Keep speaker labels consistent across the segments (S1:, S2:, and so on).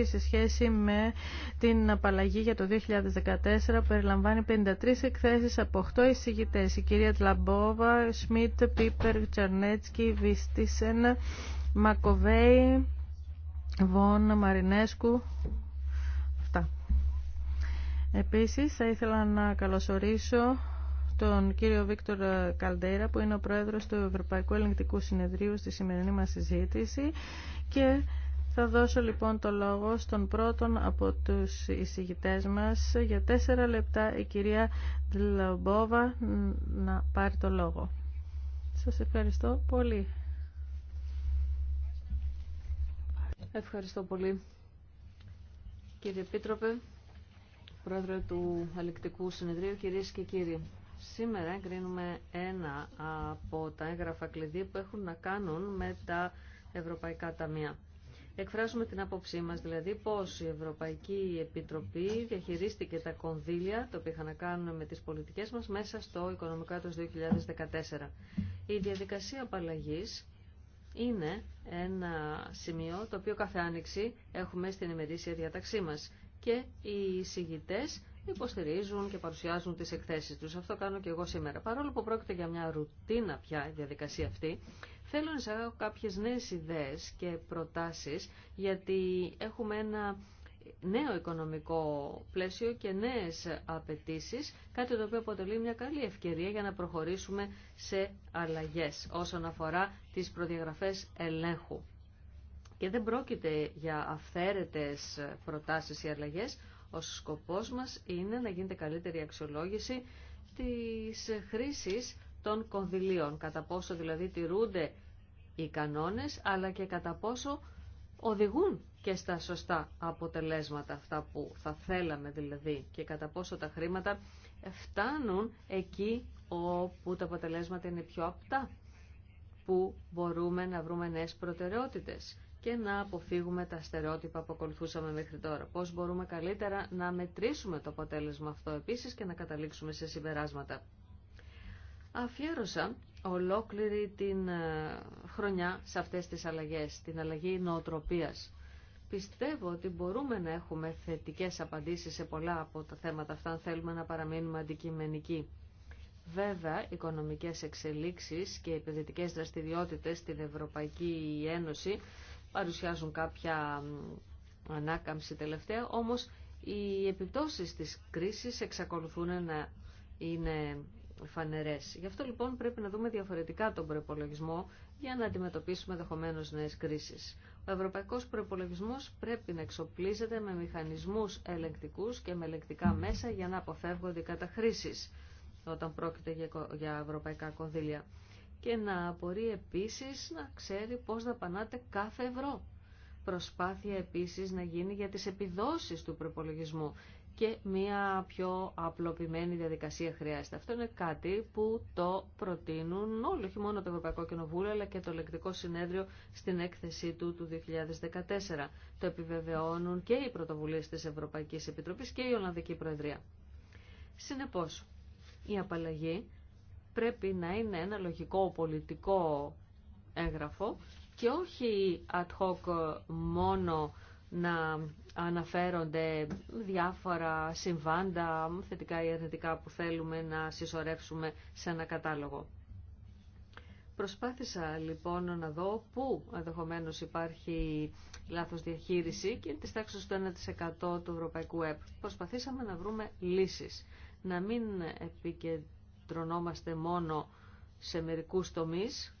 S1: σε σχέση με την απαλλαγή για το 2014 που περιλαμβάνει 53 εκθέσεις από 8 εισηγητές. Η κυρία Τλαμπόβα, Σμιτ, Πίπερ, Τσαρνέτσκι, Βιστίσεν, Μακοβέη, Βόν, Μαρινέσκου. Αυτά. Επίσης θα ήθελα να καλωσορίσω τον κύριο Βίκτορ Καλντέρα που είναι ο πρόεδρος του Ευρωπαϊκού Ελεγκτικού Συνεδρίου στη σημερινή μας συζήτηση και θα δώσω λοιπόν το λόγο στον πρώτον από τους εισηγητές μας. Για τέσσερα λεπτά η κυρία Δλαμπόβα να πάρει το λόγο. Σας ευχαριστώ πολύ.
S2: Ευχαριστώ πολύ. Κύριε Επίτροπε, Πρόεδρε του Αλεκτικού Συνεδρίου, κυρίες και κύριοι. Σήμερα εγκρίνουμε ένα από τα έγγραφα κλειδί που έχουν να κάνουν με τα Ευρωπαϊκά Ταμεία. Εκφράζουμε την απόψή μας, δηλαδή πώς η Ευρωπαϊκή Επιτροπή διαχειρίστηκε τα κονδύλια, τα οποία είχαν να κάνουν με τις πολιτικές μας, μέσα στο οικονομικό έτος 2014. Η διαδικασία απαλλαγή είναι ένα σημείο το οποίο κάθε άνοιξη έχουμε στην ημερήσια διαταξή μας και οι συγητές υποστηρίζουν και παρουσιάζουν τις εκθέσεις τους. Αυτό κάνω και εγώ σήμερα. Παρόλο που πρόκειται για μια ρουτίνα πια η διαδικασία αυτή, Θέλω να δώσω κάποιες νέες ιδέες και προτάσεις, γιατί έχουμε ένα νέο οικονομικό πλαίσιο και νέες απαιτήσεις κάτι το οποίο αποτελεί μια καλή ευκαιρία για να προχωρήσουμε σε αλλαγές όσον αφορά τις προδιαγραφές ελέγχου. Και δεν πρόκειται για αυθαίρετες προτάσεις ή αλλαγές, ο σκοπός μας είναι να γίνεται καλύτερη αξιολόγηση της χρήσης των κονδυλίων, κατά πόσο δηλαδή τηρούνται οι κανόνες, αλλά και κατά πόσο οδηγούν και στα σωστά αποτελέσματα αυτά που θα θέλαμε δηλαδή και κατά πόσο τα χρήματα φτάνουν εκεί όπου τα αποτελέσματα είναι πιο απτά, που μπορούμε να βρούμε νέες προτεραιότητες και να αποφύγουμε τα στερεότυπα που ακολουθούσαμε μέχρι τώρα. Πώς μπορούμε καλύτερα να μετρήσουμε το αποτέλεσμα αυτό επίσης και να καταλήξουμε σε συμπεράσματα αφιέρωσα ολόκληρη την ε, χρονιά σε αυτές τις αλλαγές, την αλλαγή νοοτροπίας. Πιστεύω ότι μπορούμε να έχουμε θετικές απαντήσεις σε πολλά από τα θέματα αυτά, αν θέλουμε να παραμείνουμε αντικειμενικοί. Βέβαια, οικονομικές εξελίξεις και επενδυτικές δραστηριότητες στην Ευρωπαϊκή Ένωση παρουσιάζουν κάποια ανάκαμψη τελευταία, όμως οι επιπτώσεις της κρίσης εξακολουθούν να είναι Γι' αυτό λοιπόν πρέπει να δούμε διαφορετικά τον προπολογισμό για να αντιμετωπίσουμε ενδεχομένω νέε κρίσει. Ο ευρωπαϊκό προπολογισμό πρέπει να εξοπλίζεται με μηχανισμού ελεγκτικούς και με ελεγκτικά μέσα για να αποφεύγονται οι καταχρήσεις όταν πρόκειται για ευρωπαϊκά κονδύλια. Και να μπορεί επίση να ξέρει πώς δαπανάται κάθε ευρώ. Προσπάθεια επίσης να γίνει για τις επιδόσεις του προπολογισμού και μια πιο απλοποιημένη διαδικασία χρειάζεται. Αυτό είναι κάτι που το προτείνουν όλοι, όχι μόνο το Ευρωπαϊκό Κοινοβούλιο, αλλά και το Λεκτικό Συνέδριο στην έκθεσή του του 2014. Το επιβεβαιώνουν και οι πρωτοβουλίες της Ευρωπαϊκής Επιτροπής και η Ολλανδική Προεδρία. Συνεπώς, η απαλλαγή πρέπει να είναι ένα λογικό πολιτικό έγγραφο και όχι ad hoc μόνο να αναφέρονται διάφορα συμβάντα, θετικά ή αρνητικά που θέλουμε να συσσωρεύσουμε σε ένα κατάλογο. Προσπάθησα λοιπόν να δω πού ενδεχομένω υπάρχει λάθος διαχείριση και τη τάξη του 1% του ευρωπαϊκού ΕΠ. Προσπαθήσαμε να βρούμε λύσεις, να μην επικεντρωνόμαστε μόνο σε μερικούς τομείς.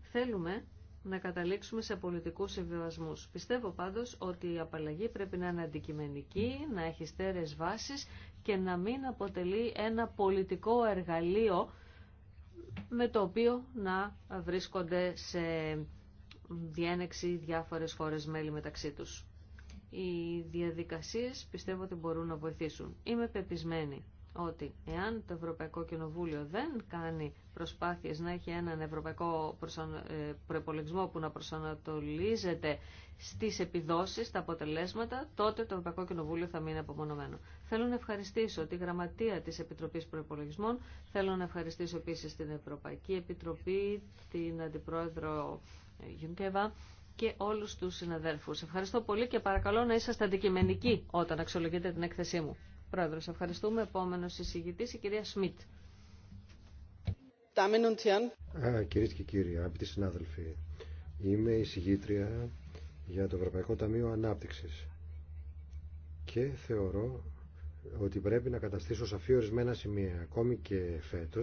S2: Θέλουμε να καταλήξουμε σε πολιτικούς συμβιβασμούς. Πιστεύω πάντως ότι η απαλλαγή πρέπει να είναι αντικειμενική, να έχει στέρεες βάσεις και να μην αποτελεί ένα πολιτικό εργαλείο με το οποίο να βρίσκονται σε διένεξη διάφορες χώρες μέλη μεταξύ τους. Οι διαδικασίες πιστεύω ότι μπορούν να βοηθήσουν. Είμαι πεπισμένη ότι εάν το Ευρωπαϊκό Κοινοβούλιο δεν κάνει προσπάθειες να έχει έναν ευρωπαϊκό προπολογισμό ε, που να προσανατολίζεται στις επιδόσεις, τα αποτελέσματα, τότε το Ευρωπαϊκό Κοινοβούλιο θα μείνει απομονωμένο. Θέλω να ευχαριστήσω τη Γραμματεία της Επιτροπής Προπολογισμών, θέλω να ευχαριστήσω επίσης την Ευρωπαϊκή Επιτροπή, την Αντιπρόεδρο ε, Γιουνκέβα, και όλους τους συναδέλφους. Ευχαριστώ πολύ και παρακαλώ να είσαστε αντικειμενικοί όταν αξιολογείτε την έκθεσή μου ευχαριστούμε. επόμενο εισηγητής, η κυρία Σμιτ.
S3: Ε, Κυρίε και κύριοι, αγαπητοί συνάδελφοι, είμαι εισηγήτρια για το Ευρωπαϊκό Ταμείο Ανάπτυξη. και θεωρώ ότι πρέπει να καταστήσω σαφή ορισμένα σημεία. Ακόμη και φέτο.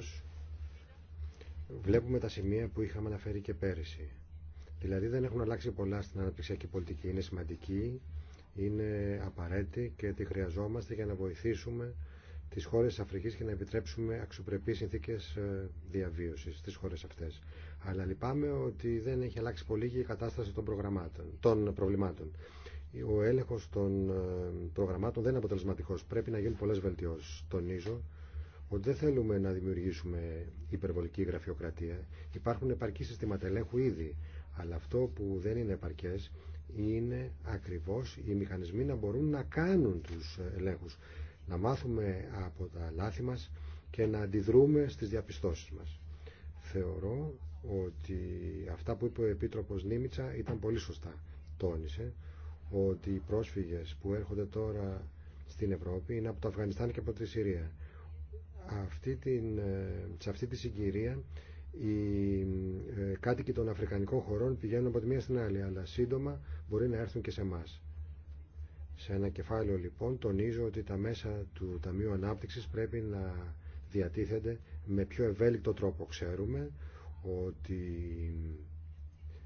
S3: βλέπουμε τα σημεία που είχαμε αναφέρει και πέρυσι. Δηλαδή δεν έχουν αλλάξει πολλά στην αναπτυξιακή πολιτική. Είναι σημαντική είναι απαραίτητη και τη χρειαζόμαστε για να βοηθήσουμε τις χώρες της Αφρικής και να επιτρέψουμε αξιοπρεπείς συνθήκες ε, διαβίωσης στις χώρες αυτές. Αλλά λυπάμαι ότι δεν έχει αλλάξει πολύ και η κατάσταση των, προγραμμάτων, των προβλημάτων. Ο έλεγχος των ε, προγραμμάτων δεν είναι αποτελεσματικός. Πρέπει να γίνουν πολλές βελτιώσεις. Τονίζω ότι δεν θέλουμε να δημιουργήσουμε υπερβολική γραφειοκρατία. Υπάρχουν επαρκή συστήματα ελέγχου ήδη, αλλά αυτό που δεν είναι επαρκές είναι ακριβώς οι μηχανισμοί να μπορούν να κάνουν τους ελέγχους, να μάθουμε από τα λάθη μας και να αντιδρούμε στις διαπιστώσεις μας. Θεωρώ ότι αυτά που είπε ο Επίτροπος Νίμιτσα ήταν πολύ σωστά. Τόνισε ότι οι πρόσφυγες που έρχονται τώρα στην Ευρώπη είναι από το Αφγανιστάν και από τη Συρία. Αυτή την, ε, σε αυτή τη συγκυρία οι ε, κάτοικοι των Αφρικανικών χωρών πηγαίνουν από τη μία στην άλλη, αλλά σύντομα μπορεί να έρθουν και σε εμά. Σε ένα κεφάλαιο λοιπόν τονίζω ότι τα μέσα του Ταμείου Ανάπτυξης πρέπει να διατίθενται με πιο ευέλικτο τρόπο. Ξέρουμε ότι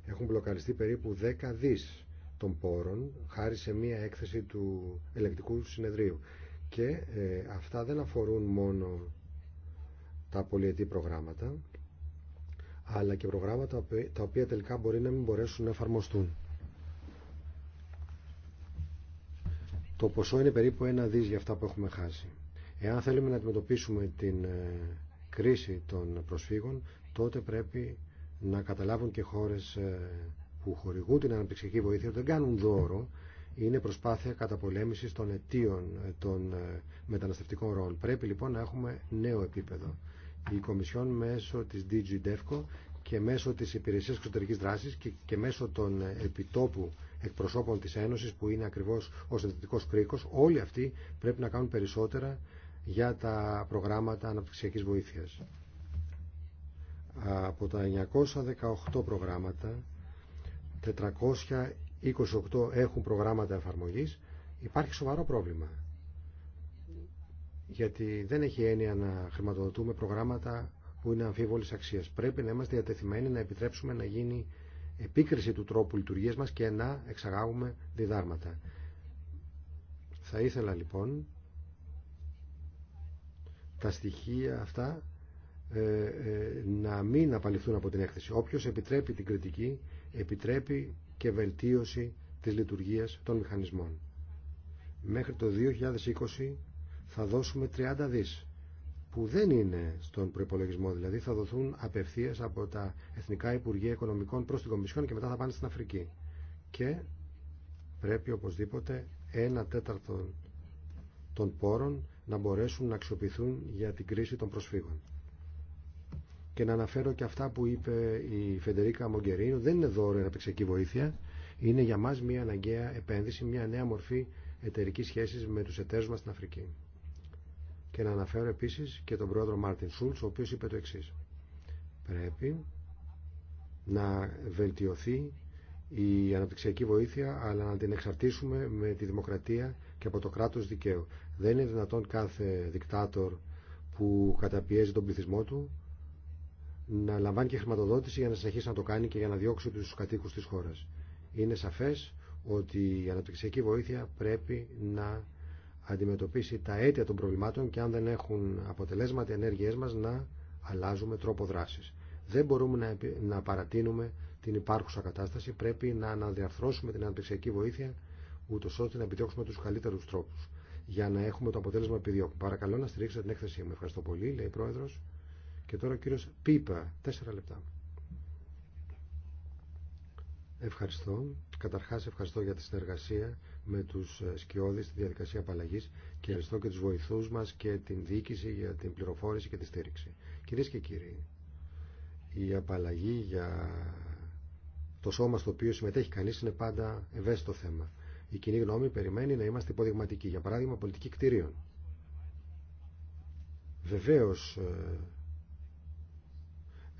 S3: έχουν μπλοκαριστεί περίπου 10 δις των πόρων χάρη σε μία έκθεση του ελεκτικού συνεδρίου. Και ε, αυτά δεν αφορούν μόνο τα πολιετή προγράμματα, αλλά και προγράμματα τα οποία τελικά μπορεί να μην μπορέσουν να εφαρμοστούν. Το ποσό είναι περίπου ένα δις για αυτά που έχουμε χάσει. Εάν θέλουμε να αντιμετωπίσουμε την ε, κρίση των προσφύγων, τότε πρέπει να καταλάβουν και χώρες ε, που χορηγούν την αναπτυξιακή βοήθεια δεν κάνουν δώρο, είναι προσπάθεια καταπολέμησης των αιτίων ε, των μεταναστευτικών ροών. Πρέπει λοιπόν να έχουμε νέο επίπεδο η Κομισιόν μέσω της DG DEFCO και μέσω της Υπηρεσίας Εξωτερικής Δράσης και, και μέσω των επιτόπου εκπροσώπων της Ένωσης που είναι ακριβώς ο συνθετικός κρίκος, όλοι αυτοί πρέπει να κάνουν περισσότερα για τα προγράμματα αναπτυξιακής βοήθειας. Από τα 918 προγράμματα, 428 έχουν προγράμματα εφαρμογής, υπάρχει σοβαρό πρόβλημα γιατί δεν έχει έννοια να χρηματοδοτούμε προγράμματα που είναι αμφίβολης αξίας. Πρέπει να είμαστε διατεθειμένοι να επιτρέψουμε να γίνει επίκριση του τρόπου λειτουργίας μας και να εξαγάγουμε διδάγματα. Θα ήθελα λοιπόν τα στοιχεία αυτά ε, ε, να μην απαλληφθούν από την έκθεση. Όποιος επιτρέπει την κριτική, επιτρέπει και βελτίωση της λειτουργίας των μηχανισμών. Μέχρι το 2020 θα δώσουμε 30 δις που δεν είναι στον προπολογισμό, δηλαδή θα δοθούν απευθεία από τα Εθνικά Υπουργεία Οικονομικών προ την Κομισιόν και μετά θα πάνε στην Αφρική. Και πρέπει οπωσδήποτε ένα τέταρτο των πόρων να μπορέσουν να αξιοποιηθούν για την κρίση των προσφύγων. Και να αναφέρω και αυτά που είπε η Φεντερίκα Μογκερίνου δεν είναι δώρο αναπτυξιακή βοήθεια, είναι για μας μια αναγκαία επένδυση, μια νέα μορφή εταιρική σχέση με τους εταίρους μα στην Αφρική και να αναφέρω επίσης και τον πρόεδρο Μάρτιν Σούλτς, ο οποίος είπε το εξής. Πρέπει να βελτιωθεί η αναπτυξιακή βοήθεια, αλλά να την εξαρτήσουμε με τη δημοκρατία και από το κράτος δικαίου. Δεν είναι δυνατόν κάθε δικτάτορ που καταπιέζει τον πληθυσμό του να λαμβάνει και χρηματοδότηση για να συνεχίσει να το κάνει και για να διώξει τους κατοίκους της χώρας. Είναι σαφές ότι η αναπτυξιακή βοήθεια πρέπει να αντιμετωπίσει τα αίτια των προβλημάτων και αν δεν έχουν αποτελέσματα οι ενέργειές μας να αλλάζουμε τρόπο δράσης. Δεν μπορούμε να παρατείνουμε την υπάρχουσα κατάσταση, πρέπει να αναδιαρθρώσουμε την αναπτυξιακή βοήθεια ούτω ώστε να επιδιώξουμε του καλύτερου τρόπου για να έχουμε το αποτέλεσμα επιδιώκουμε. Παρακαλώ να στηρίξετε την έκθεσή μου. Ευχαριστώ πολύ, λέει η Πρόεδρο. Και τώρα ο κύριο Πίπα, τέσσερα λεπτά. Ευχαριστώ. Καταρχάς ευχαριστώ για τη συνεργασία με τους ε, σκιώδει στη διαδικασία απαλλαγή και ευχαριστώ και τους βοηθούς μας και την διοίκηση για την πληροφόρηση και τη στήριξη. Κυρίες και κύριοι, η απαλλαγή για το σώμα στο οποίο συμμετέχει κανείς είναι πάντα ευαίσθητο θέμα. Η κοινή γνώμη περιμένει να είμαστε υποδειγματικοί. Για παράδειγμα, πολιτική κτηρίων. Βεβαίω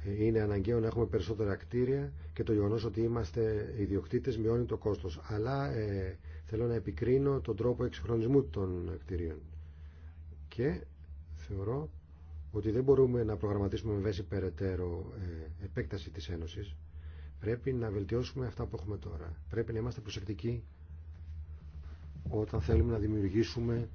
S3: ε, είναι αναγκαίο να έχουμε περισσότερα κτίρια και το γεγονό ότι είμαστε ιδιοκτήτε μειώνει το κόστο. Αλλά ε, Θέλω να επικρίνω τον τρόπο εξυγχρονισμού των κτηρίων. Και θεωρώ ότι δεν μπορούμε να προγραμματίσουμε με βέση περαιτέρω ε, επέκταση της Ένωσης. Πρέπει να βελτιώσουμε αυτά που έχουμε τώρα. Πρέπει να είμαστε προσεκτικοί όταν θέλουμε να δημιουργήσουμε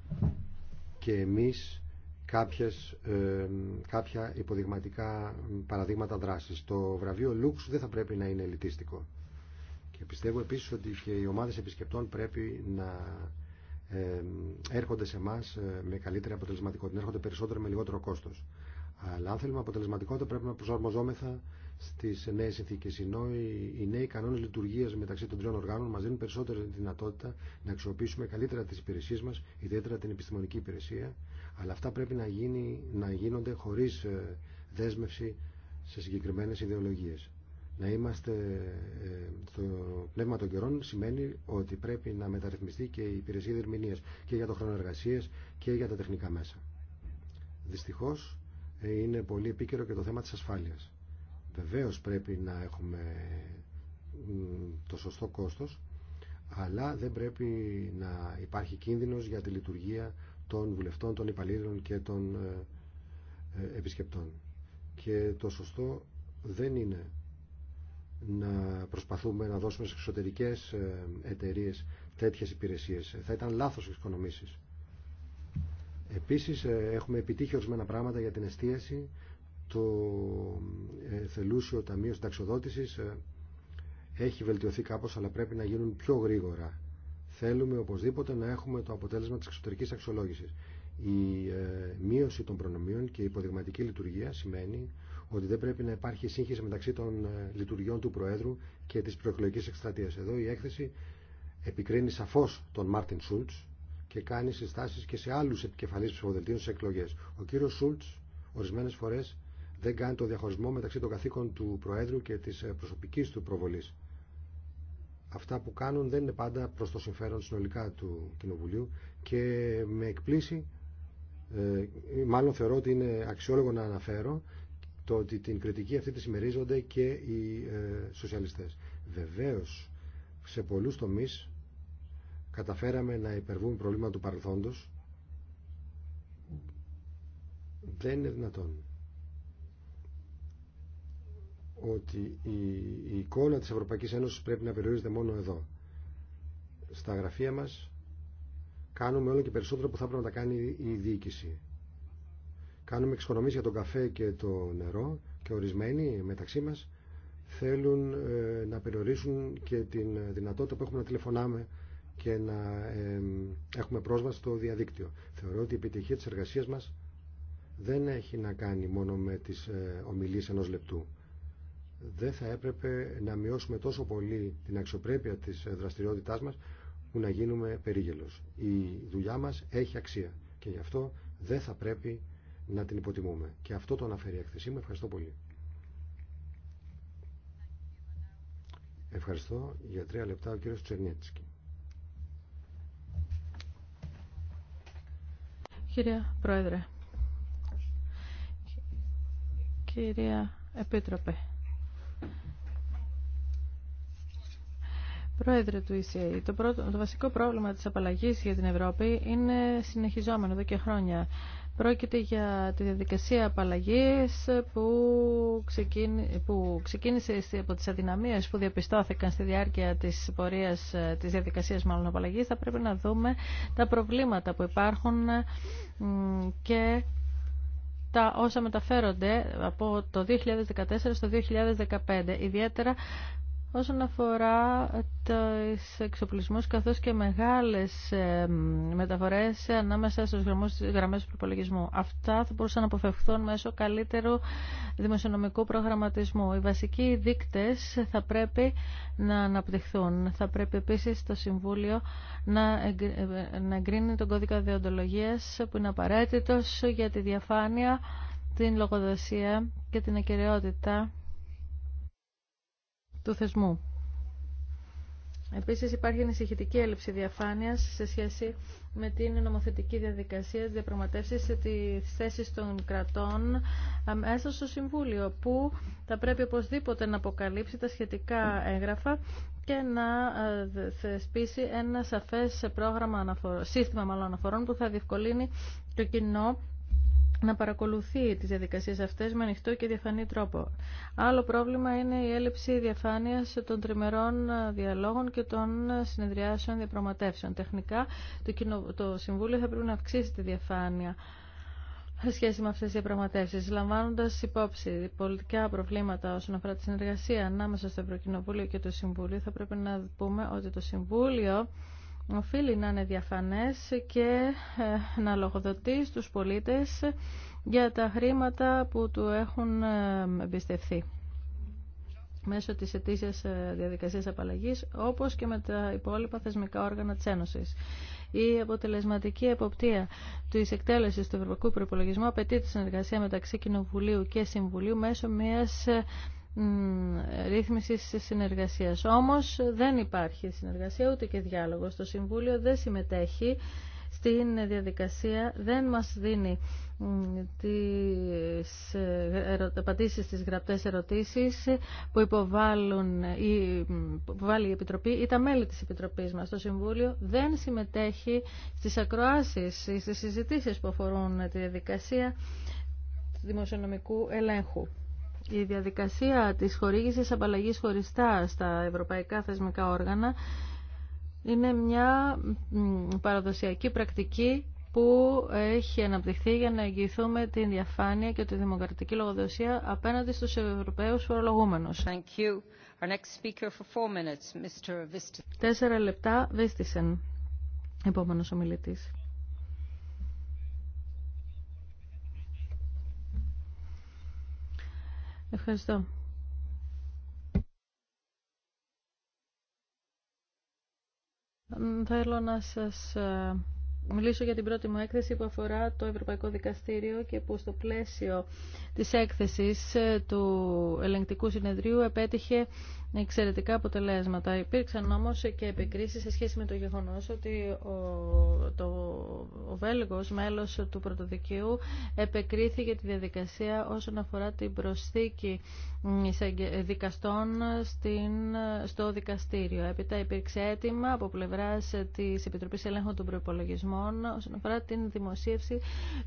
S3: και εμείς κάποιες, ε, κάποια υποδειγματικά παραδείγματα δράσης. Το βραβείο Λουξ δεν θα πρέπει να είναι ελιτίστικο. Και πιστεύω επίσης ότι και οι ομάδε επισκεπτών πρέπει να ε, έρχονται σε εμά ε, με καλύτερη αποτελεσματικότητα, έρχονται περισσότερο με λιγότερο κόστο. Αλλά αν θέλουμε αποτελεσματικότητα πρέπει να προσαρμοζόμεθα στι νέε συνθήκε. Ενώ οι νέοι κανόνε λειτουργίας μεταξύ των τριών οργάνων μας δίνουν περισσότερη δυνατότητα να αξιοποιήσουμε καλύτερα τι υπηρεσίε μα, ιδιαίτερα την επιστημονική υπηρεσία, αλλά αυτά πρέπει να, γίνει, να γίνονται χωρί ε, δέσμευση σε συγκεκριμένε ιδεολογίε να είμαστε ε, στο πνεύμα των καιρών σημαίνει ότι πρέπει να μεταρρυθμιστεί και η υπηρεσία διερμηνία και για το χρόνο εργασία και για τα τεχνικά μέσα. Δυστυχώ ε, είναι πολύ επίκαιρο και το θέμα τη ασφάλεια. Βεβαίω πρέπει να έχουμε το σωστό κόστο, αλλά δεν πρέπει να υπάρχει κίνδυνο για τη λειτουργία των βουλευτών, των υπαλλήλων και των ε, επισκεπτών. Και το σωστό δεν είναι να προσπαθούμε να δώσουμε σε εξωτερικές ε, εταιρείες τέτοιες υπηρεσίες. Θα ήταν λάθος εξοικονομήσεις. Επίσης ε, έχουμε επιτύχει ορισμένα πράγματα για την εστίαση, το ε, θελούσιο ταμείο συνταξιοδότησης έχει βελτιωθεί κάπως αλλά πρέπει να γίνουν πιο γρήγορα. Θέλουμε οπωσδήποτε να έχουμε το αποτέλεσμα της εξωτερικής αξιολόγησης. Η μείωση των προνομίων και η υποδειγματική λειτουργία σημαίνει ότι δεν πρέπει να υπάρχει σύγχυση μεταξύ των ε, λειτουργιών του Προέδρου και τη προεκλογική εκστρατεία. Εδώ η έκθεση επικρίνει σαφώ τον Μάρτιν Σούλτ και κάνει συστάσει και σε άλλους επικεφαλεί ψηφοδελτίων σε εκλογέ. Ο κύριο Σούλτ ορισμένε φορέ, δεν κάνει το διαχωρισμό μεταξύ των καθήκων του Προέδρου και τη ε, προσωπική του προβολή. Αυτά που κάνουν δεν είναι πάντα προ το συμφέρον συνολικά του Κοινοβουλίου και με εκπλήσει, ε, μάλλον θεωρώ ότι είναι αξιόλογο να αναφέρω, το ότι την κριτική αυτή τη συμμερίζονται και οι ε, σοσιαλιστές. Βεβαίως, σε πολλούς τομείς καταφέραμε να υπερβούμε προβλήματα του παρελθόντος. Δεν είναι δυνατόν ότι η εικόνα της Ευρωπαϊκής Ένωσης πρέπει να περιορίζεται μόνο εδώ. Στα γραφεία μας κάνουμε όλο και περισσότερο που θα πρέπει να τα κάνει η διοίκηση κάνουμε εξοικονομίες για τον καφέ και το νερό και ορισμένοι μεταξύ μας θέλουν ε, να περιορίσουν και την δυνατότητα που έχουμε να τηλεφωνάμε και να έχουμε πρόσβαση στο διαδίκτυο. Θεωρώ ότι η επιτυχία της εργασίας μας δεν έχει να κάνει μόνο με τις ε, ομιλίες ενός λεπτού. Δεν θα έπρεπε να μειώσουμε τόσο πολύ την αξιοπρέπεια της ε, δραστηριότητάς μας που να γίνουμε περίγελος. Η δουλειά μας έχει αξία και γι' αυτό δεν θα πρέπει να την υποτιμούμε. Και αυτό το αναφέρει η έκθεσή μου. Ευχαριστώ πολύ. Ευχαριστώ. Για τρία λεπτά ο κύριος Τσερνιέτσκι.
S1: Κύριε Πρόεδρε, κυρία Επίτροπε, Πρόεδρε του ECA, το, πρώτο, το βασικό πρόβλημα της απαλλαγής για την Ευρώπη είναι συνεχιζόμενο εδώ και χρόνια. Πρόκειται για τη διαδικασία απαλλαγής που ξεκίνησε από τις αδυναμίες που διαπιστώθηκαν στη διάρκεια της πορείας της διαδικασίας μάλλον απαλλαγής. Θα πρέπει να δούμε τα προβλήματα που υπάρχουν και τα όσα μεταφέρονται από το 2014 στο 2015. Ιδιαίτερα Όσον αφορά το εξοπλισμούς καθώς και μεγάλες ε, μεταφορές ανάμεσα στους γραμμούς, γραμμές του προπολογισμού. Αυτά θα μπορούσαν να αποφευχθούν μέσω καλύτερου δημοσιονομικού προγραμματισμού. Οι βασικοί δείκτες θα πρέπει να αναπτυχθούν. Θα πρέπει επίσης το Συμβούλιο να ε, εγκρίνει τον κώδικα διοντολογίας που είναι απαραίτητος για τη διαφάνεια, την λογοδοσία και την ακαιρεότητα του θεσμού. Επίσης υπάρχει ανησυχητική έλλειψη διαφάνειας σε σχέση με την νομοθετική διαδικασία της διαπραγματεύσης τη θέση των κρατών μέσα στο Συμβούλιο που θα πρέπει οπωσδήποτε να αποκαλύψει τα σχετικά έγγραφα και να ε, θεσπίσει ένα σαφές πρόγραμμα σύστημα μάλλον αναφορών που θα διευκολύνει το κοινό να παρακολουθεί τις διαδικασίες αυτές με ανοιχτό και διαφανή τρόπο. Άλλο πρόβλημα είναι η έλλειψη διαφάνειας των τριμερών διαλόγων και των συνεδριάσεων διαπραγματεύσεων. Τεχνικά το Συμβούλιο θα πρέπει να αυξήσει τη διαφάνεια σε σχέση με αυτές τις διαπραγματεύσεις, λαμβάνοντας υπόψη πολιτικά προβλήματα όσον αφορά τη συνεργασία ανάμεσα στο Ευρωκοινοβούλιο και το Συμβούλιο, θα πρέπει να πούμε ότι το Συμβούλιο οφείλει να είναι διαφανές και ε, να λογοδοτεί στους πολίτες για τα χρήματα που του έχουν ε, εμπιστευθεί μέσω της ετήσιας ε, διαδικασίας απαλλαγής, όπως και με τα υπόλοιπα θεσμικά όργανα της Ένωσης. Η αποτελεσματική εποπτεία τη εκτέλεση του Ευρωπαϊκού Προπολογισμού απαιτεί τη συνεργασία μεταξύ Κοινοβουλίου και Συμβουλίου μέσω μια ρύθμισης συνεργασίας. Όμως δεν υπάρχει συνεργασία ούτε και διάλογο Το Συμβούλιο δεν συμμετέχει στην διαδικασία, δεν μας δίνει τις ε, απαντήσει στι γραπτές ερωτήσεις που υποβάλλουν ή υποβάλλει η Επιτροπή ή τα μέλη της Επιτροπής μας. Το Συμβούλιο δεν συμμετέχει στις ακροάσεις ή στι συζητήσει που αφορούν τη διαδικασία δημοσιονομικού ελέγχου. Η διαδικασία της χορήγησης απαλλαγής χωριστά στα ευρωπαϊκά θεσμικά όργανα είναι μια παραδοσιακή πρακτική που έχει αναπτυχθεί για να εγγυηθούμε την διαφάνεια και τη δημοκρατική λογοδοσία απέναντι στους Ευρωπαίους φορολογούμενους. Τέσσερα λεπτά, Βίστησεν, επόμενος ομιλητής. Ευχαριστώ. Θέλω να σας ε, μιλήσω για την πρώτη μου έκθεση που αφορά το Ευρωπαϊκό Δικαστήριο και που στο πλαίσιο της έκθεσης ε, του ελεγκτικού συνεδρίου επέτυχε εξαιρετικά αποτελέσματα. Υπήρξαν όμως και επικρίσεις σε σχέση με το γεγονός ότι το Βέλγος, μέλος του Πρωτοδικείου, επεκρίθηκε τη διαδικασία όσον αφορά την προσθήκη δικαστών στην, στο δικαστήριο. Έπειτα υπήρξε αίτημα από πλευρά τη Επιτροπή Ελέγχου των Προπολογισμών όσον αφορά την δημοσίευση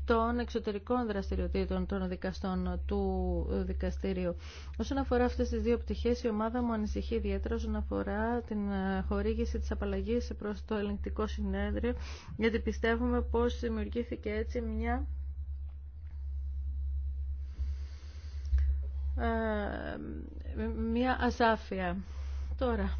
S1: των εξωτερικών δραστηριοτήτων των δικαστών του δικαστήριου. Όσον αφορά αυτέ τι δύο πτυχέ, η ομάδα μου ανησυχεί ιδιαίτερα όσον αφορά την ε, χορήγηση τη απαλλαγή προ το ελεγκτικό συνέδριο, γιατί πιστεύουμε πώ πως δημιουργήθηκε έτσι μια ε, μια ασάφεια. Τώρα,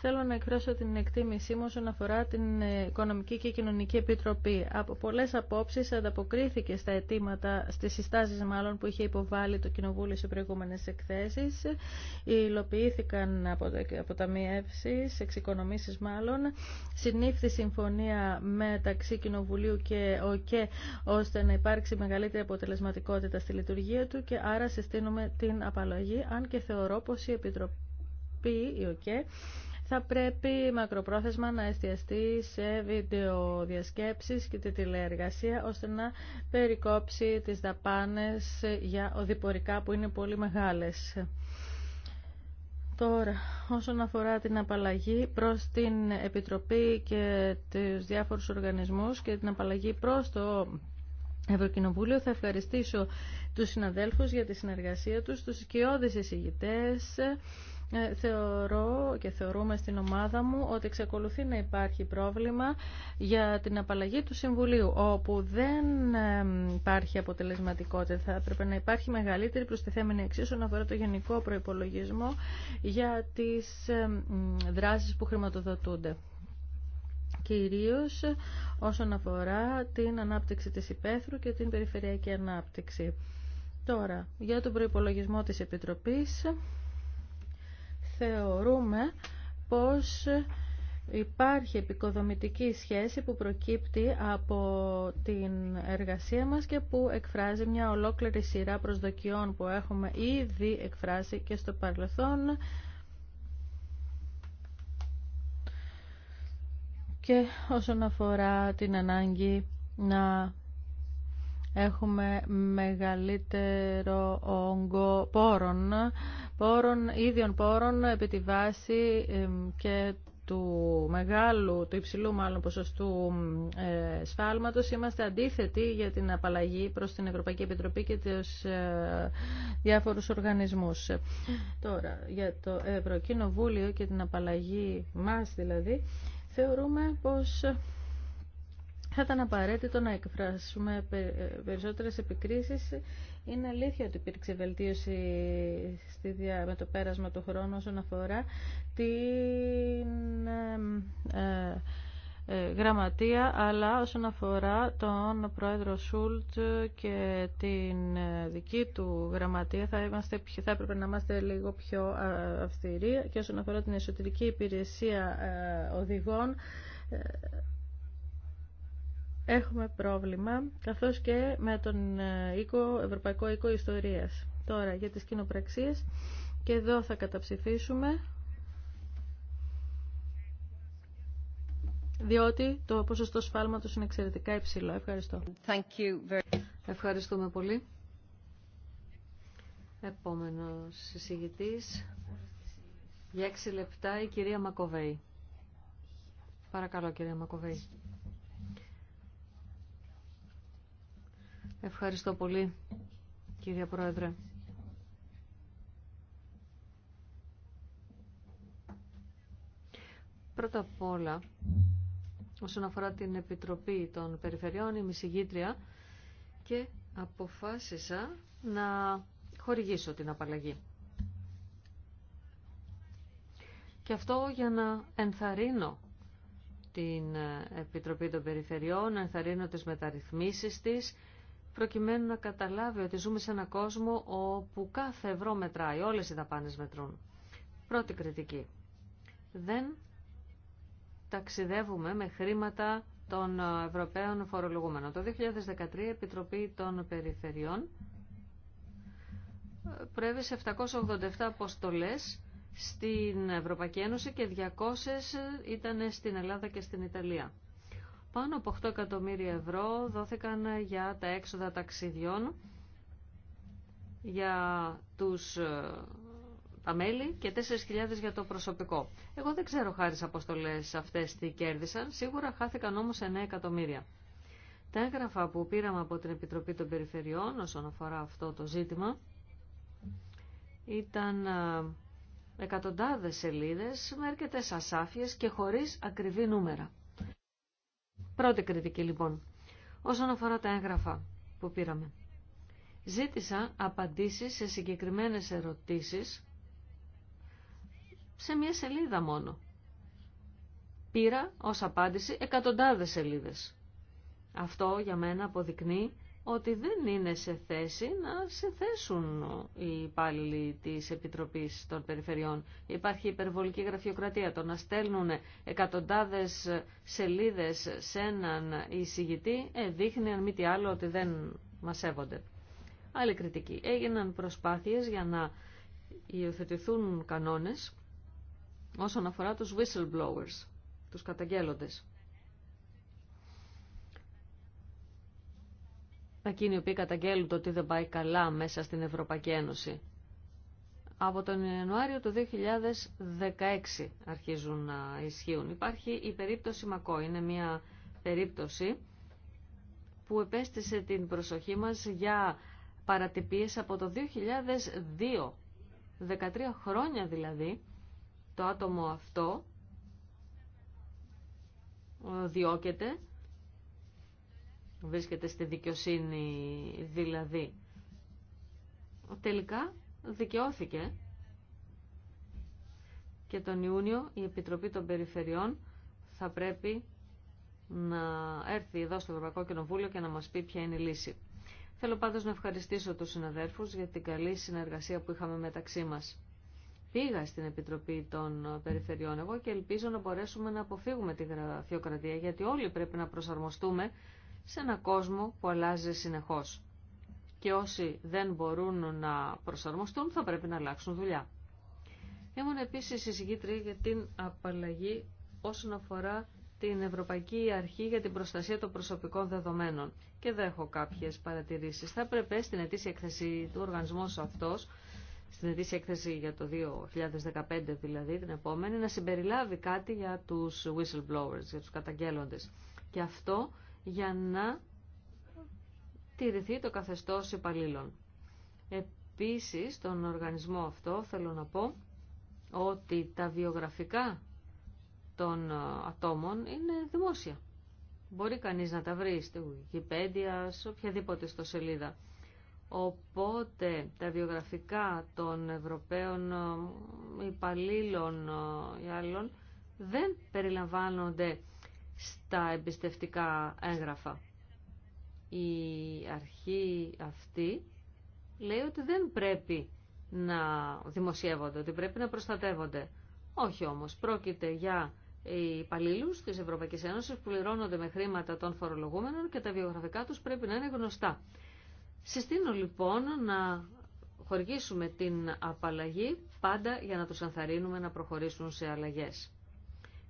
S1: Θέλω να εκφράσω την εκτίμησή μου όσον αφορά την ε, Οικονομική και Κοινωνική Επιτροπή. Από πολλέ απόψει ανταποκρίθηκε στα αιτήματα, στι συστάσει μάλλον που είχε υποβάλει το Κοινοβούλιο σε προηγούμενε εκθέσει. Υλοποιήθηκαν από αποταμιεύσει, εξοικονομήσει μάλλον. Συνήφθη συμφωνία μεταξύ Κοινοβουλίου και ΟΚΕ ώστε να υπάρξει μεγαλύτερη αποτελεσματικότητα στη λειτουργία του και άρα συστήνουμε την απαλλαγή, αν και θεωρώ πω η Επιτροπή, η ΟΚΕ, θα πρέπει μακροπρόθεσμα να εστιαστεί σε βιντεοδιασκέψεις και τη τηλεεργασία ώστε να περικόψει τις δαπάνες για οδηπορικά που είναι πολύ μεγάλες. Τώρα, όσον αφορά την απαλλαγή προς την Επιτροπή και τους διάφορους οργανισμούς και την απαλλαγή προς το Ευρωκοινοβούλιο, θα ευχαριστήσω τους συναδέλφους για τη συνεργασία τους, τους οικειώδεις εισηγητές, ε, θεωρώ και θεωρούμε στην ομάδα μου ότι εξακολουθεί να υπάρχει πρόβλημα για την απαλλαγή του Συμβουλίου, όπου δεν υπάρχει αποτελεσματικότητα. Θα έπρεπε να υπάρχει μεγαλύτερη προστιθέμενη εξίσου να αφορά το γενικό προϋπολογισμό για τις δράσεις που χρηματοδοτούνται κυρίως όσον αφορά την ανάπτυξη της υπαίθρου και την περιφερειακή ανάπτυξη. Τώρα, για τον προϋπολογισμό της Επιτροπής, θεωρούμε πως υπάρχει επικοδομητική σχέση που προκύπτει από την εργασία μας και που εκφράζει μια ολόκληρη σειρά προσδοκιών που έχουμε ήδη εκφράσει και στο παρελθόν και όσον αφορά την ανάγκη να έχουμε μεγαλύτερο όγκο πόρων, πόρων ίδιων πόρων επί τη βάση και του μεγάλου, του υψηλού μάλλον ποσοστού ε, σφάλματος είμαστε αντίθετοι για την απαλλαγή προς την Ευρωπαϊκή Επιτροπή και τους ε, διάφορους οργανισμούς. Τώρα, για το Ευρωκοινοβούλιο και την απαλλαγή μας δηλαδή, θεωρούμε πως θα ήταν απαραίτητο να εκφράσουμε ε, περισσότερες επικρίσεις. Είναι αλήθεια ότι υπήρξε βελτίωση στη δια... με το πέρασμα του χρόνου όσον αφορά την ε, ε, γραμματεία, αλλά όσον αφορά τον πρόεδρο Σούλτ και την δική του γραμματεία θα, είμαστε, θα έπρεπε να είμαστε λίγο πιο αυστηροί και όσον αφορά την εσωτερική υπηρεσία οδηγών έχουμε πρόβλημα, καθώς και με τον ε, Ευρωπαϊκό Οίκο Ιστορίας. Τώρα, για τις κοινοπραξίες, και εδώ θα καταψηφίσουμε, διότι το ποσοστό σφάλματος είναι εξαιρετικά υψηλό. Ευχαριστώ. Thank you Ευχαριστούμε πολύ. Επόμενος συζητητής,
S2: για 6 λεπτά η κυρία Μακοβέη. Παρακαλώ κυρία Μακοβέη. Ευχαριστώ πολύ, κύριε Πρόεδρε. Πρώτα απ' όλα, όσον αφορά την Επιτροπή των Περιφερειών, είμαι συγγήτρια και αποφάσισα να χορηγήσω την απαλλαγή. Και αυτό για να ενθαρρύνω την Επιτροπή των Περιφερειών, να ενθαρρύνω τις μεταρρυθμίσεις της προκειμένου να καταλάβει ότι ζούμε σε έναν κόσμο όπου κάθε ευρώ μετράει, όλες οι δαπάνες μετρούν. Πρώτη κριτική. Δεν ταξιδεύουμε με χρήματα των Ευρωπαίων φορολογούμενων. Το 2013 η Επιτροπή των Περιφερειών προέβησε 787 αποστολές στην Ευρωπαϊκή Ένωση και 200 ήταν στην Ελλάδα και στην Ιταλία. Πάνω από 8 εκατομμύρια ευρώ δόθηκαν για τα έξοδα ταξιδιών για τους ε, τα μέλη και 4.000 για το προσωπικό. Εγώ δεν ξέρω χάρη στις αποστολές αυτές τι κέρδισαν, σίγουρα χάθηκαν όμως 9 εκατομμύρια. Τα έγγραφα που πήραμε από την Επιτροπή των Περιφερειών όσον αφορά αυτό το ζήτημα ήταν ε, εκατοντάδες σελίδες με αρκετές ασάφειες και χωρίς ακριβή νούμερα. Πρώτη κριτική λοιπόν. Όσον αφορά τα έγγραφα που πήραμε. Ζήτησα απαντήσεις σε συγκεκριμένες ερωτήσεις σε μία σελίδα μόνο. Πήρα ως απάντηση εκατοντάδες σελίδες. Αυτό για μένα αποδεικνύει ότι δεν είναι σε θέση να θέσουν οι υπάλληλοι της Επιτροπής των Περιφερειών. Υπάρχει υπερβολική γραφειοκρατία. Το να στέλνουν εκατοντάδες σελίδες σε έναν εισηγητή ε, δείχνει αν μη τι άλλο ότι δεν μας σέβονται. Άλλη κριτική. Έγιναν προσπάθειες για να υιοθετηθούν κανόνες όσον αφορά τους whistleblowers, τους καταγγέλλοντες. εκείνοι οι οποίοι καταγγέλουν ότι δεν πάει καλά μέσα στην Ευρωπαϊκή Ένωση. Από τον Ιανουάριο του 2016 αρχίζουν να ισχύουν. Υπάρχει η περίπτωση Μακό. Είναι μια περίπτωση που επέστησε την προσοχή μας για παρατυπίες από το 2002. 13 χρόνια δηλαδή το άτομο αυτό διώκεται βρίσκεται στη δικαιοσύνη δηλαδή. Τελικά δικαιώθηκε και τον Ιούνιο η Επιτροπή των Περιφερειών θα πρέπει να έρθει εδώ στο Ευρωπαϊκό Κοινοβούλιο και να μας πει ποια είναι η λύση. Θέλω πάντως να ευχαριστήσω τους συναδέρφους για την καλή συνεργασία που είχαμε μεταξύ μας. Πήγα στην Επιτροπή των Περιφερειών εγώ και ελπίζω να μπορέσουμε να αποφύγουμε τη γραφειοκρατία γιατί όλοι πρέπει να προσαρμοστούμε σε ένα κόσμο που αλλάζει συνεχώς. Και όσοι δεν μπορούν να προσαρμοστούν θα πρέπει να αλλάξουν δουλειά. Ήμουν επίσης συζητήτρια για την απαλλαγή όσον αφορά την Ευρωπαϊκή Αρχή για την Προστασία των Προσωπικών Δεδομένων. Και δεν έχω κάποιες παρατηρήσεις. Θα έπρεπε στην ετήσια έκθεση του οργανισμού αυτό, στην ετήσια έκθεση για το 2015 δηλαδή, την επόμενη, να συμπεριλάβει κάτι για τους whistleblowers, για τους καταγγέλλοντες. Και αυτό για να τηρηθεί το καθεστώς υπαλλήλων. Επίσης, στον οργανισμό αυτό θέλω να πω ότι τα βιογραφικά των ε, ατόμων είναι δημόσια. Μπορεί κανείς να τα βρει στη Wikipedia, σε οποιαδήποτε σελίδα. Οπότε τα βιογραφικά των Ευρωπαίων ε, υπαλλήλων ε, ή άλλων δεν περιλαμβάνονται στα εμπιστευτικά έγγραφα. Η αρχή αυτή λέει ότι δεν πρέπει να δημοσιεύονται, ότι πρέπει να προστατεύονται. Όχι όμως, πρόκειται για οι υπαλλήλου τη Ευρωπαϊκή Ένωση που πληρώνονται με χρήματα των φορολογούμενων και τα βιογραφικά του πρέπει να είναι γνωστά. Συστήνω λοιπόν να χορηγήσουμε την απαλλαγή πάντα για να τους ανθαρρύνουμε να προχωρήσουν σε αλλαγές.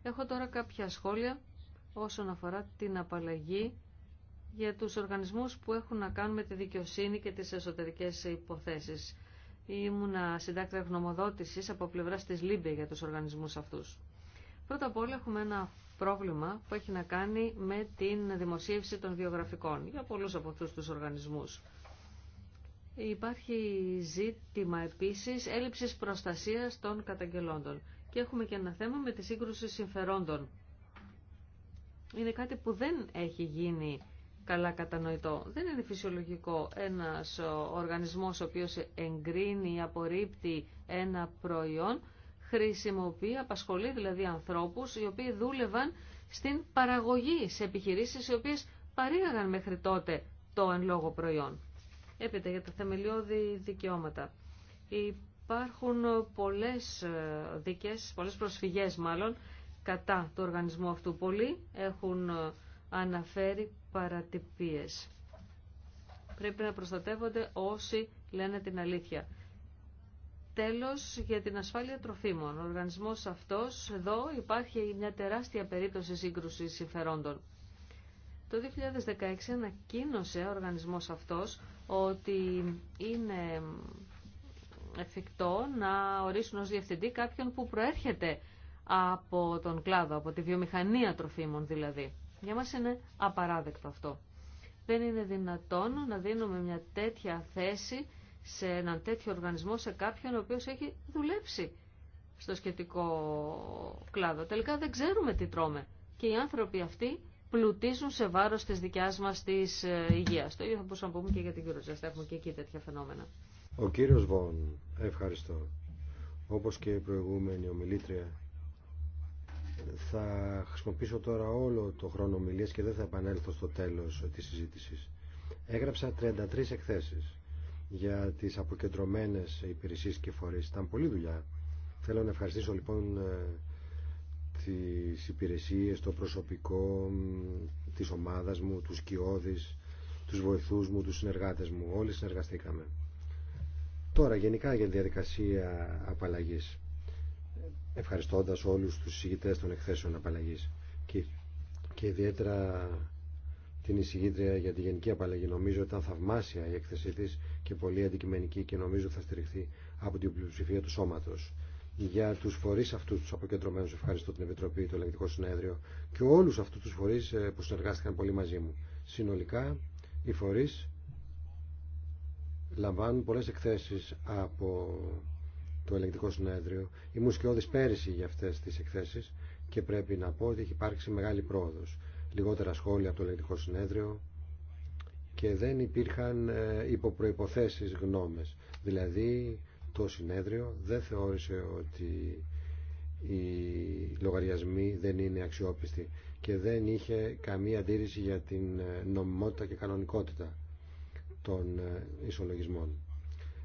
S2: Έχω τώρα κάποια σχόλια όσον αφορά την απαλλαγή για τους οργανισμούς που έχουν να κάνουν με τη δικαιοσύνη και τις εσωτερικές υποθέσεις. Ήμουνα συντάκτρια γνωμοδότησης από πλευρά της Λίμπια για τους οργανισμούς αυτούς. Πρώτα απ' όλα έχουμε ένα πρόβλημα που έχει να κάνει με την δημοσίευση των βιογραφικών για πολλούς από αυτούς τους οργανισμούς. Υπάρχει ζήτημα επίσης έλλειψης προστασίας των καταγγελόντων. Και έχουμε και ένα θέμα με τη σύγκρουση συμφερόντων είναι κάτι που δεν έχει γίνει καλά κατανοητό. Δεν είναι φυσιολογικό ένας οργανισμός ο οποίος εγκρίνει, απορρίπτει ένα προϊόν, χρησιμοποιεί, απασχολεί δηλαδή ανθρώπους οι οποίοι δούλευαν στην παραγωγή σε επιχειρήσεις οι οποίες παρήγαγαν μέχρι τότε το εν λόγω προϊόν. Έπειτα για τα θεμελιώδη δικαιώματα. Υπάρχουν πολλές ε, δίκες, πολλές προσφυγές μάλλον, κατά του οργανισμού αυτού. πολύ έχουν ε, αναφέρει παρατυπίες. Πρέπει να προστατεύονται όσοι λένε την αλήθεια. Τέλος, για την ασφάλεια τροφίμων. Ο οργανισμός αυτός, εδώ υπάρχει μια τεράστια περίπτωση σύγκρουση συμφερόντων. Το 2016 ανακοίνωσε ο οργανισμός αυτός ότι είναι εφικτό να ορίσουν ως διευθυντή κάποιον που προέρχεται από τον κλάδο, από τη βιομηχανία τροφίμων δηλαδή. Για μας είναι απαράδεκτο αυτό. Δεν είναι δυνατόν να δίνουμε μια τέτοια θέση σε έναν τέτοιο οργανισμό, σε κάποιον ο οποίος έχει δουλέψει στο σχετικό κλάδο. Τελικά δεν ξέρουμε τι τρώμε. Και οι άνθρωποι αυτοί πλουτίζουν σε βάρος της δικιάς μας της ε, υγείας. Το ίδιο θα μπορούσαμε να πούμε και για την Έχουμε και εκεί τέτοια φαινόμενα.
S3: Ο κύριος Βον, ευχαριστώ. Όπως και η προηγούμενη ομιλήτρια, θα χρησιμοποιήσω τώρα όλο το χρόνο ομιλίας και δεν θα επανέλθω στο τέλος της συζήτησης. Έγραψα 33 εκθέσεις για τις αποκεντρωμένες υπηρεσίες και φορείς. Ήταν πολλή δουλειά. Θέλω να ευχαριστήσω λοιπόν ε, τις υπηρεσίες, το προσωπικό της ομάδας μου, τους κοιόδης, τους βοηθούς μου, τους συνεργάτες μου. Όλοι συνεργαστήκαμε. Τώρα γενικά για τη διαδικασία απαλλαγής ευχαριστώντας όλους τους συγητές των εκθέσεων απαλλαγής και, και ιδιαίτερα την εισηγήτρια για τη γενική απαλλαγή. Νομίζω ήταν θαυμάσια η έκθεσή της και πολύ αντικειμενική και νομίζω θα στηριχθεί από την πλειοψηφία του σώματος. Για τους φορείς αυτούς τους αποκεντρωμένους ευχαριστώ την Επιτροπή, το Ελεγκτικό Συνέδριο και όλους αυτούς τους φορείς ε, που συνεργάστηκαν πολύ μαζί μου. Συνολικά οι φορείς λαμβάνουν πολλές εκθέσεις από το ελεγκτικό συνέδριο. Ήμουν σκιώδη πέρυσι για αυτές τις εκθέσεις και πρέπει να πω ότι έχει υπάρξει μεγάλη πρόοδος. Λιγότερα σχόλια από το ελεγκτικό συνέδριο και δεν υπήρχαν ε, υποπροϋποθέσεις γνώμες. Δηλαδή το συνέδριο δεν θεώρησε ότι οι λογαριασμοί δεν είναι αξιόπιστοι και δεν είχε καμία αντίρρηση για την ε, νομιμότητα και κανονικότητα των ε, ισολογισμών.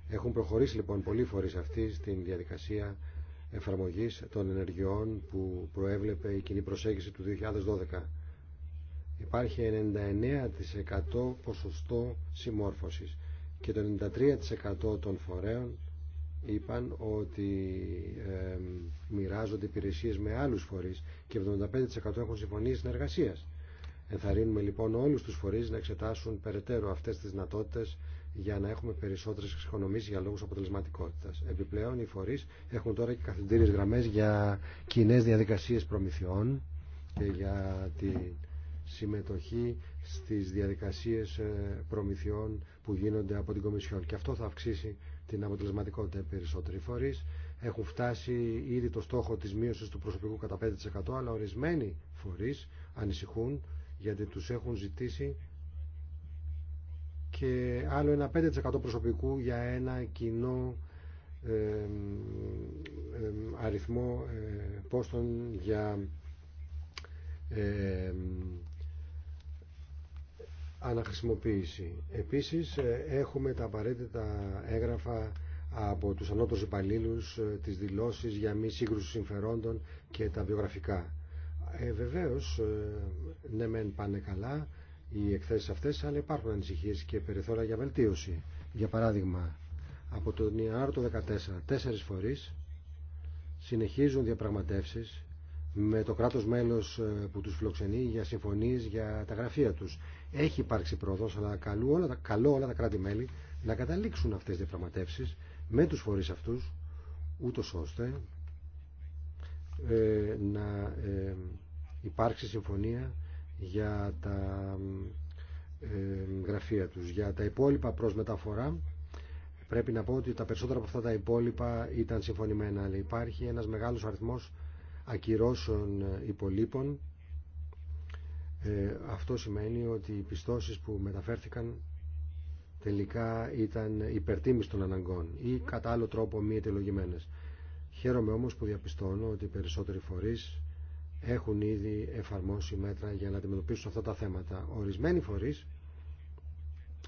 S3: Έχουν προχωρήσει λοιπόν πολλοί φορεί αυτοί στην διαδικασία εφαρμογή των ενεργειών που προέβλεπε η κοινή προσέγγιση του 2012. Υπάρχει 99% ποσοστό συμμόρφωσης και το 93% των φορέων είπαν ότι μοιράζονται υπηρεσίες με άλλους φορείς και 75% έχουν συμφωνίες συνεργασίας. Ενθαρρύνουμε λοιπόν όλους τους φορείς να εξετάσουν περαιτέρω αυτές τις δυνατότητε για να έχουμε περισσότερε εξοικονομήσει για λόγου αποτελεσματικότητα. Επιπλέον, οι φορεί έχουν τώρα και καθημερινέ γραμμέ για κοινέ διαδικασίε προμηθειών και για τη συμμετοχή στι διαδικασίε ε, προμηθειών που γίνονται από την Κομισιόν. Και αυτό θα αυξήσει την αποτελεσματικότητα οι περισσότεροι φορείς. Έχουν φτάσει ήδη το στόχο τη μείωση του προσωπικού κατά 5%, αλλά ορισμένοι φορεί ανησυχούν γιατί τους έχουν ζητήσει και άλλο ένα 5% προσωπικού για ένα κοινό αριθμό ε, πόστων για αναχρησιμοποίηση. Επίσης ε, έχουμε τα απαραίτητα έγγραφα από τους ανώτερους υπαλλήλου, ε, τις δηλώσεις για μη σύγκρουση συμφερόντων και τα βιογραφικά. Ε, βεβαίως, ναι μεν πάνε καλά, οι εκθέσεις αυτές, αλλά υπάρχουν ανησυχίες και περιθώρια για βελτίωση. Για παράδειγμα, από τον Ιανουάριο το 2014, τέσσερις φορείς συνεχίζουν διαπραγματεύσεις με το κράτος μέλος ε, που τους φιλοξενεί για συμφωνίες για τα γραφεία τους. Έχει υπάρξει πρόοδος, αλλά καλό όλα τα, καλό τα κράτη-μέλη να καταλήξουν αυτές τις διαπραγματεύσεις με τους φορείς αυτούς, ούτως ώστε ε, να ε, υπάρξει συμφωνία για τα ε, γραφεία τους. Για τα υπόλοιπα προς μεταφορά πρέπει να πω ότι τα περισσότερα από αυτά τα υπόλοιπα ήταν συμφωνημένα. Αλλά υπάρχει ένας μεγάλος αριθμός ακυρώσεων υπολείπων. Ε, αυτό σημαίνει ότι οι πιστώσεις που μεταφέρθηκαν τελικά ήταν υπερτίμηση των αναγκών ή κατά άλλο τρόπο μη αιτιολογημένες. Χαίρομαι όμως που διαπιστώνω ότι περισσότεροι φορείς έχουν ήδη εφαρμόσει μέτρα για να αντιμετωπίσουν αυτά τα θέματα. Ορισμένοι φορείς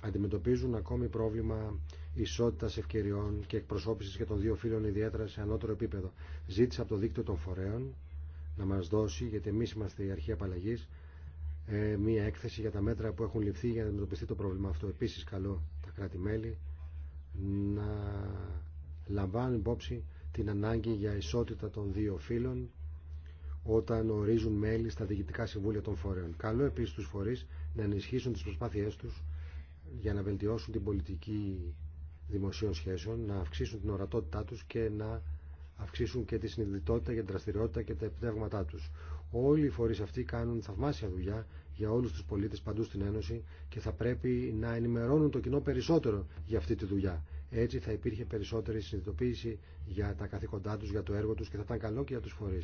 S3: αντιμετωπίζουν ακόμη πρόβλημα ισότητα ευκαιριών και εκπροσώπηση και των δύο φίλων, ιδιαίτερα σε ανώτερο επίπεδο. Ζήτησα από το δίκτυο των φορέων να μα δώσει, γιατί εμεί είμαστε η αρχή απαλλαγή, ε, μία έκθεση για τα μέτρα που έχουν ληφθεί για να αντιμετωπιστεί το πρόβλημα αυτό. Επίση, καλό τα κράτη-μέλη να λαμβάνουν υπόψη την ανάγκη για ισότητα των δύο φίλων όταν ορίζουν μέλη στα διοικητικά συμβούλια των φορέων. Καλό επίση του φορεί να ενισχύσουν τι προσπάθειε του για να βελτιώσουν την πολιτική δημοσίων σχέσεων, να αυξήσουν την ορατότητά του και να αυξήσουν και τη συνειδητότητα για την δραστηριότητα και τα επιτεύγματά του. Όλοι οι φορεί αυτοί κάνουν θαυμάσια δουλειά για όλου του πολίτε παντού στην Ένωση και θα πρέπει να ενημερώνουν το κοινό περισσότερο για αυτή τη δουλειά. Έτσι θα υπήρχε περισσότερη συνειδητοποίηση για τα καθήκοντά του, για το έργο του και θα ήταν καλό και για του φορεί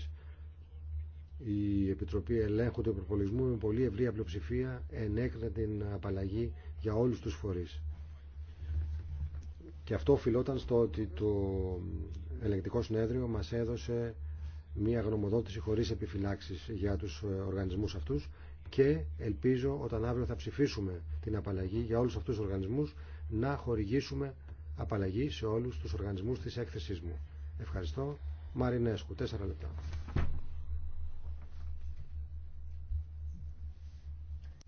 S3: η Επιτροπή Ελέγχου του Προπολογισμού με πολύ ευρία πλειοψηφία ενέκρινε την απαλλαγή για όλους τους φορείς. Και αυτό οφειλόταν στο ότι το ελεγκτικό συνέδριο μας έδωσε μια γνωμοδότηση χωρίς επιφυλάξεις για τους οργανισμούς αυτούς και ελπίζω όταν αύριο θα ψηφίσουμε την απαλλαγή για όλους αυτούς τους οργανισμούς να χορηγήσουμε απαλλαγή σε όλους τους οργανισμούς της έκθεσής μου. Ευχαριστώ. Μαρινέσκου, τέσσερα λεπτά.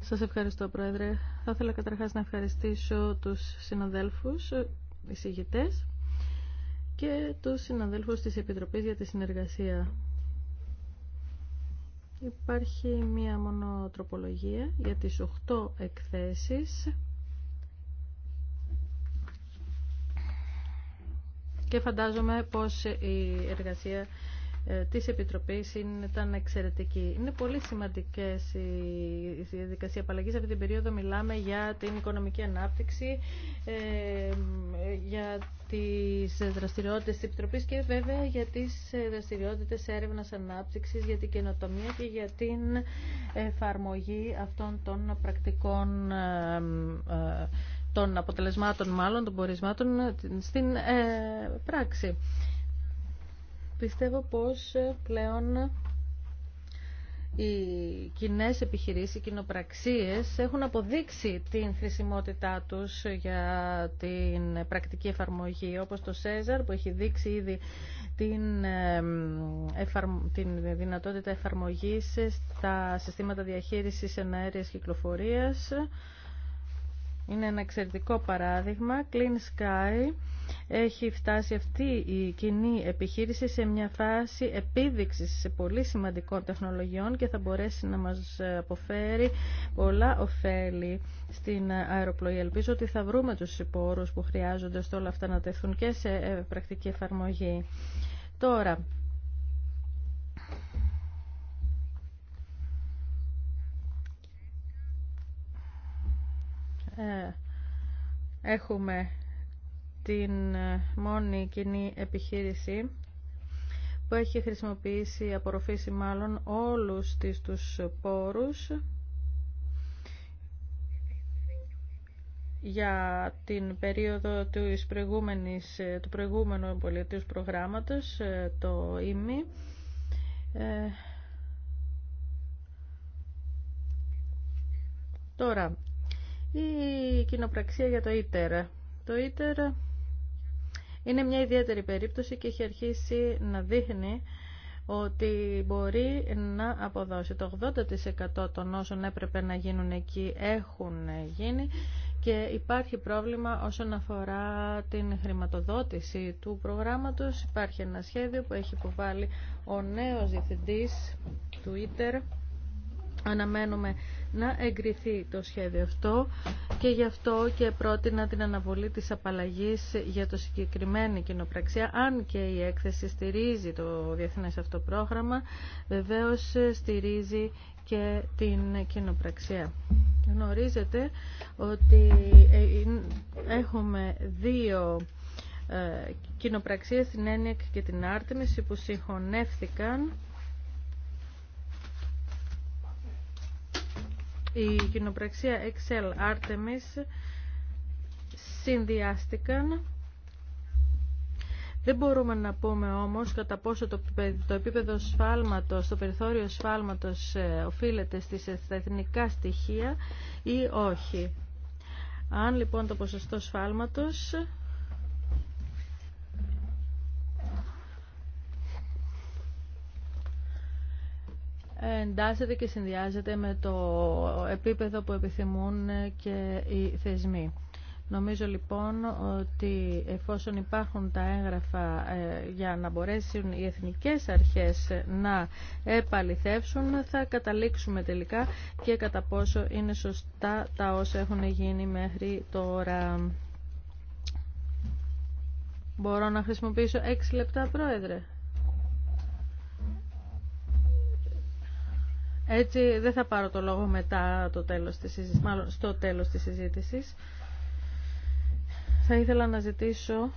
S1: Σας ευχαριστώ, Πρόεδρε. Θα ήθελα καταρχάς να ευχαριστήσω τους συναδέλφους, εισηγητές και τους συναδέλφους της Επιτροπής για τη συνεργασία. Υπάρχει μία μόνο τροπολογία για τις 8 εκθέσεις και φαντάζομαι πως η εργασία ε, της Επιτροπής ήταν εξαιρετική. Είναι πολύ σημαντικές οι διαδικασίε απαλλαγή. Αυτή την περίοδο μιλάμε για την οικονομική ανάπτυξη, ε, για τις δραστηριότητες της Επιτροπής και βέβαια για τις δραστηριότητες έρευνας ανάπτυξης, για την καινοτομία και για την εφαρμογή αυτών των πρακτικών ε, των αποτελεσμάτων μάλλον, των πορισμάτων στην πράξη. Πιστεύω πως ε, πλέον οι κοινέ επιχειρήσεις, οι κοινοπραξίες έχουν αποδείξει την χρησιμότητά τους για την πρακτική εφαρμογή, όπως το ΣΕΖΑΡ που έχει δείξει ήδη την, ε, την δυνατότητα εφαρμογής στα συστήματα διαχείρισης εναέρειας κυκλοφορίας είναι ένα εξαιρετικό παράδειγμα. Clean Sky έχει φτάσει αυτή η κοινή επιχείρηση σε μια φάση επίδειξης σε πολύ σημαντικών τεχνολογιών και θα μπορέσει να μας αποφέρει πολλά ωφέλη στην αεροπλοή. Ελπίζω ότι θα βρούμε τους υπόρους που χρειάζονται ώστε όλα αυτά να τεθούν και σε ε, πρακτική εφαρμογή. Τώρα, Ε, έχουμε την ε, μόνη κοινή επιχείρηση που έχει χρησιμοποιήσει, απορροφήσει μάλλον όλους τις τους πόρους για την περίοδο του, προηγούμενης, ε, του προηγούμενου πολιτικού προγράμματος, το ΙΜΗ. Τώρα, η κοινοπραξία για το ΙΤΕΡ. Το ΙΤΕΡ είναι μια ιδιαίτερη περίπτωση και έχει αρχίσει να δείχνει ότι μπορεί να αποδώσει. Το 80% των όσων έπρεπε να γίνουν εκεί έχουν γίνει και υπάρχει πρόβλημα όσον αφορά την χρηματοδότηση του προγράμματος. Υπάρχει ένα σχέδιο που έχει υποβάλει ο νέος διευθυντής του ΙΤΕΡ. Αναμένουμε να εγκριθεί το σχέδιο αυτό και γι' αυτό και πρότεινα την αναβολή της απαλλαγής για το συγκεκριμένο κοινοπραξία αν και η έκθεση στηρίζει το διεθνές αυτό πρόγραμμα βεβαίως στηρίζει και την κοινοπραξία. Γνωρίζετε ότι ε, ε, έχουμε δύο ε, κοινοπραξίες, την ΕΝΕΚ και την Άρτεμις, που συγχωνεύτηκαν η κοινοπραξία Excel Artemis συνδυάστηκαν. Δεν μπορούμε να πούμε όμως κατά πόσο το, το επίπεδο σφάλματος, το περιθώριο σφάλματος ε, οφείλεται στις εθνικά στοιχεία ή όχι. Αν λοιπόν το ποσοστό σφάλματος εντάσσεται και συνδυάζεται με το επίπεδο που επιθυμούν και οι θεσμοί. Νομίζω λοιπόν ότι εφόσον υπάρχουν τα έγγραφα ε, για να μπορέσουν οι εθνικές αρχές να επαληθεύσουν θα καταλήξουμε τελικά και κατά πόσο είναι σωστά τα όσα έχουν γίνει μέχρι τώρα. Μπορώ να χρησιμοποιήσω 6 λεπτά πρόεδρε. Έτσι δεν θα πάρω το λόγο μετά το τέλος της συζήτησης, μάλλον στο τέλος της συζήτησης. Θα ήθελα να ζητήσω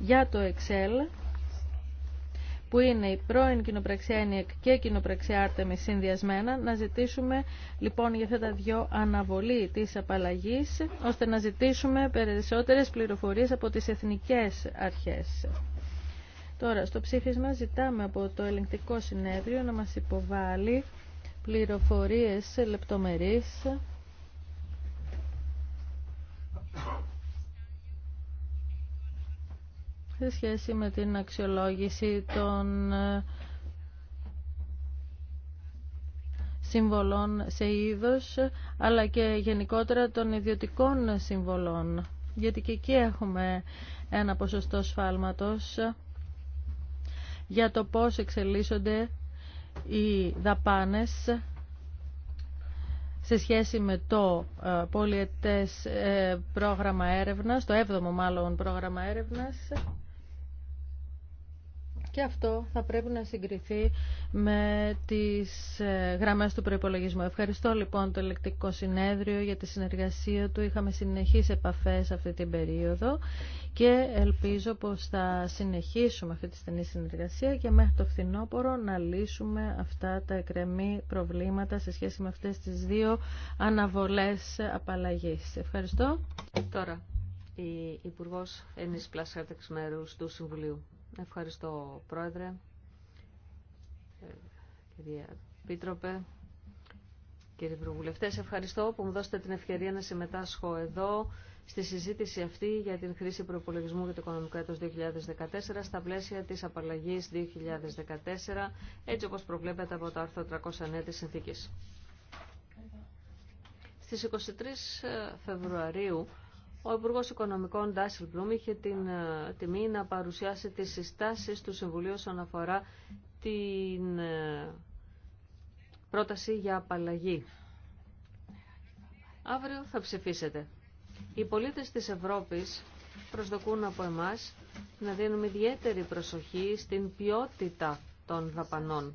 S1: για το Excel που είναι η πρώην κοινοπραξία ΕΝΙΕΚ και κοινοπραξία Άρτεμι συνδυασμένα, να ζητήσουμε λοιπόν για αυτά τα δυο αναβολή της απαλλαγής, ώστε να ζητήσουμε περισσότερες πληροφορίες από τις εθνικές αρχές. Τώρα, στο ψήφισμα ζητάμε από το ελεγκτικό συνέδριο να μας υποβάλει πληροφορίες λεπτομερείς σε σχέση με την αξιολόγηση των ε, συμβολών σε είδος, αλλά και γενικότερα των ιδιωτικών συμβολών. Γιατί και εκεί έχουμε ένα ποσοστό σφάλματος για το πώς εξελίσσονται οι δαπάνες σε σχέση με το ε, πολιετές ε, πρόγραμμα έρευνας, το έβδομο μάλλον πρόγραμμα έρευνας και αυτό θα πρέπει να συγκριθεί με τις ε, γραμμές του προϋπολογισμού. Ευχαριστώ λοιπόν το Ελεκτικό Συνέδριο για τη συνεργασία του. Είχαμε συνεχείς επαφές αυτή την περίοδο και ελπίζω πως θα συνεχίσουμε αυτή τη στενή συνεργασία και μέχρι το φθινόπωρο να λύσουμε αυτά τα εκρεμή προβλήματα σε σχέση με αυτές τις δύο αναβολές απαλλαγής. Ευχαριστώ. Τώρα,
S2: του Συμβουλίου. Ευχαριστώ Πρόεδρε, ε, κυρία Πίτροπε, κύριοι Ευρωβουλευτές. Ευχαριστώ που μου δώσετε την ευκαιρία να συμμετάσχω εδώ στη συζήτηση αυτή για την χρήση προπολογισμού για το οικονομικό έτος 2014 στα πλαίσια της απαλλαγής 2014, έτσι όπως προβλέπεται από το άρθρο 309 της Συνθήκης. Στις 23 Φεβρουαρίου ο Υπουργό Οικονομικών Ντάσιλ Μπλουμ είχε την ε, τιμή να παρουσιάσει τις συστάσεις του Συμβουλίου όσον αφορά την ε, πρόταση για απαλλαγή. Αύριο θα ψηφίσετε. Οι πολίτες της Ευρώπης προσδοκούν από εμάς να δίνουμε ιδιαίτερη προσοχή στην ποιότητα των δαπανών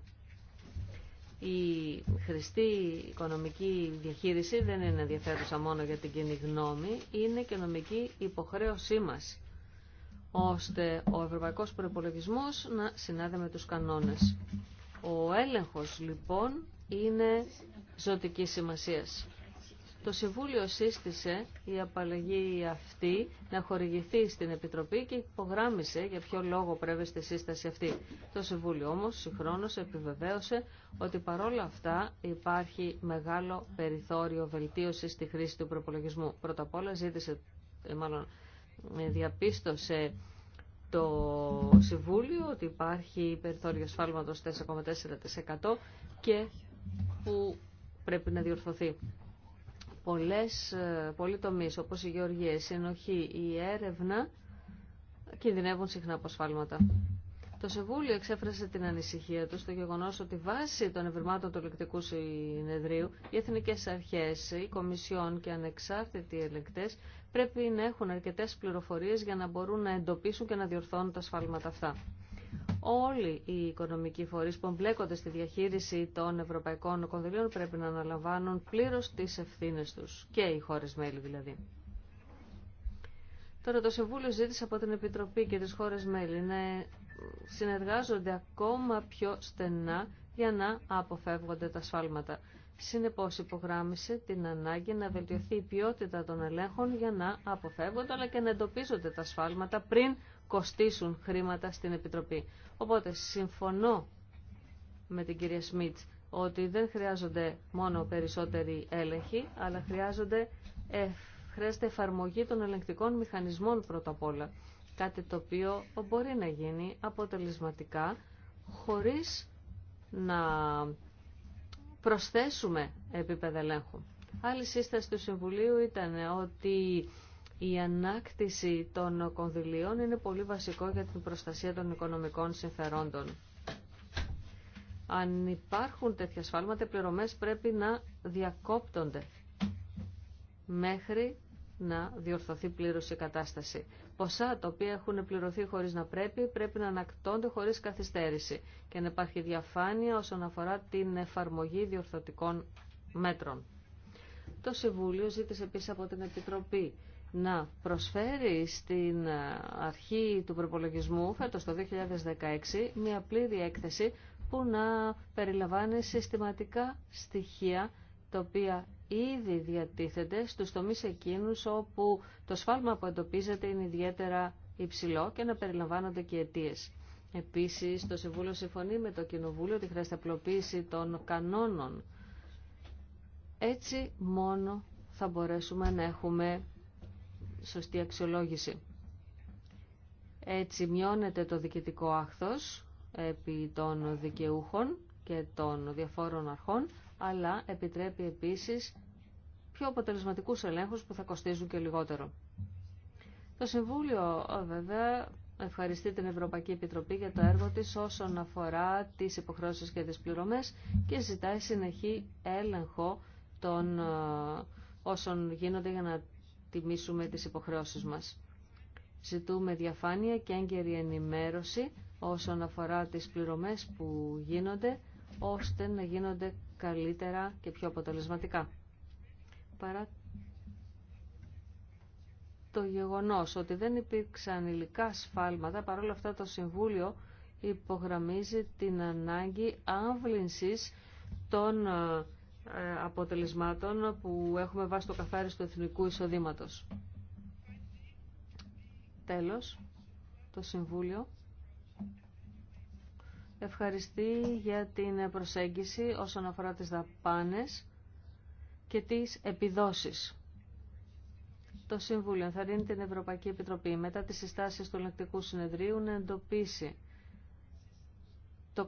S2: η χρηστή οικονομική διαχείριση δεν είναι ενδιαφέρουσα μόνο για την κοινή γνώμη, είναι και νομική υποχρέωσή μας, ώστε ο ευρωπαϊκός προϋπολογισμός να συνάδει με τους κανόνες. Ο έλεγχος λοιπόν είναι ζωτική σημασίας. Το Συμβούλιο σύστησε η απαλλαγή αυτή να χορηγηθεί στην Επιτροπή και υπογράμμισε για ποιο λόγο πρέπει στη σύσταση αυτή. Το Συμβούλιο όμως συγχρόνως επιβεβαίωσε ότι παρόλα αυτά υπάρχει μεγάλο περιθώριο βελτίωσης στη χρήση του προπολογισμού. Πρώτα απ' όλα ζήτησε, ε, μάλλον ε, διαπίστωσε το Συμβούλιο ότι υπάρχει περιθώριο σφάλματος 4,4% και που πρέπει να διορθωθεί πολλές, ε, πολλοί τομείς όπως η γεωργία, η συνοχή, η έρευνα κινδυνεύουν συχνά από σφάλματα. Το Συμβούλιο εξέφρασε την ανησυχία του στο γεγονό ότι βάσει των ευρημάτων του ελεκτικού συνεδρίου, οι εθνικέ αρχέ, οι κομισιόν και ανεξάρτητοι ελεκτέ πρέπει να έχουν αρκετέ πληροφορίε για να μπορούν να εντοπίσουν και να διορθώνουν τα σφάλματα αυτά όλοι οι οικονομικοί φορείς που εμπλέκονται στη διαχείριση των ευρωπαϊκών κονδυλίων πρέπει να αναλαμβάνουν πλήρως τις ευθύνες τους και οι χώρες μέλη δηλαδή. Τώρα το Συμβούλιο ζήτησε από την Επιτροπή και τις χώρες μέλη να συνεργάζονται ακόμα πιο στενά για να αποφεύγονται τα σφάλματα. Συνεπώς υπογράμμισε την ανάγκη να βελτιωθεί η ποιότητα των ελέγχων για να αποφεύγονται αλλά και να εντοπίζονται τα σφάλματα πριν κοστίσουν χρήματα στην Επιτροπή. Οπότε συμφωνώ με την κυρία Σμιτ ότι δεν χρειάζονται μόνο περισσότεροι έλεγχοι, αλλά χρειάζονται, ε, χρειάζεται εφαρμογή των ελεγκτικών μηχανισμών πρώτα απ' όλα. Κάτι το οποίο μπορεί να γίνει αποτελεσματικά, χωρίς να προσθέσουμε επίπεδα ελέγχου. Άλλη σύσταση του Συμβουλίου ήταν ότι η ανάκτηση των κονδυλίων είναι πολύ βασικό για την προστασία των οικονομικών συμφερόντων. Αν υπάρχουν τέτοια σφάλματα, οι πληρωμές πρέπει να διακόπτονται μέχρι να διορθωθεί πλήρως η κατάσταση. Ποσά τα οποία έχουν πληρωθεί χωρίς να πρέπει, πρέπει να ανακτώνται χωρίς καθυστέρηση και να υπάρχει διαφάνεια όσον αφορά την εφαρμογή διορθωτικών μέτρων. Το Συμβούλιο ζήτησε επίσης από την Επιτροπή να προσφέρει στην αρχή του προπολογισμού φέτος το 2016 μια πλήρη έκθεση που να περιλαμβάνει συστηματικά στοιχεία τα οποία ήδη διατίθεται στους τομείς εκείνους όπου το σφάλμα που εντοπίζεται είναι ιδιαίτερα υψηλό και να περιλαμβάνονται και αιτίε. Επίσης, το Συμβούλιο συμφωνεί με το Κοινοβούλιο ότι χρειάζεται απλοποίηση των κανόνων. Έτσι μόνο θα μπορέσουμε να έχουμε σωστή αξιολόγηση. Έτσι μειώνεται το διοικητικό άχθος επί των δικαιούχων και των διαφόρων αρχών, αλλά επιτρέπει επίσης πιο αποτελεσματικούς ελέγχους που θα κοστίζουν και λιγότερο. Το Συμβούλιο ε, βέβαια ευχαριστεί την Ευρωπαϊκή Επιτροπή για το έργο της όσον αφορά τις υποχρεώσεις και τις πληρωμές και ζητάει συνεχή έλεγχο των ε, όσων γίνονται για να τιμήσουμε τις υποχρεώσεις μας. Ζητούμε διαφάνεια και έγκαιρη ενημέρωση όσον αφορά τις πληρωμές που γίνονται, ώστε να γίνονται καλύτερα και πιο αποτελεσματικά. Παρά το γεγονός ότι δεν υπήρξαν υλικά σφάλματα, παρόλα αυτά το Συμβούλιο υπογραμμίζει την ανάγκη άμβλυνσης των ε, ε, αποτελεσμάτων που έχουμε βάσει το καθάριστο εθνικού εισοδήματος. Τέλος, το Συμβούλιο ευχαριστεί για την προσέγγιση όσον αφορά τις δαπάνες και τις επιδόσεις. Το Συμβούλιο θα την Ευρωπαϊκή Επιτροπή μετά τις συστάσεις του Ελεκτικού Συνεδρίου να εντοπίσει το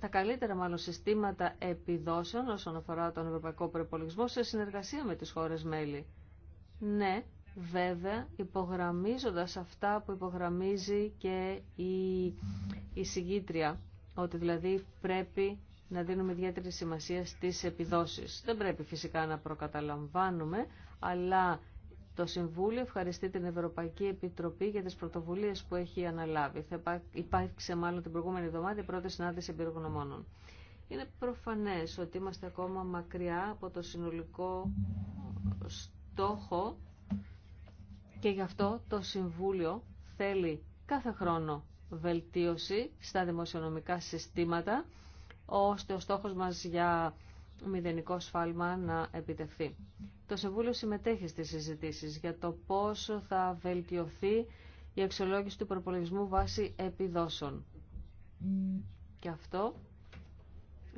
S2: τα καλύτερα μάλλον συστήματα επιδόσεων όσον αφορά τον ευρωπαϊκό προπολογισμό σε συνεργασία με τις χώρες μέλη. Ναι, βέβαια, υπογραμμίζοντας αυτά που υπογραμμίζει και η, η συγκήτρια, ότι δηλαδή πρέπει να δίνουμε ιδιαίτερη σημασία στις επιδόσεις. Δεν πρέπει φυσικά να προκαταλαμβάνουμε, αλλά το Συμβούλιο ευχαριστεί την Ευρωπαϊκή Επιτροπή για τις πρωτοβουλίες που έχει αναλάβει. Θα υπάρξει μάλλον την προηγούμενη εβδομάδα η πρώτη συνάντηση εμπειρογνωμόνων. Είναι προφανές ότι είμαστε ακόμα μακριά από το συνολικό στόχο και γι' αυτό το Συμβούλιο θέλει κάθε χρόνο βελτίωση στα δημοσιονομικά συστήματα ώστε ο στόχος μας για μηδενικό σφάλμα να επιτευχθεί. Το Συμβούλιο συμμετέχει στις συζητήσεις για το πόσο θα βελτιωθεί η αξιολόγηση του προπολογισμού βάσει επιδόσεων. Και αυτό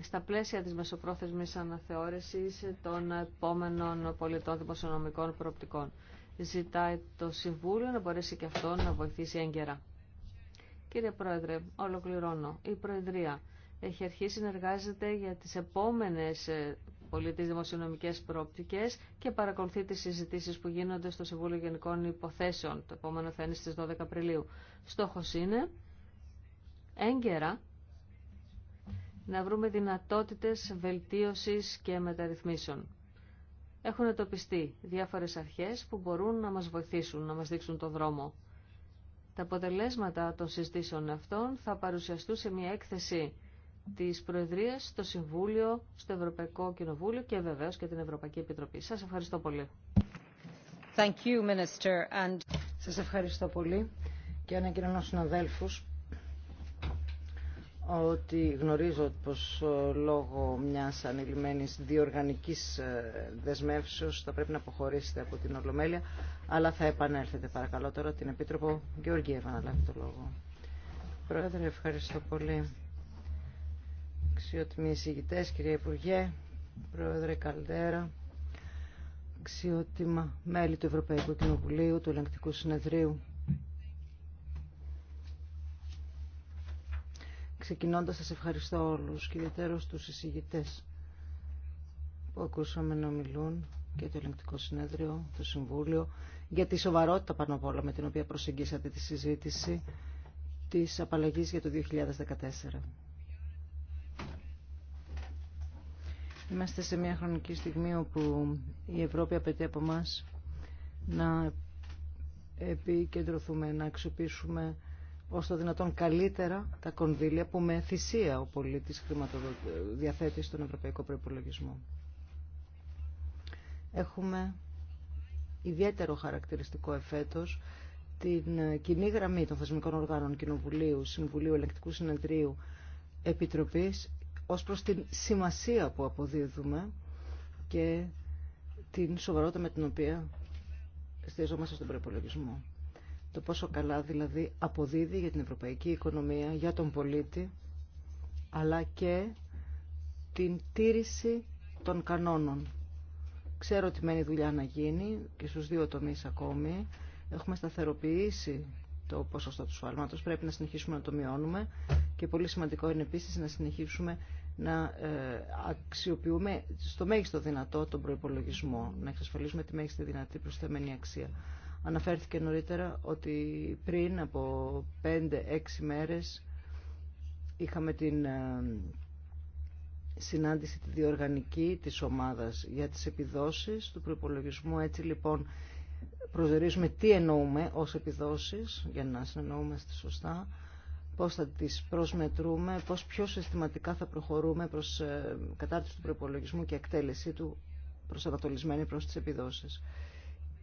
S2: στα πλαίσια της μεσοπρόθεσμης αναθεώρησης των επόμενων πολιτών δημοσιονομικών προοπτικών. Ζητάει το Συμβούλιο να μπορέσει και αυτό να βοηθήσει έγκαιρα. Κύριε Πρόεδρε, ολοκληρώνω. Η Προεδρία έχει αρχίσει να εργάζεται για τις επόμενες ε, πολιτικές δημοσιονομικές προοπτικές και παρακολουθεί τις συζητήσεις που γίνονται στο Συμβούλιο Γενικών Υποθέσεων. Το επόμενο θα είναι στις 12 Απριλίου. Στόχος είναι έγκαιρα να βρούμε δυνατότητες βελτίωσης και μεταρρυθμίσεων. Έχουν ετοπιστεί διάφορες αρχές που μπορούν να μας βοηθήσουν, να μας δείξουν τον δρόμο. Τα αποτελέσματα των συζητήσεων αυτών θα παρουσιαστούν σε μια έκθεση της Προεδρίας, στο Συμβούλιο, στο Ευρωπαϊκό Κοινοβούλιο και βεβαίως και την Ευρωπαϊκή
S4: Επιτροπή. Σας ευχαριστώ πολύ. Thank you, Minister. And... Σας ευχαριστώ πολύ και ανακοινωνώ συναδέλφους ότι γνωρίζω πως ε, λόγω μιας ανελημμένης διοργανικής ε, δεσμεύσεως θα πρέπει να αποχωρήσετε από την Ολομέλεια, αλλά θα επανέλθετε παρακαλώ τώρα την Επίτροπο Γεωργίευα να λάβει το λόγο. Πρόεδρε, ευχαριστώ πολύ αξιότιμοι εισηγητές, κύριε Υπουργέ, Πρόεδρε Καλδέρα, αξιότιμα μέλη του Ευρωπαϊκού Κοινοβουλίου, του Ελεγκτικού Συνεδρίου. Ξεκινώντας, σας ευχαριστώ όλους και ιδιαίτερως τους εισηγητές που ακούσαμε να μιλούν και το Ελεγκτικό Συνέδριο, το Συμβούλιο, για τη σοβαρότητα πάνω απ' όλα με την οποία προσεγγίσατε τη συζήτηση της απαλλαγής για το 2014. Είμαστε σε μια χρονική στιγμή όπου η Ευρώπη απαιτεί από εμά να επικεντρωθούμε, να αξιοποιήσουμε όσο το δυνατόν καλύτερα τα κονδύλια που με θυσία ο πολίτης διαθέτει στον Ευρωπαϊκό Προϋπολογισμό. Έχουμε ιδιαίτερο χαρακτηριστικό εφέτος την κοινή γραμμή των θεσμικών οργάνων Κοινοβουλίου, Συμβουλίου Ελεκτικού Συνεδρίου, Επιτροπής ως προς την σημασία που αποδίδουμε και την σοβαρότητα με την οποία στηριζόμαστε στον προπολογισμό. Το πόσο καλά δηλαδή αποδίδει για την ευρωπαϊκή οικονομία, για τον πολίτη, αλλά και την τήρηση των κανόνων. Ξέρω ότι μένει δουλειά να γίνει και στους δύο τομείς ακόμη. Έχουμε σταθεροποιήσει το ποσοστό του σφάλματος, πρέπει να συνεχίσουμε να το μειώνουμε και πολύ σημαντικό είναι επίσης να συνεχίσουμε να ε, αξιοποιούμε στο μέγιστο δυνατό τον προπολογισμό, να εξασφαλίσουμε τη μέγιστη δυνατή προσθεμένη αξία. Αναφέρθηκε νωρίτερα ότι πριν από 5-6 μέρες είχαμε την ε, συνάντηση τη διοργανική της ομάδας για τις επιδόσεις του προϋπολογισμού. Έτσι λοιπόν προσδιορίζουμε τι εννοούμε ως επιδόσεις για να συνεννοούμε σωστά πώς θα τις προσμετρούμε, πώς πιο συστηματικά θα προχωρούμε προς ε, κατάρτιση του προπολογισμού και εκτέλεσή του προσανατολισμένη προς τις επιδόσεις.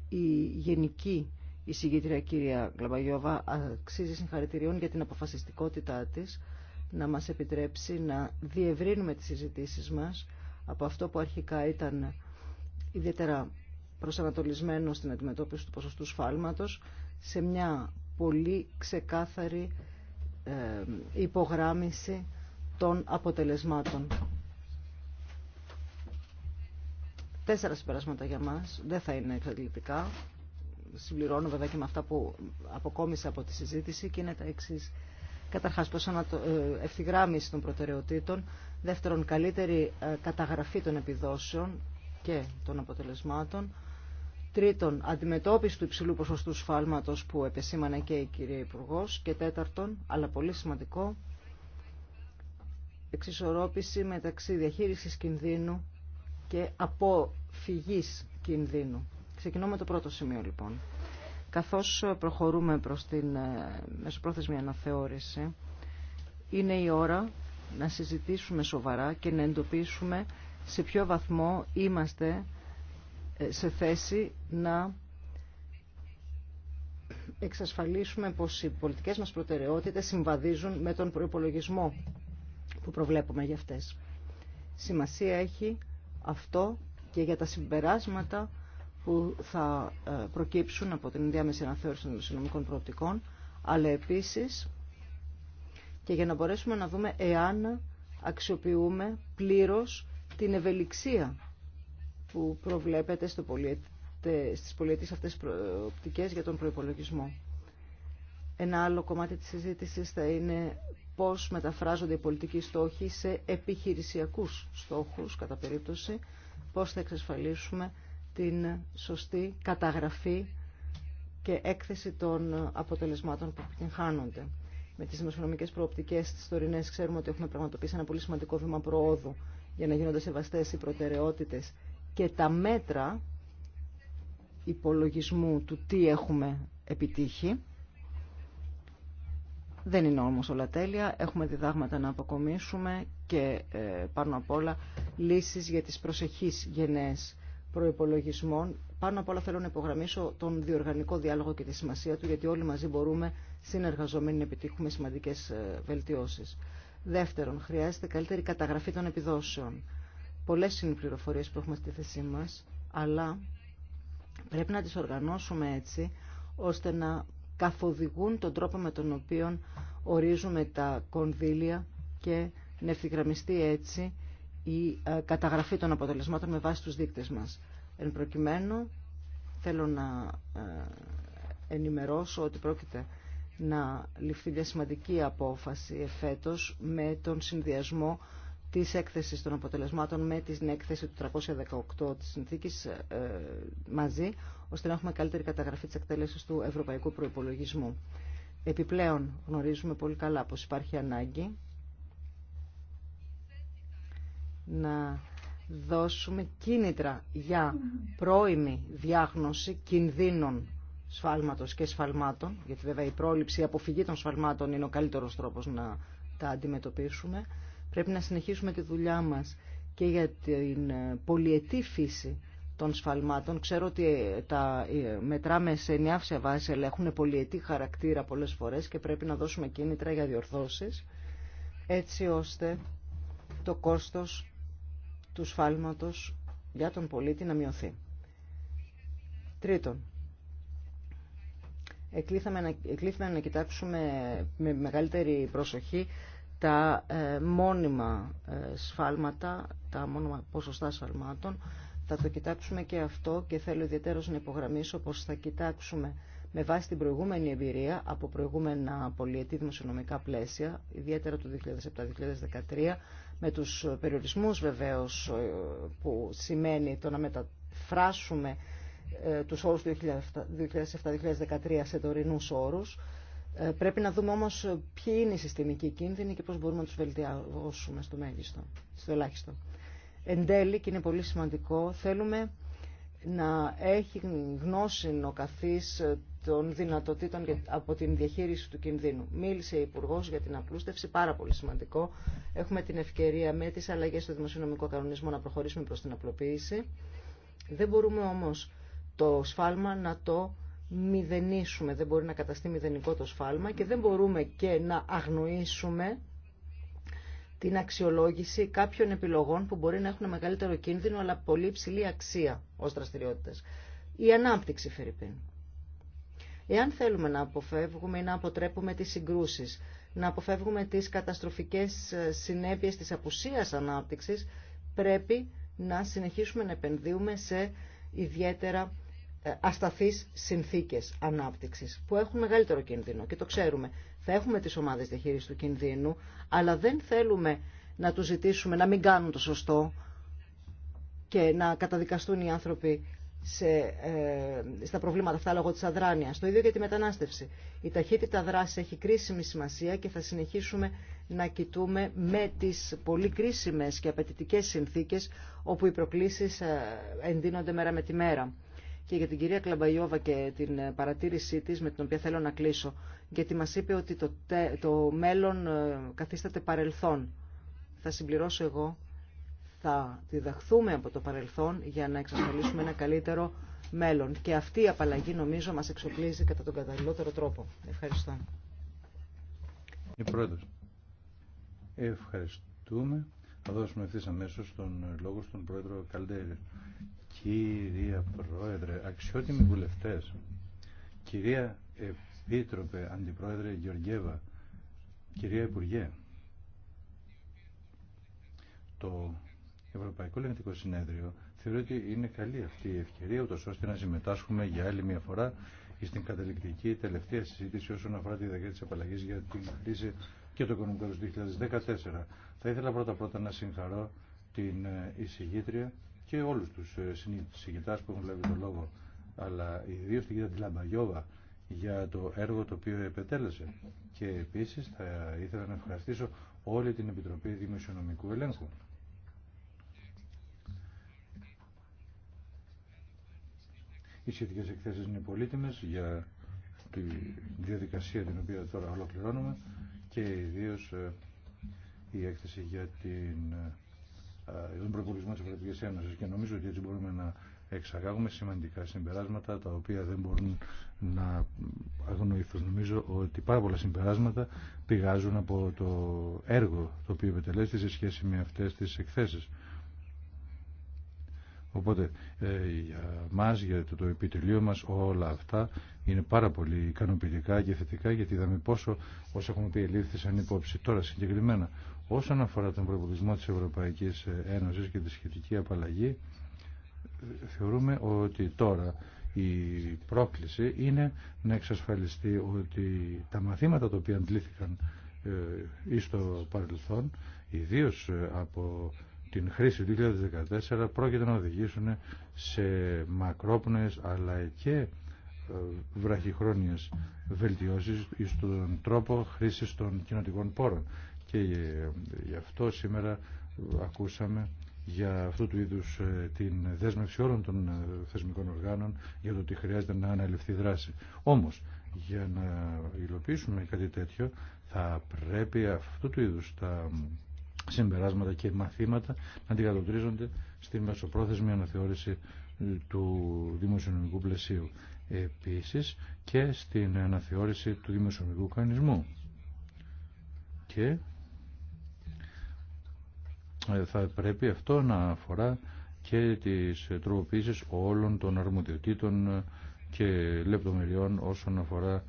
S4: Η γενική εισηγήτρια κυρία Γλαμπαγιώβα αξίζει συγχαρητηριών για την αποφασιστικότητά της να μας επιτρέψει να διευρύνουμε τις συζητήσεις μας από αυτό που αρχικά ήταν ιδιαίτερα προσανατολισμένο στην αντιμετώπιση του ποσοστού σφάλματος σε μια πολύ ξεκάθαρη ε, υπογράμμιση των αποτελεσμάτων. Τέσσερα συμπεράσματα για μας. Δεν θα είναι εξαντλητικά. Συμπληρώνω βέβαια και με αυτά που αποκόμισα από τη συζήτηση και είναι τα εξής. Καταρχάς, προς ε, ευθυγράμμιση των προτεραιοτήτων. Δεύτερον, καλύτερη ε, καταγραφή των επιδόσεων και των αποτελεσμάτων. Τρίτον, αντιμετώπιση του υψηλού ποσοστού σφάλματος που επεσήμανε και η κυρία Υπουργό. Και τέταρτον, αλλά πολύ σημαντικό, εξισορρόπηση μεταξύ διαχείρισης κινδύνου και αποφυγής κινδύνου. Ξεκινώ με το πρώτο σημείο λοιπόν. Καθώς προχωρούμε προς την ε, μεσοπρόθεσμη αναθεώρηση, είναι η ώρα να συζητήσουμε σοβαρά και να εντοπίσουμε σε ποιο βαθμό είμαστε σε θέση να εξασφαλίσουμε πως οι πολιτικές μας προτεραιότητες συμβαδίζουν με τον προϋπολογισμό που προβλέπουμε για αυτές. Σημασία έχει αυτό και για τα συμπεράσματα που θα ε, προκύψουν από την διάμεση αναθεώρηση των συνομικών προοπτικών, αλλά επίσης και για να μπορέσουμε να δούμε εάν αξιοποιούμε πλήρως την ευελιξία που προβλέπεται στο πολιέτε, στις πολιετές αυτές προοπτικές για τον προϋπολογισμό. Ένα άλλο κομμάτι της συζήτησης θα είναι πώς μεταφράζονται οι πολιτικοί στόχοι σε επιχειρησιακούς στόχους, κατά περίπτωση, πώς θα εξασφαλίσουμε την σωστή καταγραφή και έκθεση των αποτελεσμάτων που επιτυγχάνονται. Με τις δημοσιονομικές προοπτικές της τωρινές ξέρουμε ότι έχουμε πραγματοποιήσει ένα πολύ σημαντικό βήμα προόδου για να γίνονται σεβαστές οι προτεραιότητες και τα μέτρα υπολογισμού του τι έχουμε επιτύχει. Δεν είναι όμως όλα τέλεια. Έχουμε διδάγματα να αποκομίσουμε και ε, πάνω απ' όλα λύσεις για τις προσεχείς γενναίες προϋπολογισμών. Πάνω απ' όλα θέλω να υπογραμμίσω τον διοργανικό διάλογο και τη σημασία του, γιατί όλοι μαζί μπορούμε συνεργαζομένοι να επιτύχουμε σημαντικές ε, βελτιώσεις. Δεύτερον, χρειάζεται καλύτερη καταγραφή των επιδόσεων. Πολλές είναι οι πληροφορίες που έχουμε στη θέση μας, αλλά πρέπει να τις οργανώσουμε έτσι, ώστε να καθοδηγούν τον τρόπο με τον οποίο ορίζουμε τα κονδύλια και να ευθυγραμμιστεί έτσι η ε, καταγραφή των αποτελεσμάτων με βάση τους δείκτες μας. Εν προκειμένου, θέλω να ε, ενημερώσω ότι πρόκειται να ληφθεί μια σημαντική απόφαση εφέτος με τον συνδυασμό της έκθεσης των αποτελεσμάτων με την έκθεση του 318 της συνθήκης ε, μαζί, ώστε να έχουμε καλύτερη καταγραφή της εκτέλεσης του ευρωπαϊκού προϋπολογισμού. Επιπλέον γνωρίζουμε πολύ καλά πως υπάρχει ανάγκη να δώσουμε κίνητρα για πρώιμη διάγνωση κινδύνων σφάλματο και σφαλμάτων, γιατί βέβαια η πρόληψη, η αποφυγή των σφαλμάτων είναι ο καλύτερος τρόπος να τα αντιμετωπίσουμε. Πρέπει να συνεχίσουμε τη δουλειά μας και για την ε, πολυετή φύση των σφαλμάτων. Ξέρω ότι ε, τα ε, μετράμε σε ενιάυσια βάση, αλλά έχουν πολυετή χαρακτήρα πολλές φορές και πρέπει να δώσουμε κίνητρα για διορθώσεις, έτσι ώστε το κόστος του σφάλματος για τον πολίτη να μειωθεί. Τρίτον, εκλήθαμε να, εκλήθαμε να κοιτάξουμε με μεγαλύτερη προσοχή τα ε, μόνιμα ε, σφάλματα, τα μόνιμα ποσοστά σφαλμάτων. Θα το κοιτάξουμε και αυτό και θέλω ιδιαίτερο να υπογραμμίσω πως θα κοιτάξουμε με βάση την προηγούμενη εμπειρία από προηγούμενα πολιετή δημοσιονομικά πλαίσια, ιδιαίτερα του 2007-2013, με τους περιορισμούς βεβαίως ε, που σημαίνει το να μεταφράσουμε τους όρους του 2007-2013 σε τωρινούς όρους, ε, πρέπει να δούμε όμως ποιοι είναι οι συστημικοί κίνδυνοι και πώς μπορούμε να τους βελτιώσουμε στο μέγιστο, στο ελάχιστο. Εν τέλει, και είναι πολύ σημαντικό, θέλουμε να έχει γνώση ο καθής των δυνατοτήτων από την διαχείριση του κινδύνου. Μίλησε η Υπουργό για την απλούστευση, πάρα πολύ σημαντικό. Έχουμε την ευκαιρία με τις αλλαγές στο δημοσιονομικό κανονισμό να προχωρήσουμε προς την απλοποίηση. Δεν μπορούμε όμως το σφάλμα να το μηδενίσουμε, δεν μπορεί να καταστεί μηδενικό το σφάλμα και δεν μπορούμε και να αγνοήσουμε την αξιολόγηση κάποιων επιλογών που μπορεί να έχουν μεγαλύτερο κίνδυνο αλλά πολύ υψηλή αξία ως δραστηριότητες. Η ανάπτυξη, Φερρυπίν. Εάν θέλουμε να αποφεύγουμε ή να αποτρέπουμε τις συγκρούσεις, να αποφεύγουμε τις καταστροφικές ε, συνέπειες της απουσίας ανάπτυξης, πρέπει να συνεχίσουμε να επενδύουμε σε ιδιαίτερα ε, ασταθείς συνθήκες ανάπτυξης που έχουν μεγαλύτερο κίνδυνο και το ξέρουμε. Θα έχουμε τις ομάδες διαχείρισης του κινδύνου, αλλά δεν θέλουμε να τους ζητήσουμε να μην κάνουν το σωστό και να καταδικαστούν οι άνθρωποι σε, ε, στα προβλήματα αυτά λόγω της αδράνειας. Το ίδιο για τη μετανάστευση. Η ταχύτητα δράση έχει κρίσιμη σημασία και θα συνεχίσουμε να κοιτούμε με τις πολύ κρίσιμες και απαιτητικές συνθήκες όπου οι προκλήσεις ε, εντείνονται μέρα με τη μέρα και για την κυρία Κλαμπαϊόβα και την ε, παρατήρησή της με την οποία θέλω να κλείσω γιατί μας είπε ότι το, το μέλλον ε, καθίσταται παρελθόν. Θα συμπληρώσω εγώ, θα διδαχθούμε από το παρελθόν για να εξασφαλίσουμε ένα καλύτερο μέλλον και αυτή η απαλλαγή νομίζω μας εξοπλίζει κατά τον καταλληλότερο τρόπο. Ευχαριστώ.
S5: Ε, πρόεδρος. Ευχαριστούμε. Θα δώσουμε ευθύ αμέσω τον λόγο στον πρόεδρο Καλτέρη. Κυρία Πρόεδρε, αξιότιμοι βουλευτές, κυρία Επίτροπε, Αντιπρόεδρε Γεωργέβα, κυρία Υπουργέ, το Ευρωπαϊκό Λεγνητικό Συνέδριο θεωρεί ότι είναι καλή αυτή η ευκαιρία, ούτως ώστε να συμμετάσχουμε για άλλη μια φορά στην καταληκτική τελευταία συζήτηση όσον αφορά τη δεκαετία τη απαλλαγής για την κρίση και το οικονομικό του 2014. Θα ήθελα πρώτα-πρώτα να συγχαρώ την ε, εισηγήτρια και όλους τους ε, συγκητάς που έχουν λάβει τον λόγο, αλλά ιδίως την κυρία Τιλαμπαγιώβα για το έργο το οποίο επετέλεσε. Και επίσης θα ήθελα να ευχαριστήσω όλη την Επιτροπή Δημοσιονομικού Ελέγχου. Οι σχετικέ εκθέσει είναι πολύτιμε για τη διαδικασία την οποία τώρα ολοκληρώνουμε και ιδίω ε, η έκθεση για την ε, τον ε, προπολογισμό της Ευρωπαϊκής Ένωσης και νομίζω ότι έτσι μπορούμε να εξαγάγουμε σημαντικά συμπεράσματα τα οποία δεν μπορούν να αγνοηθούν. Νομίζω ότι πάρα πολλά συμπεράσματα πηγάζουν από το έργο το οποίο επιτελέστη σε σχέση με αυτές τις εκθέσεις. Οπότε ε, για μας, για το, το επιτελείο μας όλα αυτά είναι πάρα πολύ ικανοποιητικά και θετικά γιατί είδαμε πόσο όσα έχουμε πει ελήφθησαν υπόψη τώρα συγκεκριμένα Όσον αφορά τον προπολογισμό της Ευρωπαϊκής Ένωσης και τη σχετική απαλλαγή, θεωρούμε ότι τώρα η πρόκληση είναι να εξασφαλιστεί ότι τα μαθήματα τα οποία αντλήθηκαν ή ε, στο παρελθόν, ιδίω ε, από την χρήση του 2014, πρόκειται να οδηγήσουν σε μακρόπνοες αλλά και ε, βραχυχρόνιες βελτιώσεις στον τρόπο χρήσης των κοινοτικών πόρων και ε, γι' αυτό σήμερα ακούσαμε για αυτού του είδους ε, την δέσμευση όλων των ε, θεσμικών οργάνων για το ότι χρειάζεται να αναλυφθεί δράση. Όμως, για να υλοποιήσουμε κάτι τέτοιο θα πρέπει αυτού του είδους τα συμπεράσματα και μαθήματα να αντικατοπτρίζονται στη μεσοπρόθεσμη αναθεώρηση του δημοσιονομικού πλαισίου. Επίσης και στην αναθεώρηση του δημοσιονομικού κανονισμού. Και θα πρέπει αυτό να αφορά και τις τροποποίησεις όλων των αρμοδιοτήτων και λεπτομεριών όσον αφορά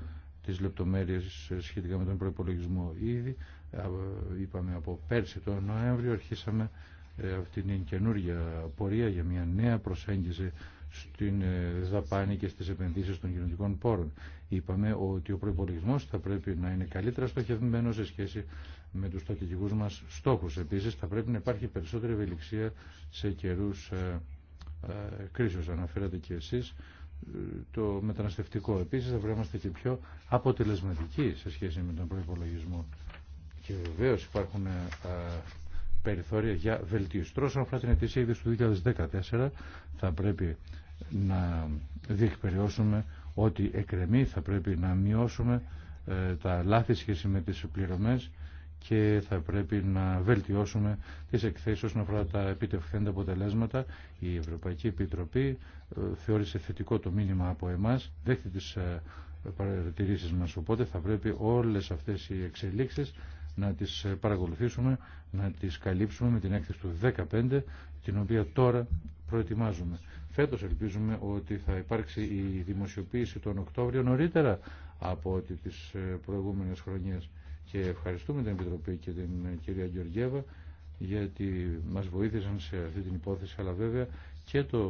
S5: τις λεπτομέρειες σχετικά με τον προπολογισμό ήδη. Είπαμε από πέρσι τον Νοέμβριο αρχίσαμε ε, αυτή την καινούργια πορεία για μια νέα προσέγγιση στην ε, δαπάνη και στις επενδύσεις των κοινωνικών πόρων. Είπαμε ότι ο προπολογισμό θα πρέπει να είναι καλύτερα στοχευμένο σε σχέση με τους στρατηγικούς μας στόχους. Επίσης θα πρέπει να υπάρχει περισσότερη ευελιξία σε καιρούς ε, ε, κρίσεως, αναφέρατε και εσείς, ε, το μεταναστευτικό. Επίσης θα πρέπει να και πιο αποτελεσματικοί σε σχέση με τον προϋπολογισμό. Και βεβαίως υπάρχουν ε, ε περιθώρια για βελτίωση. όσον αφορά την ετήσια του 2014 θα πρέπει να διεκπεριώσουμε ότι εκρεμεί, θα πρέπει να μειώσουμε ε, τα λάθη σχέση με τις πληρωμές και θα πρέπει να βελτιώσουμε τις εκθέσεις όσον αφορά τα επιτευχθέντα αποτελέσματα. Η Ευρωπαϊκή Επιτροπή ε, θεώρησε θετικό το μήνυμα από εμάς, δέχτη τις ε, παρατηρήσεις μας, οπότε θα πρέπει όλες αυτές οι εξελίξεις να τις ε, παρακολουθήσουμε, να τις καλύψουμε με την έκθεση του 2015, την οποία τώρα προετοιμάζουμε. Φέτος ελπίζουμε ότι θα υπάρξει η δημοσιοποίηση τον Οκτώβριο νωρίτερα από ό,τι τις προηγούμενες χρονιές και ευχαριστούμε την Επιτροπή και την κυρία Γεωργέβα γιατί μας βοήθησαν σε αυτή την υπόθεση αλλά βέβαια και το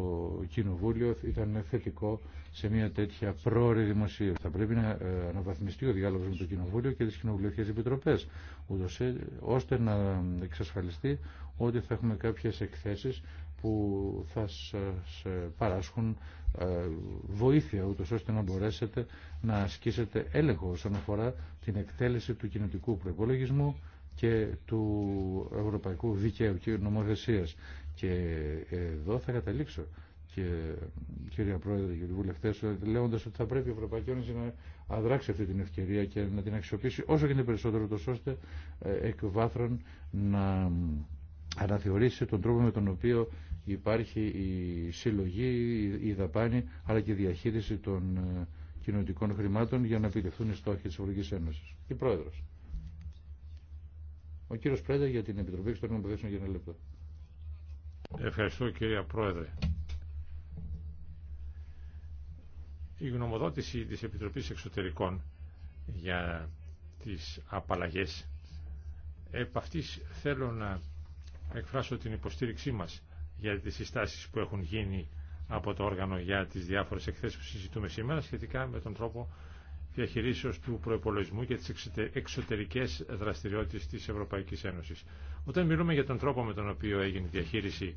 S5: Κοινοβούλιο ήταν θετικό σε μια τέτοια πρόορη δημοσίευση. Θα πρέπει να ε, αναβαθμιστεί ο διάλογο με το Κοινοβούλιο και τις Κοινοβουλευτικές Επιτροπές ε, ώστε να εξασφαλιστεί ότι θα έχουμε κάποιες εκθέσεις που θα σας ε, παράσχουν ε, βοήθεια ούτως ώστε να μπορέσετε να ασκήσετε έλεγχο όσον αφορά την εκτέλεση του κοινωτικού προπολογισμού και του ευρωπαϊκού δικαίου και νομοθεσίας. Και εδώ θα καταλήξω και κυρία Πρόεδρε και βουλευτέ, λέγοντα ότι θα πρέπει η Ευρωπαϊκή Ένωση να αδράξει αυτή την ευκαιρία και να την αξιοποιήσει όσο γίνεται περισσότερο, τόσο ώστε ε, εκ βάθρων να αναθεωρήσει τον τρόπο με τον οποίο υπάρχει η συλλογή, η δαπάνη, αλλά και η διαχείριση των ε, κοινωνικών χρημάτων για να επιτευχθούν οι στόχοι της Ευρωπαϊκής Ένωσης. Η Πρόεδρος. Ο κύριος Πρέντα για την Επιτροπή Εξωτερικών
S6: Υποθέσεων για ένα λεπτό. Ευχαριστώ κυρία Πρόεδρε. Η γνωμοδότηση της Επιτροπής Εξωτερικών για τις απαλλαγές επ' αυτής θέλω να εκφράσω την υποστήριξή μας για τις συστάσεις που έχουν γίνει από το όργανο για τις διάφορες εκθέσεις που συζητούμε σήμερα σχετικά με τον τρόπο διαχειρίσεως του προϋπολογισμού και τις εξωτερικές δραστηριότητες της Ευρωπαϊκής Ένωσης. Όταν μιλούμε για τον τρόπο με τον οποίο έγινε η διαχείριση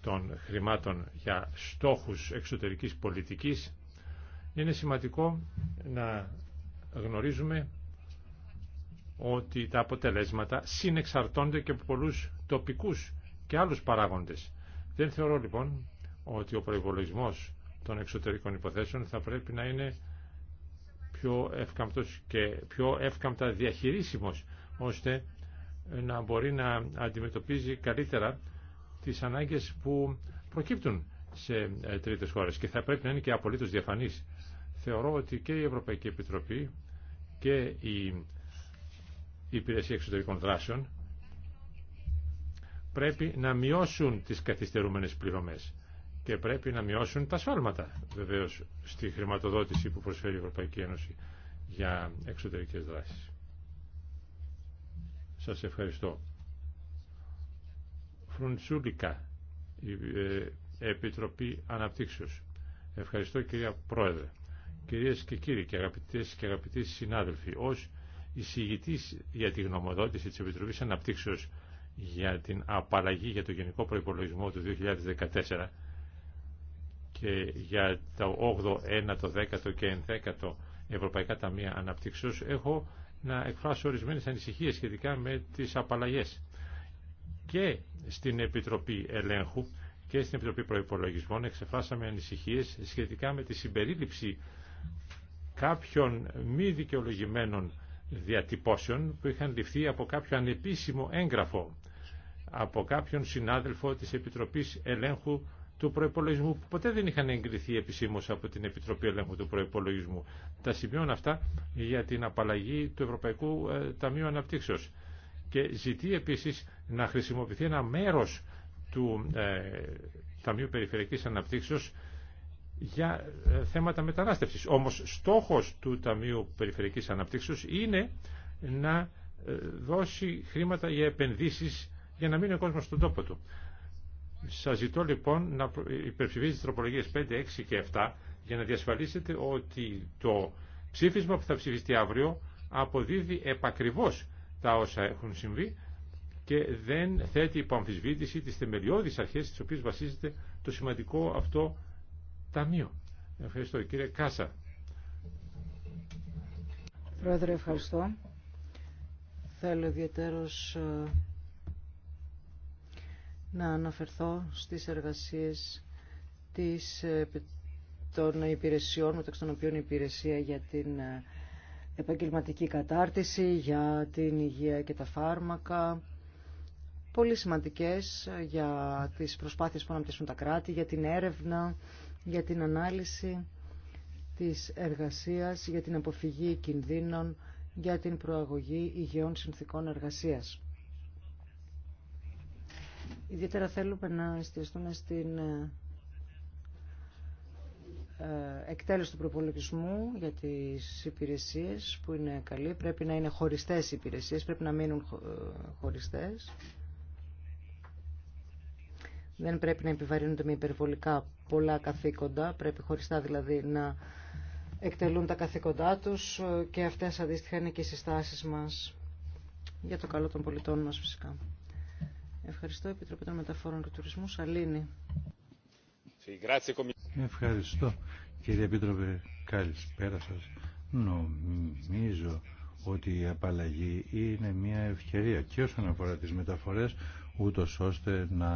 S6: των χρημάτων για στόχους εξωτερικής πολιτικής, είναι σημαντικό να γνωρίζουμε ότι τα αποτελέσματα συνεξαρτώνται και από πολλούς τοπικούς και άλλους παράγοντες. Δεν θεωρώ λοιπόν ότι ο προϋπολογισμός των εξωτερικών υποθέσεων θα πρέπει να είναι πιο εύκαμπτος και πιο εύκαμπτα διαχειρίσιμος ώστε να μπορεί να αντιμετωπίζει καλύτερα τις ανάγκες που προκύπτουν σε ε, τρίτες χώρες και θα πρέπει να είναι και απολύτως διαφανής. Θεωρώ ότι και η Ευρωπαϊκή Επιτροπή και η Υπηρεσία Εξωτερικών Δράσεων πρέπει να μειώσουν τις καθυστερούμενες πληρωμές και πρέπει να μειώσουν τα σφάλματα βεβαίως στη χρηματοδότηση που προσφέρει η Ευρωπαϊκή Ένωση για εξωτερικές δράσεις. Σας ευχαριστώ. Φρουντσούλικα, η ε, Επιτροπή Αναπτύξεως. Ευχαριστώ κυρία Πρόεδρε. Κυρίες και κύριοι και αγαπητές και αγαπητοί συνάδελφοι, ως εισηγητής για τη γνωμοδότηση της Επιτροπής Αναπτύξεως για την απαλλαγή για το Γενικό Προϋπολογισμό του 2014 και για το 8ο, 9ο, 10ο και 11ο Ευρωπαϊκά Ταμεία Αναπτύξεως έχω να εκφράσω ορισμένες ανησυχίες σχετικά με τις απαλλαγές και στην Επιτροπή Ελέγχου και στην Επιτροπή Προϋπολογισμών εξεφράσαμε ανησυχίες σχετικά με τη συμπερίληψη κάποιων μη δικαιολογημένων διατυπώσεων που είχαν ληφθεί από κάποιο ανεπίσημο έγγραφο από κάποιον συνάδελφο της Επιτροπής Ελέγχου του Προϋπολογισμού που ποτέ δεν είχαν εγκριθεί επισήμως από την Επιτροπή Ελέγχου του Προϋπολογισμού. Τα σημειώνω αυτά για την απαλλαγή του Ευρωπαϊκού ε, Ταμείου Αναπτύξεως και ζητεί επίσης να χρησιμοποιηθεί ένα μέρος του ε, Ταμείου Περιφερειακής Αναπτύξεως για ε, θέματα μετανάστευσης. Όμως στόχος του Ταμείου Περιφερειακής Αναπτύξεως είναι να δώσει χρήματα για επενδύσεις για να μείνει ο κόσμος στον τόπο του. Σας ζητώ λοιπόν να υπερψηφίσετε τις τροπολογίες 5, 6 και 7 για να διασφαλίσετε ότι το ψήφισμα που θα ψηφιστεί αύριο αποδίδει επακριβώς τα όσα έχουν συμβεί και δεν θέτει υπό αμφισβήτηση τις θεμελιώδεις αρχές στις οποίες βασίζεται το σημαντικό αυτό ταμείο. Ευχαριστώ κύριε Κάσα.
S4: Πρόεδρε ευχαριστώ. Θέλω ιδιαίτερως ε, να αναφερθώ στις εργασίες της, των υπηρεσιών, μεταξύ των οποίων η υπηρεσία για την ε, επαγγελματική κατάρτιση, για την υγεία και τα φάρμακα, πολύ σημαντικές για τις προσπάθειες που αναπτύσσουν τα κράτη, για την έρευνα, για την ανάλυση της εργασίας, για την αποφυγή κινδύνων, για την προαγωγή υγιών συνθήκων εργασίας. Ιδιαίτερα θέλουμε να εστιαστούμε στην ε, ε, εκτέλεση του προπολογισμού για τις υπηρεσίες που είναι καλή. Πρέπει να είναι χωριστές οι υπηρεσίες, πρέπει να μείνουν ε, χωριστές. Δεν πρέπει να επιβαρύνονται με υπερβολικά πολλά καθήκοντα, πρέπει χωριστά δηλαδή να εκτελούν τα καθήκοντά τους και αυτές αντίστοιχα είναι και οι συστάσεις μας για το καλό των πολιτών μας φυσικά. Ευχαριστώ, Επιτροπή των Μεταφορών και Τουρισμού, Σαλήνη.
S5: Ευχαριστώ, κύριε Επίτροπε. Καλησπέρα σας.
S6: Νομίζω
S5: ότι η απαλλαγή είναι μια ευκαιρία και όσον αφορά τις μεταφορές ούτω ώστε να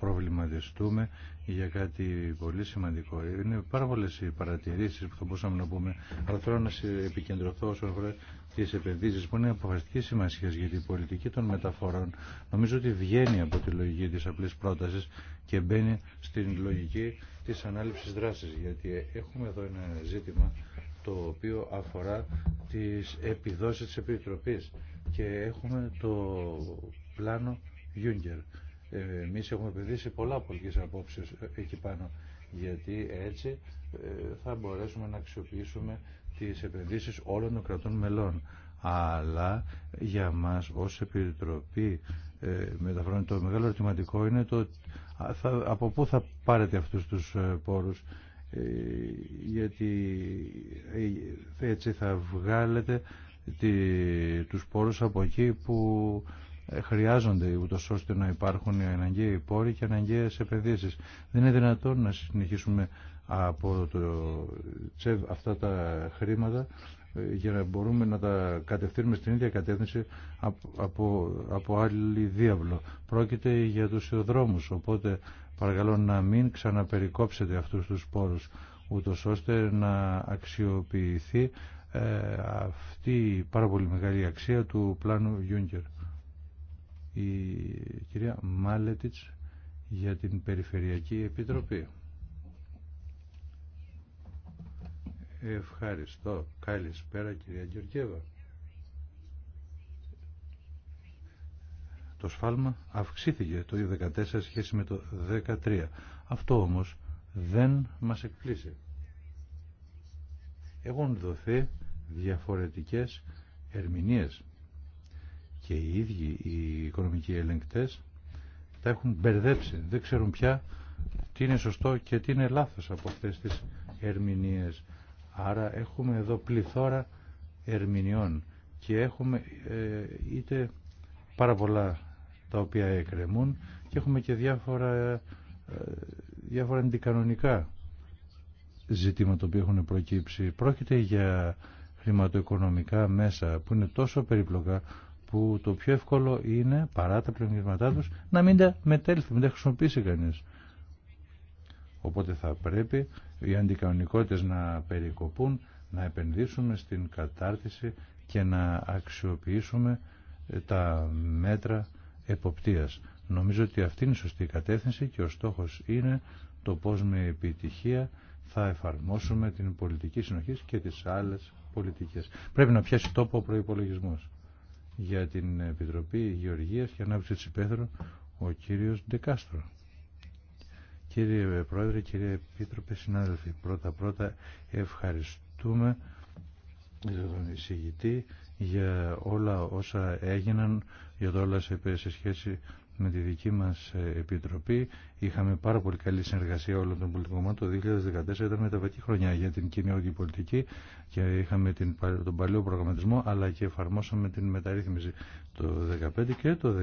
S5: προβληματιστούμε για κάτι πολύ σημαντικό. Είναι πάρα πολλέ οι παρατηρήσει που θα μπορούσαμε να πούμε, αλλά θέλω να επικεντρωθώ όσον αφορά τις επενδύσεις που είναι αποφασιστική σημασία για την πολιτική των μεταφορών νομίζω ότι βγαίνει από τη λογική της απλής πρότασης και μπαίνει στην λογική της ανάληψης δράσης γιατί έχουμε εδώ ένα ζήτημα το οποίο αφορά τις επιδόσεις τη Επιτροπής και έχουμε το πλάνο Γιούγκερ. Εμείς έχουμε επενδύσει πολλά πολιτικές απόψει εκεί πάνω γιατί έτσι ε, θα μπορέσουμε να αξιοποιήσουμε τις επενδύσεις όλων των κρατών μελών. Αλλά για μας ως Επιτροπή ε, μεταφρών το μεγάλο ερωτηματικό είναι το από πού θα πάρετε αυτούς τους ε, πόρους γιατί έτσι θα βγάλετε τη, τους πόρους από εκεί που χρειάζονται ούτω ώστε να υπάρχουν οι αναγκαίοι πόροι και αναγκαίες επενδύσεις. Δεν είναι δυνατόν να συνεχίσουμε από το τσεβ αυτά τα χρήματα ε, για να μπορούμε να τα κατευθύνουμε στην ίδια κατεύθυνση από, από, άλλη διάβλο. Πρόκειται για τους ιοδρόμους, οπότε παρακαλώ να μην ξαναπερικόψετε αυτούς τους πόρους, ούτως ώστε να αξιοποιηθεί ε, αυτή η πάρα πολύ μεγάλη αξία του πλάνου Γιούγκερ. Η κυρία Μάλετιτς για την Περιφερειακή Επιτροπή. Ευχαριστώ. Καλησπέρα κυρία Γεωργέβα. Το σφάλμα αυξήθηκε το 2014 σχέση με το 2013. Αυτό όμως δεν μας εκπλήσει. Έχουν δοθεί διαφορετικές ερμηνείες και οι ίδιοι οι οικονομικοί ελεγκτές τα έχουν μπερδέψει. Δεν ξέρουν πια τι είναι σωστό και τι είναι λάθος από αυτές τις ερμηνείες. Άρα έχουμε εδώ πληθώρα ερμηνεών και έχουμε ε, είτε πάρα πολλά τα οποία εκρεμούν και έχουμε και διάφορα, ε, διάφορα αντικανονικά ζητήματα που έχουν προκύψει. Πρόκειται για χρηματοοικονομικά μέσα που είναι τόσο περίπλοκα που το πιο εύκολο είναι παρά τα πλεονεκτήματά τους να μην τα μετέλθει, μην τα χρησιμοποιήσει κανείς. Οπότε θα πρέπει οι αντικανονικότητες να περικοπούν, να επενδύσουμε στην κατάρτιση και να αξιοποιήσουμε ε, τα μέτρα εποπτείας. Νομίζω ότι αυτή είναι η σωστή κατεύθυνση και ο στόχος είναι το πώς με επιτυχία θα εφαρμόσουμε την πολιτική συνοχή και τις άλλες πολιτικές. Πρέπει να πιάσει τόπο ο προϋπολογισμός για την Επιτροπή Γεωργίας και Ανάπτυξης της ο κύριος Ντεκάστρο. Κύριε Πρόεδρε, κύριε Επίτροπε, συνάδελφοι, πρώτα-πρώτα ευχαριστούμε τον εισηγητή για όλα όσα έγιναν, για το όλα σε σχέση με τη δική μας Επιτροπή. Είχαμε πάρα πολύ καλή συνεργασία όλων των πολιτικών Το 2014 ήταν μεταβατική χρονιά για την κοινωνική πολιτική και είχαμε την, τον παλιό προγραμματισμό αλλά και εφαρμόσαμε την μεταρρύθμιση το 2015 και το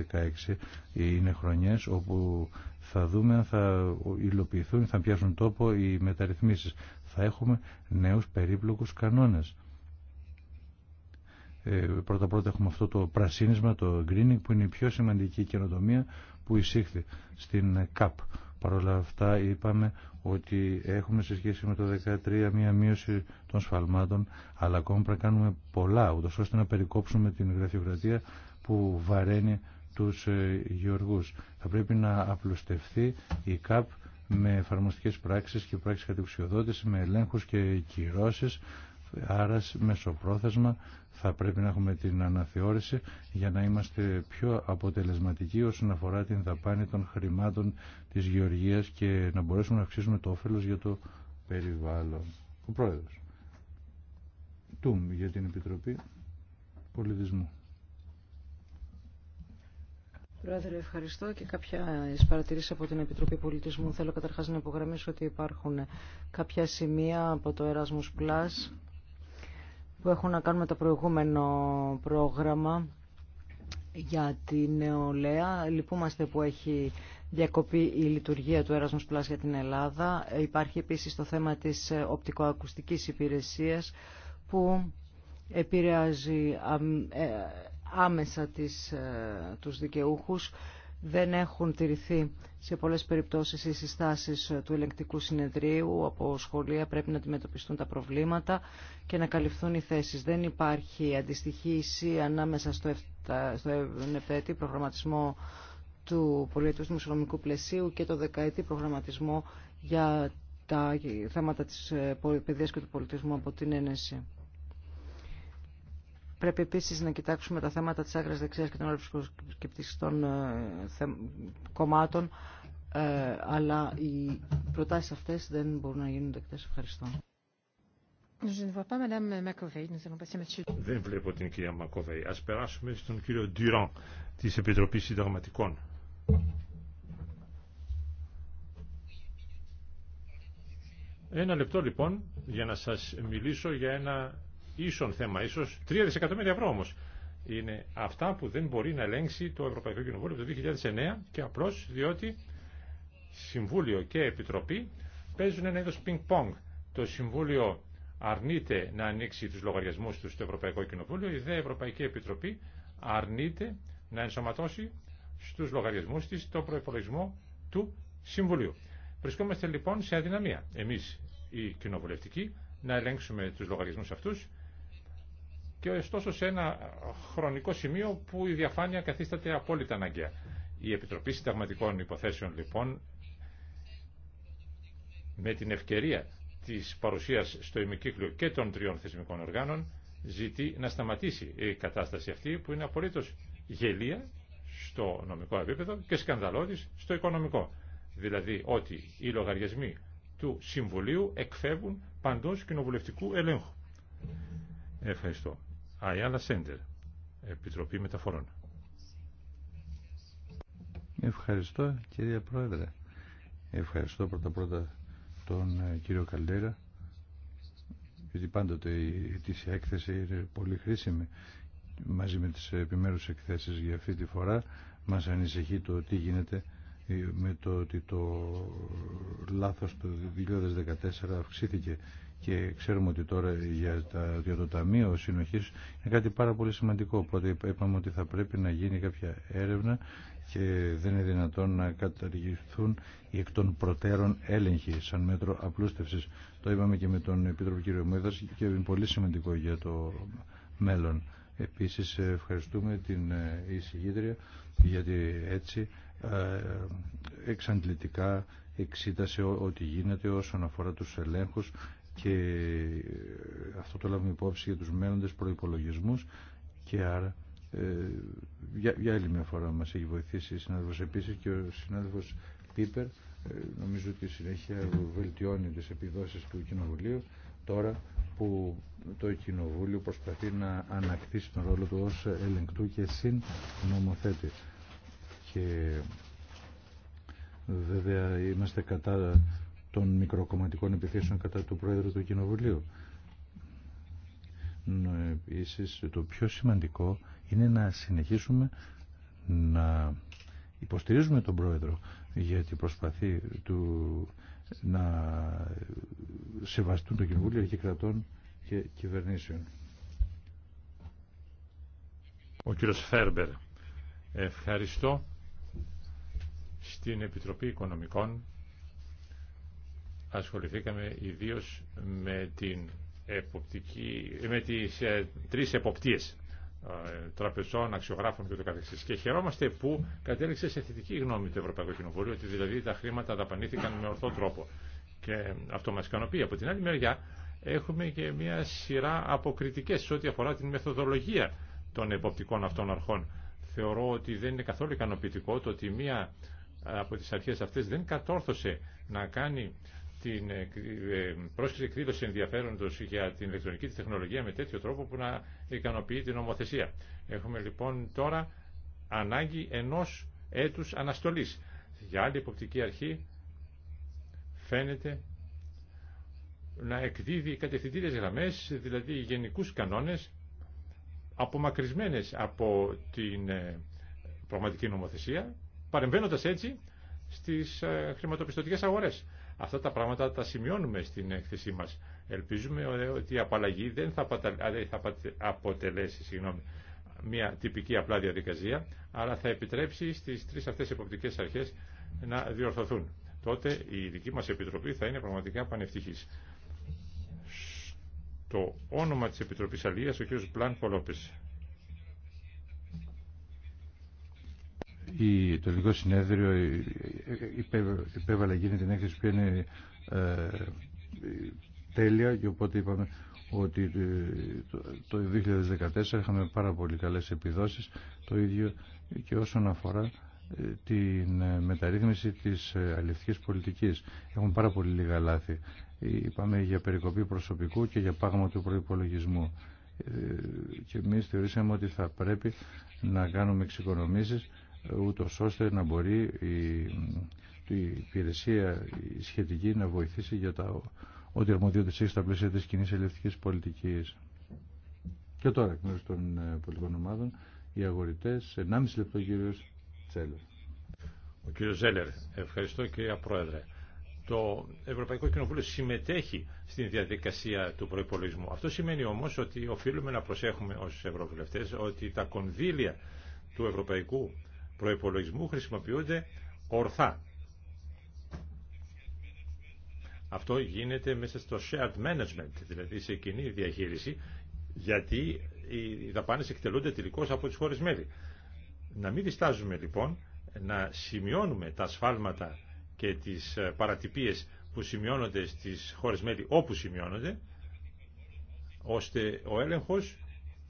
S5: 2016 είναι χρονιές όπου θα δούμε αν θα υλοποιηθούν, θα πιάσουν τόπο οι μεταρρυθμίσεις. Θα έχουμε νέους περίπλοκους κανόνες. Πρώτα-πρώτα ε, έχουμε αυτό το πρασίνισμα, το greening, που είναι η πιο σημαντική καινοτομία που εισήχθη στην ΚΑΠ. Παρ' όλα αυτά είπαμε ότι έχουμε σε σχέση με το 2013 μία μείωση των σφαλμάτων, αλλά ακόμα πρέπει να κάνουμε πολλά, ούτως ώστε να περικόψουμε την γραφειοκρατία που βαραίνει τους ε, γεωργούς. Θα πρέπει να απλουστευτεί η ΚΑΠ με εφαρμοστικές πράξεις και πράξεις κατεξιοδότηση, με ελέγχους και κυρώσεις. Άρα μεσοπρόθεσμα θα πρέπει να έχουμε την αναθεώρηση για να είμαστε πιο αποτελεσματικοί όσον αφορά την δαπάνη των χρημάτων της γεωργίας και να μπορέσουμε να αυξήσουμε το όφελος για το περιβάλλον. Ο Πρόεδρος. Τουμ για την Επιτροπή Πολιτισμού.
S4: Πρόεδρε, ευχαριστώ και κάποια παρατηρήσει από την Επιτροπή Πολιτισμού. Θέλω καταρχάς να υπογραμμίσω ότι υπάρχουν κάποια σημεία από το Erasmus Plus που έχουν να κάνουν με το προηγούμενο πρόγραμμα για τη νεολαία. Λυπούμαστε που έχει διακοπεί η λειτουργία του Erasmus Plus για την Ελλάδα. Υπάρχει επίσης το θέμα της οπτικοακουστικής υπηρεσίας που επηρεάζει ε, άμεσα τις, ε, τους δικαιούχους. Δεν έχουν τηρηθεί σε πολλές περιπτώσεις οι συστάσεις ε, του ελεγκτικού συνεδρίου από σχολεία. Πρέπει να αντιμετωπιστούν τα προβλήματα και να καλυφθούν οι θέσεις. Δεν υπάρχει αντιστοιχήση ανάμεσα στο, εφτα, στο προγραμματισμό του πολιτικού Μουσουλωμικού πλαισίου και το δεκαετή προγραμματισμό για τα θέματα της ε, παιδείας και του πολιτισμού από την Ένεση. Πρέπει επίσης να κοιτάξουμε τα θέματα της άκρας δεξιάς και των των ε, κομμάτων, ε, αλλά οι προτάσεις αυτές δεν μπορούν να γίνουν δεκτές. Ευχαριστώ.
S1: Δεν
S6: βλέπω την κυρία Μακοβέη. Ας περάσουμε στον κύριο Ντυραν της Επιτροπής Συνταγματικών. Ένα λεπτό λοιπόν για να σας μιλήσω για ένα ίσον θέμα, ίσω 3 δισεκατομμύρια ευρώ όμω. Είναι αυτά που δεν μπορεί να ελέγξει το Ευρωπαϊκό Κοινοβούλιο από το 2009 και απλώ διότι Συμβούλιο και Επιτροπή παίζουν ένα είδος πινκ-πονγκ. Το Συμβούλιο αρνείται να ανοίξει του λογαριασμού του στο Ευρωπαϊκό Κοινοβούλιο, η ΔΕ Ευρωπαϊκή Επιτροπή αρνείται να ενσωματώσει στους λογαριασμού τη το προπολογισμό του Συμβουλίου. Βρισκόμαστε λοιπόν σε αδυναμία Εμεί, οι κοινοβουλευτικοί να ελέγξουμε του λογαριασμούς αυτούς και ωστόσο σε ένα χρονικό σημείο που η διαφάνεια καθίσταται απόλυτα αναγκαία. Η Επιτροπή Συνταγματικών Υποθέσεων λοιπόν με την ευκαιρία της παρουσίας στο ημικύκλιο και των τριών θεσμικών οργάνων ζητεί να σταματήσει η κατάσταση αυτή που είναι απολύτως γελία στο νομικό επίπεδο και σκανδαλώδης στο οικονομικό. Δηλαδή ότι οι λογαριασμοί του Συμβουλίου εκφεύγουν παντός κοινοβουλευτικού ελέγχου. Ευχαριστώ. Αιάλα Σέντερ, Επιτροπή Μεταφορών.
S5: Ευχαριστώ κύριε Πρόεδρε. Ευχαριστώ πρώτα πρώτα τον ε, κύριο Καλτέρα γιατί πάντοτε η ετήσια έκθεση είναι πολύ χρήσιμη μαζί με τις επιμέρους εκθέσεις για αυτή τη φορά μας ανησυχεί το τι γίνεται ε, με το ότι το ε, λάθος του 2014 αυξήθηκε και ξέρουμε ότι τώρα για, το Ταμείο Συνοχής είναι κάτι πάρα πολύ σημαντικό. Οπότε είπαμε ότι θα πρέπει να γίνει κάποια έρευνα και δεν είναι δυνατόν να καταργηθούν οι εκ των προτέρων έλεγχοι σαν μέτρο απλούστευσης. Το είπαμε και με τον Επίτροπο κ. Μέδας και είναι πολύ σημαντικό για το μέλλον. Επίσης ευχαριστούμε την ε, εισηγήτρια γιατί έτσι ε, εξαντλητικά εξήτασε ό,τι γίνεται όσον αφορά τους ελέγχους και ε, αυτό το λάβουμε υπόψη για τους μέλλοντες προϋπολογισμούς και άρα ε, για, για άλλη μια φορά μας έχει βοηθήσει η συνάδελφος επίσης και ο συνάδελφος Πίπερ ε, νομίζω ότι συνέχεια βελτιώνει τις επιδόσεις του Κοινοβουλίου τώρα που το Κοινοβούλιο προσπαθεί να ανακτήσει τον ρόλο του ως ελεγκτού και συνομοθέτη και βέβαια είμαστε κατά των μικροκομματικών επιθέσεων κατά του Πρόεδρου του Κοινοβουλίου. Επίση, το πιο σημαντικό είναι να συνεχίσουμε να υποστηρίζουμε τον Πρόεδρο γιατί προσπαθεί του να σεβαστούν το Κοινοβούλιο και κρατών και κυβερνήσεων.
S6: Ο κύριος Φέρμπερ, ευχαριστώ στην Επιτροπή Οικονομικών ασχοληθήκαμε ιδίω με, την εποπτική, με τις ε, τρεις εποπτείες ε, τραπεζών, αξιογράφων και το καθεξής. Και χαιρόμαστε που κατέληξε σε θετική γνώμη το Ευρωπαϊκό Κοινοβούλιο ότι δηλαδή τα χρήματα δαπανήθηκαν με ορθό τρόπο. Και αυτό μας ικανοποιεί. Από την άλλη μεριά έχουμε και μια σειρά αποκριτικές σε ό,τι αφορά την μεθοδολογία των εποπτικών αυτών αρχών. Θεωρώ ότι δεν είναι καθόλου ικανοποιητικό το ότι μία από τις αρχές αυτές δεν κατόρθωσε να κάνει την ε, ε, πρόσκληση εκδήλωση ενδιαφέροντος για την ηλεκτρονική της τεχνολογία με τέτοιο τρόπο που να ικανοποιεί την νομοθεσία. Έχουμε λοιπόν τώρα ανάγκη ενός έτους αναστολής. Για άλλη υποπτική αρχή φαίνεται να εκδίδει κατευθυντήριες γραμμές, δηλαδή γενικούς κανόνες, απομακρυσμένες από την ε, πραγματική νομοθεσία, παρεμβαίνοντας έτσι στις χρηματοπιστωτικές αγορές. Αυτά τα πράγματα τα σημειώνουμε στην έκθεσή μας. Ελπίζουμε ότι η απαλλαγή δεν θα, αποτελέσει συγγνώμη, μια τυπική απλά διαδικασία, αλλά θα επιτρέψει στις τρεις αυτές εποπτικές αρχές να διορθωθούν. Τότε η δική μας Επιτροπή θα είναι πραγματικά πανευτυχής. Το όνομα της Επιτροπής Αλίας, ο κ. Πλάν Πολόπης.
S5: η, το Ελληνικό Συνέδριο ε, υπέβαλε εκείνη την έκθεση που είναι ε, τέλεια και οπότε είπαμε ότι ε, το 2014 είχαμε πάρα πολύ καλές επιδόσεις το ίδιο και όσον αφορά την μεταρρύθμιση της αληθικής πολιτικής. Έχουν πάρα πολύ λίγα λάθη. Είπαμε για περικοπή προσωπικού και για πάγμα του προϋπολογισμού. Και εμείς θεωρήσαμε ότι θα πρέπει να κάνουμε εξοικονομήσεις ούτω ώστε να μπορεί η, υπηρεσία σχετική να βοηθήσει για τα ό,τι αρμοδιότητες έχει στα πλαίσια της κοινή ελευθερικής πολιτικής. Και τώρα, εκ μέρους των ε, πολιτικών ομάδων, οι αγορητές, 1,5 λεπτό κύριος Τσέλερ.
S6: Ο κύριος Τσέλερ, ευχαριστώ κυρία Πρόεδρε. Το Ευρωπαϊκό Κοινοβούλιο συμμετέχει στην διαδικασία του προπολογισμού. Αυτό σημαίνει όμω ότι οφείλουμε να προσέχουμε ω ευρωβουλευτέ ότι τα κονδύλια του Ευρωπαϊκού προϋπολογισμού χρησιμοποιούνται ορθά. Αυτό γίνεται μέσα στο shared management, δηλαδή σε κοινή διαχείριση, γιατί οι δαπάνες εκτελούνται τελικώς από τις χώρες μέλη. Να μην διστάζουμε λοιπόν να σημειώνουμε τα σφάλματα και τις ε, παρατυπίες που σημειώνονται στις χώρες μέλη όπου σημειώνονται, ώστε ο έλεγχος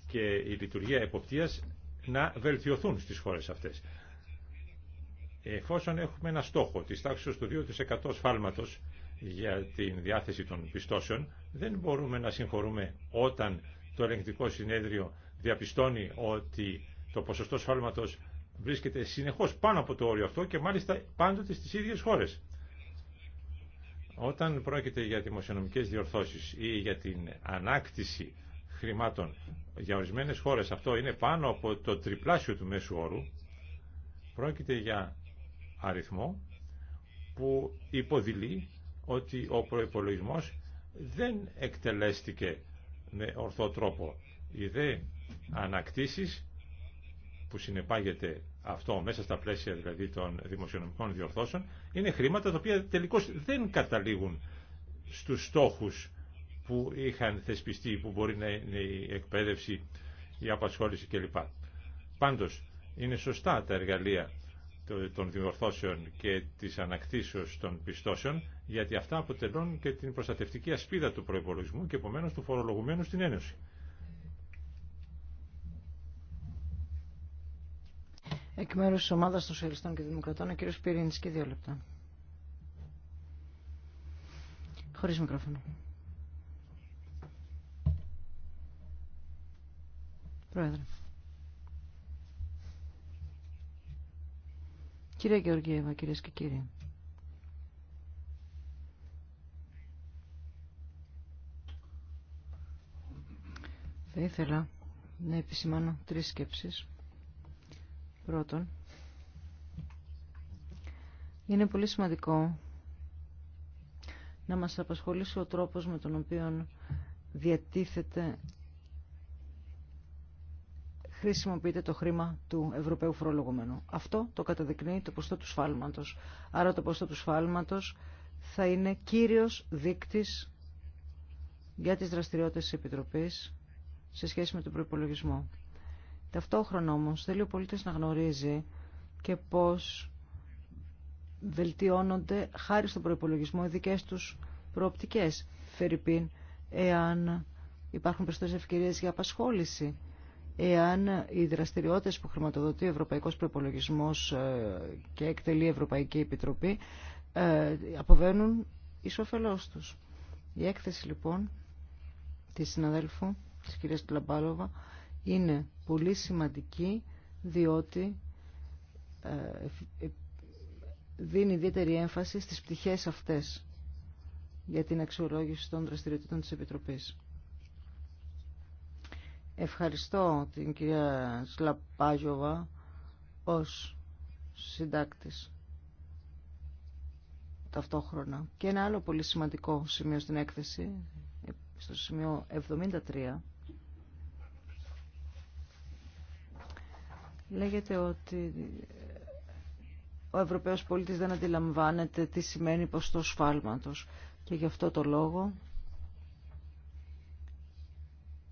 S6: και η λειτουργία εποπτείας να βελτιωθούν στις χώρες αυτές. Εφόσον έχουμε ένα στόχο τη τάξη του 2% σφάλματος για την διάθεση των πιστώσεων, δεν μπορούμε να συγχωρούμε όταν το ελεγκτικό συνέδριο διαπιστώνει ότι το ποσοστό σφάλματος βρίσκεται συνεχώ πάνω από το όριο αυτό και μάλιστα πάντοτε στι ίδιε χώρε. Όταν πρόκειται για δημοσιονομικές διορθώσεις ή για την ανάκτηση χρημάτων για ορισμένες χώρες αυτό είναι πάνω από το τριπλάσιο του μέσου όρου, πρόκειται για αριθμό που υποδηλεί ότι ο προϋπολογισμός δεν εκτελέστηκε με ορθό τρόπο. Οι δε ανακτήσεις που συνεπάγεται αυτό μέσα στα πλαίσια δηλαδή των δημοσιονομικών διορθώσεων είναι χρήματα τα οποία τελικώς δεν καταλήγουν στους στόχους που είχαν θεσπιστεί, που μπορεί να είναι η εκπαίδευση, η απασχόληση κλπ. Πάντως, είναι σωστά τα εργαλεία των διορθώσεων και της ανακτήσεως των πιστώσεων, γιατί αυτά αποτελούν και την προστατευτική ασπίδα του προϋπολογισμού και επομένως του φορολογουμένου στην Ένωση.
S4: Εκ μέρους της ομάδας των Σοσιαλιστών και Δημοκρατών, ο κύριος Πυρήνη και δύο λεπτά. Χωρίς μικρόφωνο. Πρόεδρε. Κύριε Γεωργίευα, κυρίες και κύριοι. Θα ήθελα να επισημάνω τρεις σκέψεις. Πρώτον, είναι πολύ σημαντικό να μας απασχολήσει ο τρόπος με τον οποίο διατίθεται χρησιμοποιείται το χρήμα του Ευρωπαίου φορολογουμένου. Αυτό το καταδεικνύει το ποστό του σφάλματος. Άρα το ποστό του σφάλματος θα είναι κύριος δείκτης για τις δραστηριότητες της Επιτροπής σε σχέση με τον προϋπολογισμό. Ταυτόχρονα όμως θέλει ο πολίτης να γνωρίζει και πώς βελτιώνονται χάρη στον προϋπολογισμό οι δικές τους προοπτικές. Φερρυπίν, εάν υπάρχουν περισσότερες ευκαιρίες για απασχόληση εάν οι δραστηριότητες που χρηματοδοτεί ο Ευρωπαϊκός Προπολογισμός ε, και εκτελεί η Ευρωπαϊκή Επιτροπή ε, αποβαίνουν ισοφελώς τους. Η έκθεση λοιπόν της συναδέλφου, της κυρίας Τλαμπάλοβα, είναι πολύ σημαντική διότι ε, δίνει ιδιαίτερη έμφαση στις πτυχές αυτές για την αξιολόγηση των δραστηριοτήτων της Επιτροπής. Ευχαριστώ την κυρία Σλαπάγιοβα ως συντάκτης ταυτόχρονα. Και ένα άλλο πολύ σημαντικό σημείο στην έκθεση, στο σημείο 73, λέγεται ότι ο Ευρωπαίος πολίτης δεν αντιλαμβάνεται τι σημαίνει ποστό σφάλματος. Και γι' αυτό το λόγο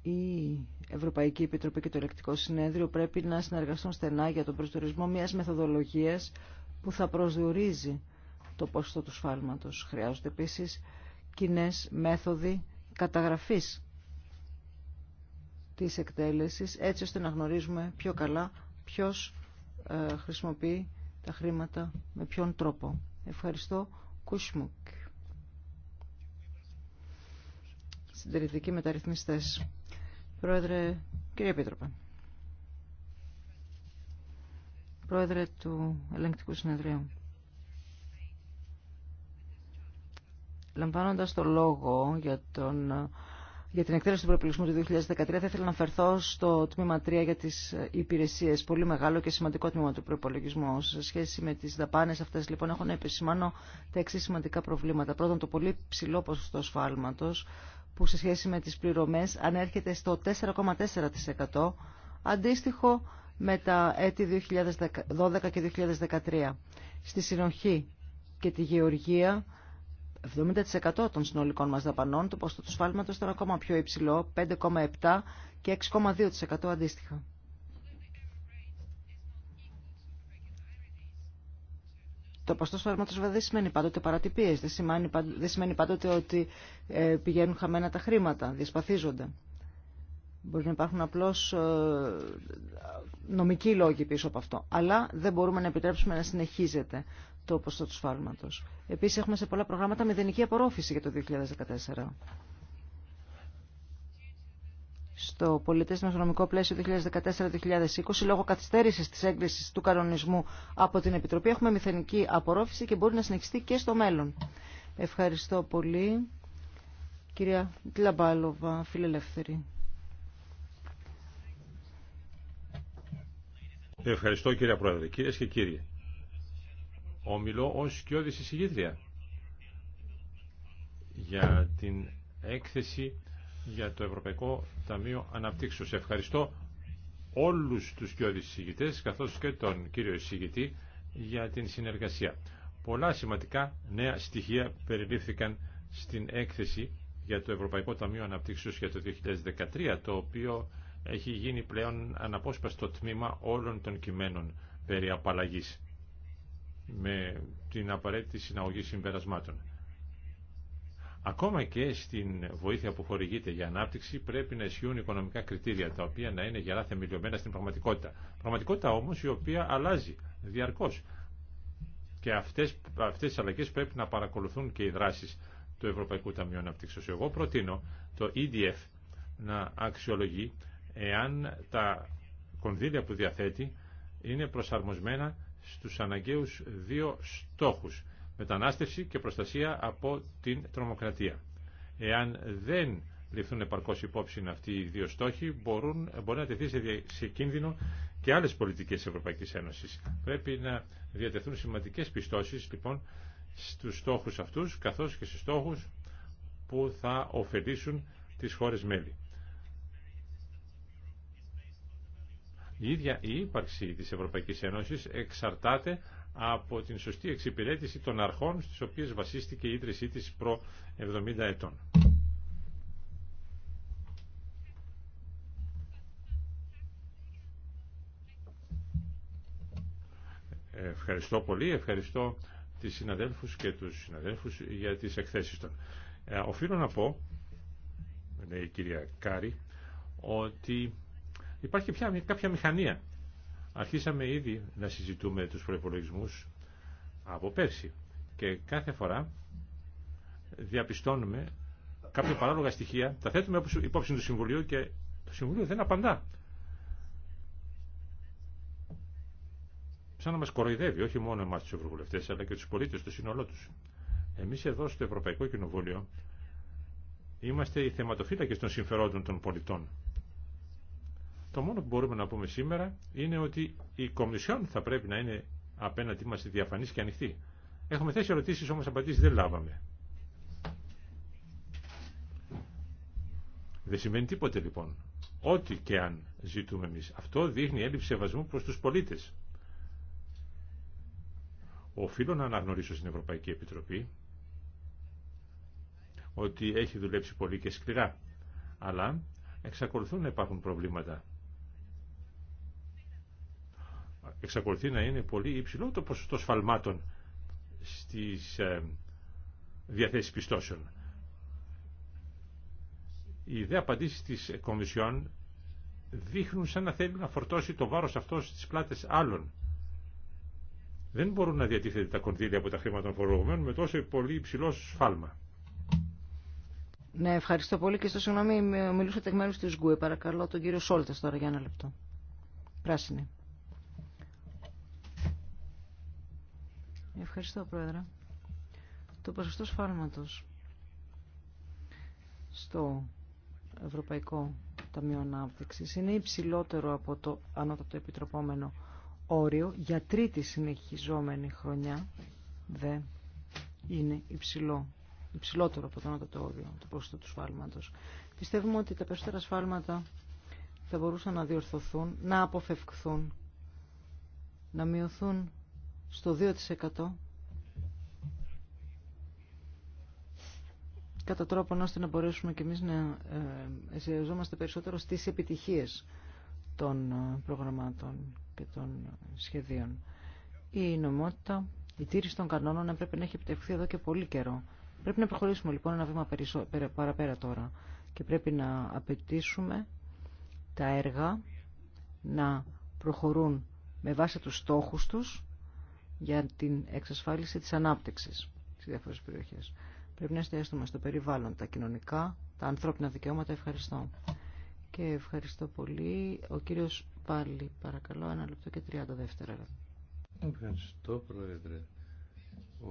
S4: η Ευρωπαϊκή Επιτροπή και το Ελεκτικό Συνέδριο πρέπει να συνεργαστούν στενά για τον προσδιορισμό μιας μεθοδολογίας που θα προσδιορίζει το ποσοστό του σφάλματος. Χρειάζονται επίσης κοινέ μέθοδοι καταγραφής της εκτέλεσης έτσι ώστε να γνωρίζουμε πιο καλά ποιος ε, χρησιμοποιεί τα χρήματα με ποιον τρόπο. Ευχαριστώ. Κουσμουκ. Συντηρητική μεταρρυθμιστές. Πρόεδρε, κύριε Επίτροπε. Πρόεδρε του Ελεγκτικού Συνεδρίου. Λαμβάνοντας το λόγο για, τον, για την εκτέλεση του προπολογισμού του 2013, θα ήθελα να αφαιρθώ στο τμήμα 3 για τις υπηρεσίες, πολύ μεγάλο και σημαντικό τμήμα του προπολογισμού. Σε σχέση με τις δαπάνες αυτές, λοιπόν, έχω να επισημάνω τα εξή σημαντικά προβλήματα. Πρώτον, το πολύ ψηλό ποσοστό σφάλματος, που σε σχέση με τις πληρωμές ανέρχεται στο 4,4% αντίστοιχο με τα έτη 2012 και 2013. Στη συνοχή και τη γεωργία 70% των συνολικών μας δαπανών το ποσοστό του σφάλματος ήταν ακόμα πιο υψηλό, 5,7% και 6,2% αντίστοιχα. το ποστό σφάλματο βέβαια δεν σημαίνει πάντοτε παρατυπίε, δεν, σημαίνει, σημαίνει πάντοτε ότι ε, πηγαίνουν χαμένα τα χρήματα, διασπαθίζονται. Μπορεί να υπάρχουν απλώ ε, νομικοί λόγοι πίσω από αυτό. Αλλά δεν μπορούμε να επιτρέψουμε να συνεχίζεται το ποστό του σφάλματο. Επίση, έχουμε σε πολλά προγράμματα μηδενική απορρόφηση για το 2014 στο πολιτές νομικό πλαίσιο 2014-2020 λόγω καθυστέρησης της έγκρισης του κανονισμού από την Επιτροπή έχουμε μηθενική απορρόφηση και μπορεί να συνεχιστεί και στο μέλλον. Ευχαριστώ πολύ. Κυρία Τλαμπάλοβα, φιλελεύθερη.
S6: Ευχαριστώ κύριε Πρόεδρε. Κυρίες και κύριοι, ομιλώ ως κοιόδηση συγγήτρια για την έκθεση για το Ευρωπαϊκό Ταμείο Αναπτύξεως. Ευχαριστώ όλους τους κοιόδης εισηγητές καθώς και τον κύριο εισηγητή για την συνεργασία. Πολλά σημαντικά νέα στοιχεία περιλήφθηκαν στην έκθεση για το Ευρωπαϊκό Ταμείο Αναπτύξεως για το 2013, το οποίο έχει γίνει πλέον αναπόσπαστο τμήμα όλων των κειμένων περί απαλλαγής με την απαραίτητη συναγωγή συμπερασμάτων. Ακόμα και στην βοήθεια που χορηγείται για ανάπτυξη πρέπει να ισχύουν οικονομικά κριτήρια τα οποία να είναι γερά θεμελιωμένα στην πραγματικότητα. Πραγματικότητα όμως η οποία αλλάζει διαρκώς. Και αυτές, αυτές τις αλλαγές πρέπει να παρακολουθούν και οι δράσεις του Ευρωπαϊκού Ταμείου Ανάπτυξης. Εγώ προτείνω το EDF να αξιολογεί εάν τα κονδύλια που διαθέτει είναι προσαρμοσμένα στους αναγκαίους δύο στόχους μετανάστευση και προστασία από την τρομοκρατία. Εάν δεν ληφθούν επαρκώ υπόψη αυτοί οι δύο στόχοι, μπορούν, μπορεί να τεθεί σε, κίνδυνο και άλλες πολιτικές Ευρωπαϊκή Ευρωπαϊκής Ένωσης. Πρέπει να διατεθούν σημαντικές πιστώσει λοιπόν, στους στόχους αυτούς, καθώς και στους στόχου που θα ωφελήσουν τις χώρες μέλη. Η ίδια η ύπαρξη της Ευρωπαϊκής Ένωσης εξαρτάται από την σωστή εξυπηρέτηση των αρχών στις οποίες βασίστηκε η ίδρυσή της προ 70 ετών. Ευχαριστώ πολύ, ευχαριστώ τις συναδέλφους και τους συναδέλφους για τις εκθέσεις των. Ε, οφείλω να πω, λέει η κυρία Κάρη, ότι υπάρχει πια κάποια μηχανία Αρχίσαμε ήδη να συζητούμε τους προϋπολογισμούς από πέρσι και κάθε φορά διαπιστώνουμε κάποια παράλογα στοιχεία, τα θέτουμε υπόψη του Συμβουλίου και το Συμβουλίο δεν απαντά. Σαν να μας κοροϊδεύει, όχι μόνο εμάς τους ευρωβουλευτές, αλλά και τους πολίτες, το σύνολό τους. Εμείς εδώ στο Ευρωπαϊκό Κοινοβούλιο είμαστε οι θεματοφύλακες των συμφερόντων των πολιτών. Το μόνο που μπορούμε να πούμε σήμερα είναι ότι η Κομισιόν θα πρέπει να είναι απέναντι μας διαφανής και ανοιχτή. Έχουμε θέσει ερωτήσει όμως απαντήσεις δεν λάβαμε. Δεν σημαίνει τίποτε λοιπόν. Ό,τι και αν ζητούμε εμεί, Αυτό δείχνει έλλειψη σεβασμού προς τους πολίτες. Οφείλω να αναγνωρίσω στην Ευρωπαϊκή Επιτροπή ότι έχει δουλέψει πολύ και σκληρά. Αλλά εξακολουθούν να υπάρχουν προβλήματα. εξακολουθεί να είναι πολύ υψηλό το ποσοστό σφαλμάτων στις ε, διαθέσεις πιστώσεων. Οι ιδέα απαντήσεις της Κομισιόν δείχνουν σαν να θέλει να φορτώσει το βάρος αυτό στις πλάτες άλλων. Δεν μπορούν να διατίθεται τα κονδύλια από τα χρήματα των φορολογουμένων με τόσο πολύ υψηλό σφάλμα.
S4: Ναι, ευχαριστώ πολύ και στο συγγνώμη μιλούσατε εκ μέρους της ΓΚΟΕ. Παρακαλώ τον κύριο Σόλτας τώρα για ένα λεπτό. Πράσινη. Ευχαριστώ, Πρόεδρε. Το ποσοστό σφάλματος στο Ευρωπαϊκό Ταμείο ανάπτυξη είναι υψηλότερο από το ανώτατο επιτροπόμενο όριο για τρίτη συνεχιζόμενη χρονιά δε είναι υψηλό υψηλότερο από το ανώτατο όριο το ποσοστό του σφάλματος. Πιστεύουμε ότι τα περισσότερα σφάλματα θα μπορούσαν να διορθωθούν, να αποφευκθούν, να μειωθούν στο 2% κατά τρόπο ώστε να μπορέσουμε και εμείς να ε, εστιαζόμαστε περισσότερο στις επιτυχίες των ε, προγραμμάτων και των ε, σχεδίων. Η νομότητα, η τήρηση των κανόνων έπρεπε να έχει επιτευχθεί εδώ και πολύ καιρό. Πρέπει να προχωρήσουμε λοιπόν ένα βήμα παραπέρα τώρα και πρέπει να απαιτήσουμε τα έργα να προχωρούν με βάση τους στόχους τους για την εξασφάλιση της ανάπτυξης σε διάφορες περιοχές. Πρέπει να εστιάσουμε στο περιβάλλον, τα κοινωνικά, τα ανθρώπινα δικαιώματα. Ευχαριστώ. Και ευχαριστώ πολύ. Ο κύριος πάλι, παρακαλώ, ένα λεπτό και 30 δεύτερα.
S5: Ευχαριστώ, Πρόεδρε. Ο,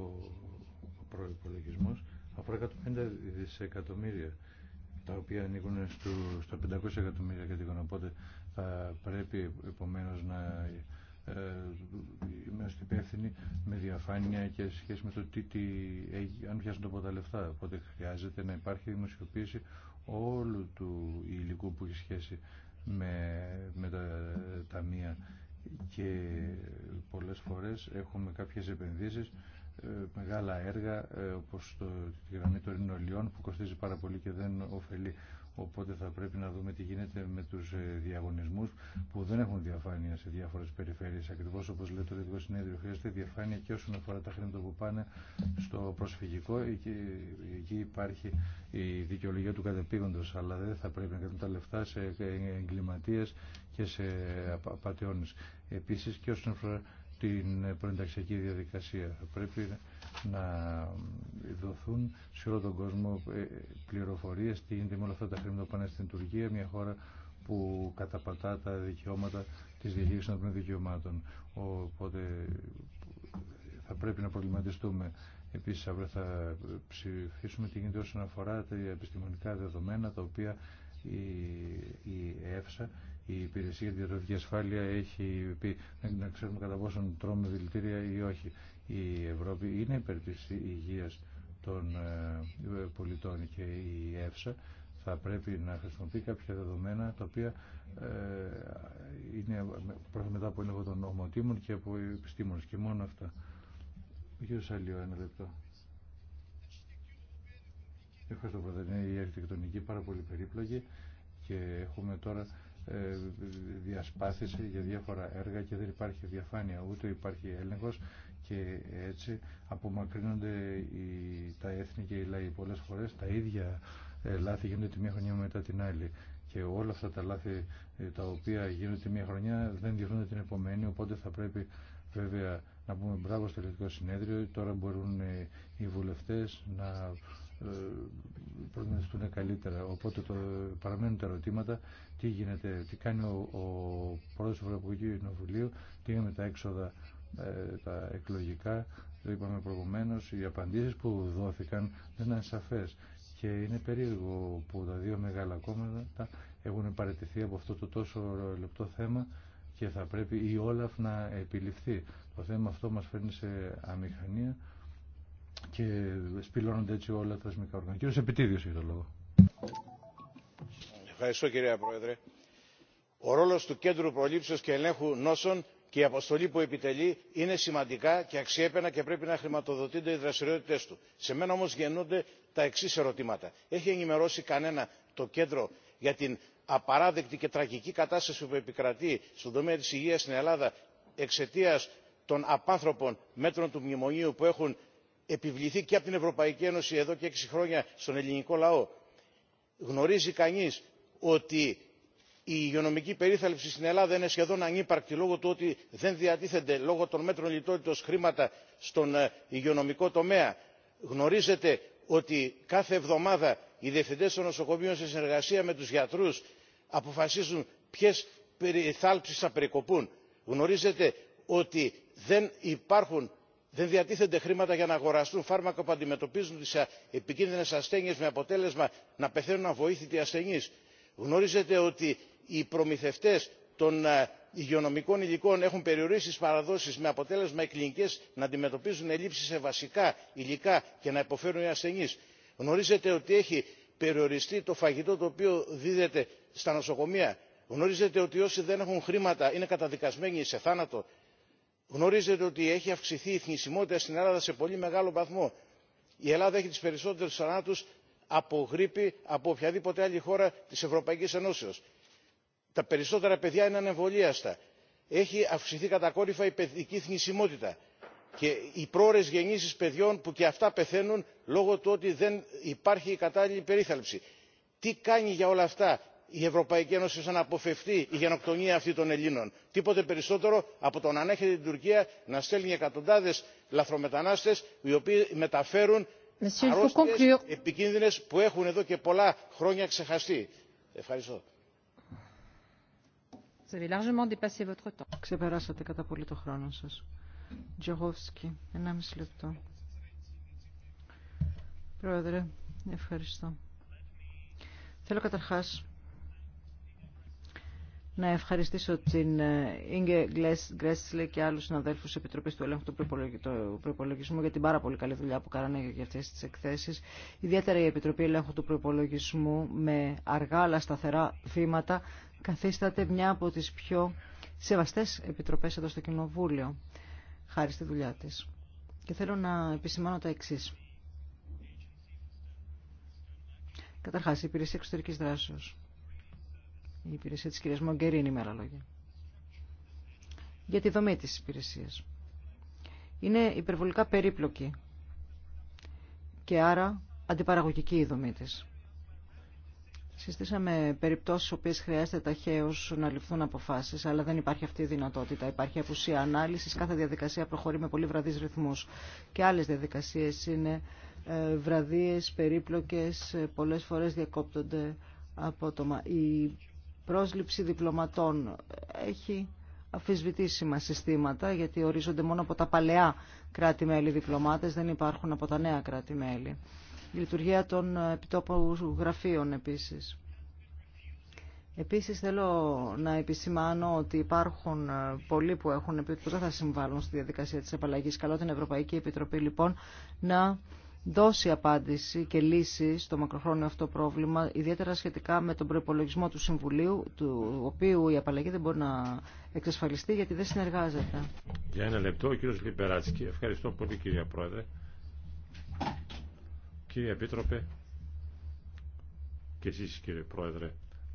S5: ο προϋπολογισμός αφορά 150 δισεκατομμύρια τα οποία ανήκουν στο, στα 500 εκατομμύρια κατοίκων. Οπότε θα πρέπει επομένως να ε, είμαστε υπεύθυνοι με διαφάνεια και σχέση με το τι, αν πιάσουν από τα λεφτά. Οπότε χρειάζεται να υπάρχει δημοσιοποίηση όλου του υλικού που έχει σχέση με, με τα ταμεία και πολλές φορές έχουμε κάποιες επενδύσεις ε, μεγάλα έργα ε, όπως το, τη γραμμή των Ρινολιών που κοστίζει πάρα πολύ και δεν ωφελεί. Οπότε θα πρέπει να δούμε τι γίνεται με τους ε, διαγωνισμούς που δεν έχουν διαφάνεια σε διάφορες περιφέρειες. Ακριβώς όπως λέει το Ελληνικό Συνέδριο, χρειάζεται διαφάνεια και όσον αφορά τα χρήματα που πάνε στο προσφυγικό. Εκεί υπάρχει η δικαιολογία του κατεπήγοντος, αλλά δεν θα πρέπει να κάνουμε τα λεφτά σε ε, εγκληματίες και σε ε, απαταιώνες. Επίσης και όσον αφορά την προενταξιακή διαδικασία. Θα πρέπει να δοθούν σε όλο τον κόσμο ε, πληροφορίες τι γίνεται με όλα αυτά τα χρήματα που πάνε στην Τουρκία, μια χώρα που καταπατά τα δικαιώματα της διαχείρισης των δικαιωμάτων. Οπότε θα πρέπει να προβληματιστούμε. Επίσης αύριο θα ψηφίσουμε τι γίνεται όσον αφορά τα επιστημονικά δεδομένα τα οποία η, η ΕΦΣΑ η υπηρεσία για τη διατροφική ασφάλεια έχει πει να ξέρουμε κατά πόσον τρώμε δηλητήρια ή όχι. Η Ευρώπη είναι υπέρ της υγείας των ε, πολιτών και η ΕΦΣΑ θα πρέπει να χρησιμοποιεί κάποια δεδομένα τα οποία ε, είναι μετά από έλεγχο των νομοτήμων και από επιστήμονες και μόνο αυτά. Γύρω Σαλίο, ένα λεπτό. Ευχαριστώ πρώτα. Είναι η αρχιτεκτονική πάρα πολύ περίπλοκη και έχουμε τώρα ε, διασπάθηση για διάφορα έργα και δεν υπάρχει διαφάνεια ούτε υπάρχει έλεγχος και έτσι απομακρύνονται οι, τα έθνη και οι λαοί πολλές φορές τα ίδια ε, λάθη γίνονται τη μία χρονιά μετά την άλλη και όλα αυτά τα λάθη ε, τα οποία γίνονται τη μία χρονιά δεν διορθώνται την επομένη οπότε θα πρέπει βέβαια να πούμε μπράβο στο ελληνικό συνέδριο τώρα μπορούν οι βουλευτές να ε, πρέπει καλύτερα. Οπότε το, παραμένουν τα ερωτήματα, τι γίνεται, τι κάνει ο, ο πρόεδρος του Ευρωπαϊκού Κοινοβουλίου, τι είναι με τα έξοδα ε, τα εκλογικά, το είπαμε προηγουμένως, οι απαντήσεις που δόθηκαν δεν είναι σαφές. Και είναι περίεργο που τα δύο μεγάλα κόμματα έχουν παραιτηθεί από αυτό το τόσο λεπτό θέμα και θα πρέπει η Όλαφ να επιληφθεί. Το θέμα αυτό μας φέρνει σε αμηχανία και σπηλώνονται έτσι όλα τα θεσμικά όργανα. Κύριος Επιτίδιος έχει το λόγο.
S7: Ευχαριστώ κυρία Πρόεδρε. Ο ρόλος του Κέντρου Προλήψεως και Ελέγχου Νόσων και η αποστολή που επιτελεί είναι σημαντικά και αξιέπαινα και πρέπει να χρηματοδοτείται οι δραστηριότητε του. Σε μένα όμω γεννούνται τα εξή ερωτήματα. Έχει ενημερώσει κανένα το κέντρο για την απαράδεκτη και τραγική κατάσταση που επικρατεί στον τομέα τη υγεία στην Ελλάδα εξαιτία των απάνθρωπων μέτρων του μνημονίου που έχουν επιβληθεί και από την ευρωπαϊκή ένωση εδώ και έξι χρόνια στον ελληνικό λαό. γνωρίζει κανείς ότι η υγειονομική περίθαλψη στην ελλάδα είναι σχεδόν ανύπαρκτη λόγω του ότι δεν διατίθενται λόγω των μέτρων λιτότητας χρήματα στον ε, υγειονομικό τομέα. γνωρίζετε ότι κάθε εβδομάδα οι διευθυντές των νοσοκομείων σε συνεργασία με τους γιατρούς αποφασίζουν ποιες περιθάλψεις θα περικοπούν. γνωρίζετε ότι δεν υπάρχουν δεν διατίθενται χρήματα για να αγοραστούν φάρμακα που αντιμετωπίζουν τις επικίνδυνες ασθένειες με αποτέλεσμα να πεθαίνουν αβοήθητοι ασθενείς. γνωρίζετε ότι οι προμηθευτές των υγειονομικών υλικών έχουν περιορίσει τις παραδόσεις με αποτέλεσμα οι κλινικές να αντιμετωπίζουν ελλείψεις σε βασικά υλικά και να υποφέρουν οι ασθενείς. γνωρίζετε ότι έχει περιοριστεί το φαγητό το οποίο δίδεται στα νοσοκομεία. γνωρίζετε ότι όσοι δεν έχουν χρήματα είναι καταδικασμένοι σε θάνατο γνωρίζετε ότι έχει αυξηθεί η θνησιμότητα στην ελλάδα σε πολύ μεγάλο βαθμό. η ελλάδα έχει τις περισσότερες θανάτους από γρήπη από οποιαδήποτε άλλη χώρα της ευρωπαϊκής ενώσεως. τα περισσότερα παιδιά είναι ανεμβολίαστα. έχει αυξηθεί κατακόρυφα η παιδική θνησιμότητα και οι πρόορες γεννήσεις παιδιών που και αυτά πεθαίνουν λόγω του ότι δεν υπάρχει η κατάλληλη περίθαλψη. τι κάνει για όλα αυτά η ευρωπαϊκή ένωση σαν να αποφευθεί η γενοκτονία αυτή των ελλήνων. τίποτε περισσότερο από το να ανέχεται την τουρκία να στέλνει εκατοντάδες λαθρομετανάστες οι οποίοι μεταφέρουν αρρώστιες επικίνδυνες που έχουν εδώ και πολλά χρόνια ξεχαστεί. Ευχαριστώ.
S4: Ξεπεράσατε κατά πολύ το χρόνο σας. Τζογόφσκι, μισή λεπτό. Πρόεδρε, ευχαριστώ. Θέλω καταρχάς να ευχαριστήσω την Ίγκε Γκρέσλε και άλλους συναδέλφους Επιτροπής του Ελέγχου του Προπολογισμού για την πάρα πολύ καλή δουλειά που κάνανε για αυτές τις εκθέσεις. Ιδιαίτερα η Επιτροπή Ελέγχου του Προπολογισμού με αργά αλλά σταθερά βήματα καθίσταται μια από τις πιο σεβαστές επιτροπές εδώ στο Κοινοβούλιο, χάρη στη δουλειά της. Και θέλω να επισημάνω τα εξής. Καταρχάς, η υπηρεσία εξωτερικής δράσεως η υπηρεσία της κυρίας Μογκερίνη με άλλα λόγια. Για τη δομή της υπηρεσίας. Είναι υπερβολικά περίπλοκη και άρα αντιπαραγωγική η δομή της. Συστήσαμε περιπτώσεις οποίε χρειάζεται ταχαίως να ληφθούν αποφάσεις, αλλά δεν υπάρχει αυτή η δυνατότητα. Υπάρχει απουσία ανάλυσης, κάθε διαδικασία προχωρεί με πολύ βραδείς ρυθμούς. Και άλλες διαδικασίες είναι ε, βραδίες, περίπλοκες, πολλές φορές διακόπτονται απότομα πρόσληψη διπλωματών. Έχει αφισβητήσιμα συστήματα, γιατί ορίζονται μόνο από τα παλαιά κράτη-μέλη διπλωμάτες, δεν υπάρχουν από τα νέα κράτη-μέλη. Η λειτουργία των επιτόπου γραφείων επίσης. Επίσης θέλω να επισημάνω ότι υπάρχουν πολλοί που έχουν πει ότι δεν θα συμβάλλουν στη διαδικασία της απαλλαγής. Καλό την Ευρωπαϊκή Επιτροπή λοιπόν να δώσει απάντηση και λύση στο μακροχρόνιο αυτό πρόβλημα, ιδιαίτερα σχετικά με τον προπολογισμό του Συμβουλίου, του οποίου η απαλλαγή δεν μπορεί να εξασφαλιστεί γιατί δεν συνεργάζεται.
S6: Για ένα λεπτό, ο κύριος Λιμπεράτσκι. Ευχαριστώ πολύ κύριε Πρόεδρε. Κύριε Επίτροπε, και εσείς κύριε Πρόεδρε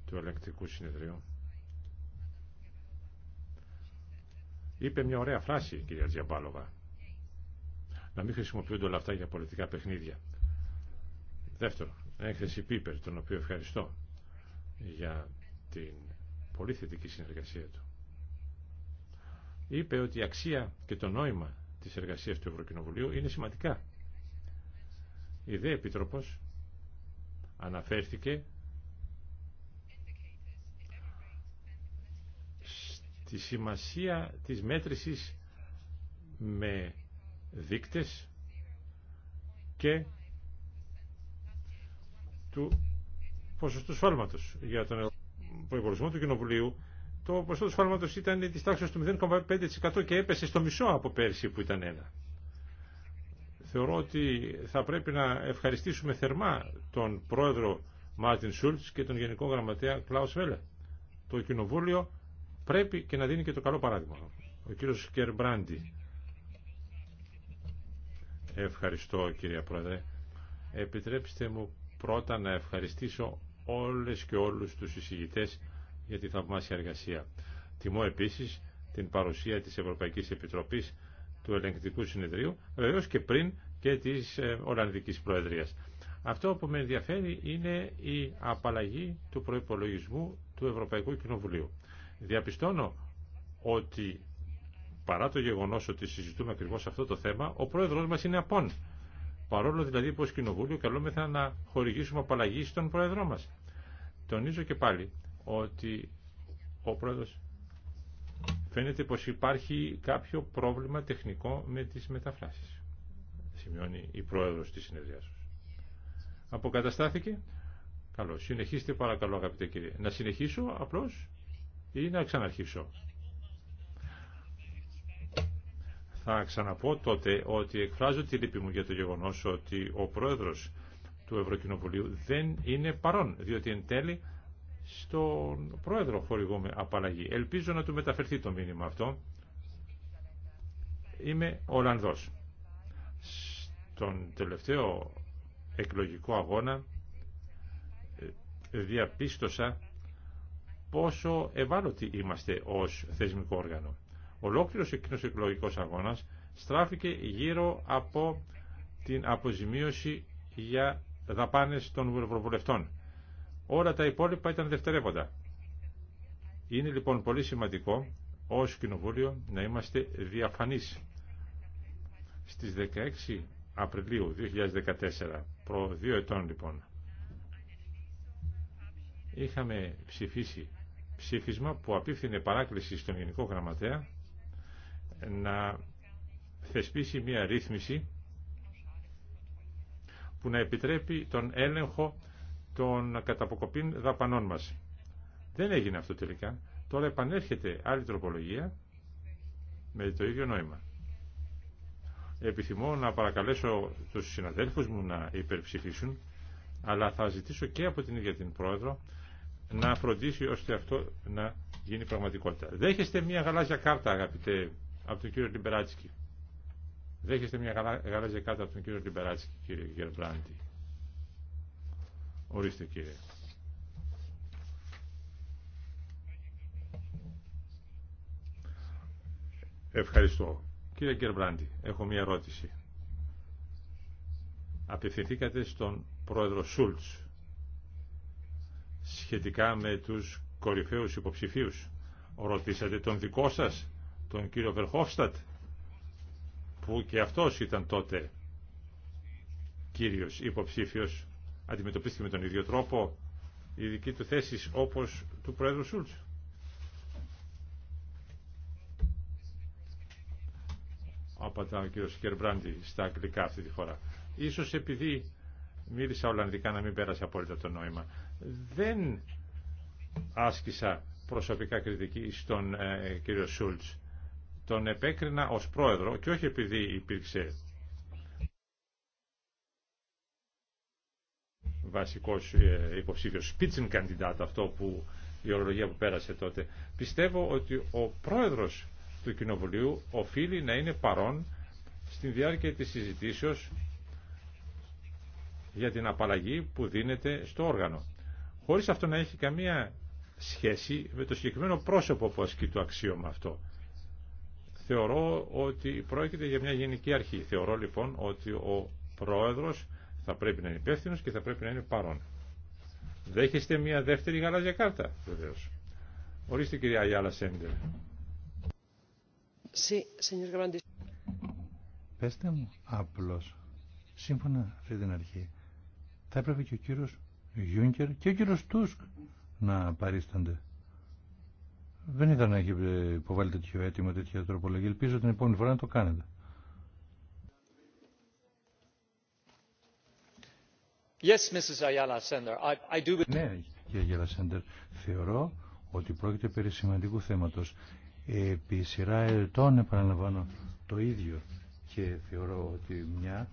S6: του Ελεκτικού Συνεδρίου. Είπε μια ωραία φράση κυρία Τζιαμπάλοβα να μην χρησιμοποιούνται όλα αυτά για πολιτικά παιχνίδια. Δεύτερο, έκθεση Πίπερ, τον οποίο ευχαριστώ για την πολύ θετική συνεργασία του. Είπε ότι η αξία και το νόημα της εργασίας του Ευρωκοινοβουλίου είναι σημαντικά. Η ΔΕ Επίτροπος αναφέρθηκε στη σημασία της μέτρησης με δείκτες και του ποσοστού σφάλματος για τον προϋπολογισμό του Κοινοβουλίου το ποσοστό του σφάλματος ήταν τη τάξη του 0,5% και έπεσε στο μισό από πέρσι που ήταν ένα. Θεωρώ ότι θα πρέπει να ευχαριστήσουμε θερμά τον πρόεδρο Μάρτιν Σούλτς και τον Γενικό Γραμματέα Κλάους Βέλε. Το Κοινοβούλιο πρέπει και να δίνει και το καλό παράδειγμα. Ο κύριος Κερμπράντι. Ευχαριστώ κύριε Πρόεδρε. Επιτρέψτε μου πρώτα να ευχαριστήσω όλες και όλους τους εισηγητές για τη θαυμάσια εργασία. Τιμώ επίσης την παρουσία της Ευρωπαϊκής Επιτροπής του Ελεγκτικού Συνεδρίου, βεβαίω και πριν και της ε, Ολλανδικής Προεδρίας. Αυτό που με ενδιαφέρει είναι η απαλλαγή του προϋπολογισμού του Ευρωπαϊκού Κοινοβουλίου. Διαπιστώνω ότι παρά το γεγονό ότι συζητούμε ακριβώ αυτό το θέμα, ο πρόεδρο μα είναι απόν. Παρόλο δηλαδή που ω κοινοβούλιο καλούμεθα να χορηγήσουμε απαλλαγή στον πρόεδρό μα. Τονίζω και πάλι ότι ο πρόεδρος φαίνεται πως υπάρχει κάποιο πρόβλημα τεχνικό με τις μεταφράσεις. Σημειώνει η πρόεδρο τη συνεδριά. Αποκαταστάθηκε. Καλώ. Συνεχίστε παρακαλώ αγαπητέ κύριε. Να συνεχίσω απλώ ή να ξαναρχίσω. Θα ξαναπώ τότε ότι εκφράζω τη λύπη μου για το γεγονός ότι ο πρόεδρος του Ευρωκοινοβουλίου δεν είναι παρόν, διότι εν τέλει στον πρόεδρο χορηγούμε απαλλαγή. Ελπίζω να του μεταφερθεί το μήνυμα αυτό. Είμαι Ολλανδός. Στον τελευταίο εκλογικό αγώνα ε, διαπίστωσα πόσο ευάλωτοι είμαστε ως θεσμικό όργανο. Ολόκληρος εκείνος ο εκλογικός αγώνας στράφηκε γύρω από την αποζημίωση για δαπάνες των ευρωβουλευτών. Όλα τα υπόλοιπα ήταν δευτερεύοντα. Είναι λοιπόν πολύ σημαντικό ως Κοινοβούλιο να είμαστε διαφανείς. Στις 16 Απριλίου 2014, προ δύο ετών λοιπόν, είχαμε ψηφίσει ψήφισμα που απίφθινε παράκληση στον Γενικό Γραμματέα να θεσπίσει μια ρύθμιση που να επιτρέπει τον έλεγχο των καταποκοπήν δαπανών μας. Δεν έγινε αυτό τελικά. Τώρα επανέρχεται άλλη τροπολογία με το ίδιο νόημα. Επιθυμώ να παρακαλέσω τους συναδέλφους μου να υπερψηφίσουν, αλλά θα ζητήσω και από την ίδια την Πρόεδρο να φροντίσει ώστε αυτό να γίνει πραγματικότητα. Δέχεστε μια γαλάζια κάρτα, αγαπητέ από τον κύριο Λιμπεράτσκι. Δέχεστε μια γαλάζια κάρτα από τον κύριο Λιμπεράτσκι, κύριε Γερμπράντη. Ορίστε κύριε. Ευχαριστώ. Κύριε Γκερμπράντη, έχω μία ερώτηση. Απευθυνθήκατε στον πρόεδρο Σούλτς σχετικά με τους κορυφαίους υποψηφίους. Ρωτήσατε τον δικό σας τον κύριο Βερχόφστατ που και αυτός ήταν τότε κύριος υποψήφιος αντιμετωπίστηκε με τον ίδιο τρόπο η δική του θέση όπως του Πρόεδρου Σούλτς. Απαντά ο κύριος Κερμπράντη στα αγγλικά αυτή τη φορά. Ίσως επειδή μίλησα Ολλανδικά να μην πέρασε απόλυτα το νόημα. Δεν άσκησα προσωπικά κριτική στον ε, κύριο Σούλτς τον επέκρινα ως πρόεδρο και όχι επειδή υπήρξε βασικός ε, υποψήφιος σπίτσιν candidate αυτό που η ορολογία που πέρασε τότε πιστεύω ότι ο πρόεδρος του Κοινοβουλίου οφείλει να είναι παρόν στην διάρκεια της συζητήσεως για την απαλλαγή που δίνεται στο όργανο χωρίς αυτό να έχει καμία σχέση με το συγκεκριμένο πρόσωπο που ασκεί το αξίωμα αυτό Θεωρώ ότι πρόκειται για μια γενική αρχή. Θεωρώ λοιπόν ότι ο πρόεδρος θα πρέπει να είναι υπεύθυνο και θα πρέπει να είναι παρόν. Δέχεστε μια δεύτερη γαλάζια κάρτα, βεβαίω. Ορίστε κυρία Αγιάλα Σέντερ.
S5: Πέστε μου απλώς, σύμφωνα αυτή την αρχή, θα έπρεπε και ο κύριος Γιούνκερ και ο κύριος Τούσκ να παρίστανται. Δεν ήταν να έχει ε, υποβάλει τέτοιο αίτημα, τέτοια τροπολογία. Ελπίζω την επόμενη φορά να το κάνετε. Yes, Mrs. Ayala Sender. I, I do... Ναι, κύριε Ayala Σέντερ, θεωρώ ότι πρόκειται περί σημαντικού θέματος. Επί σειρά ετών επαναλαμβάνω το ίδιο και θεωρώ ότι μια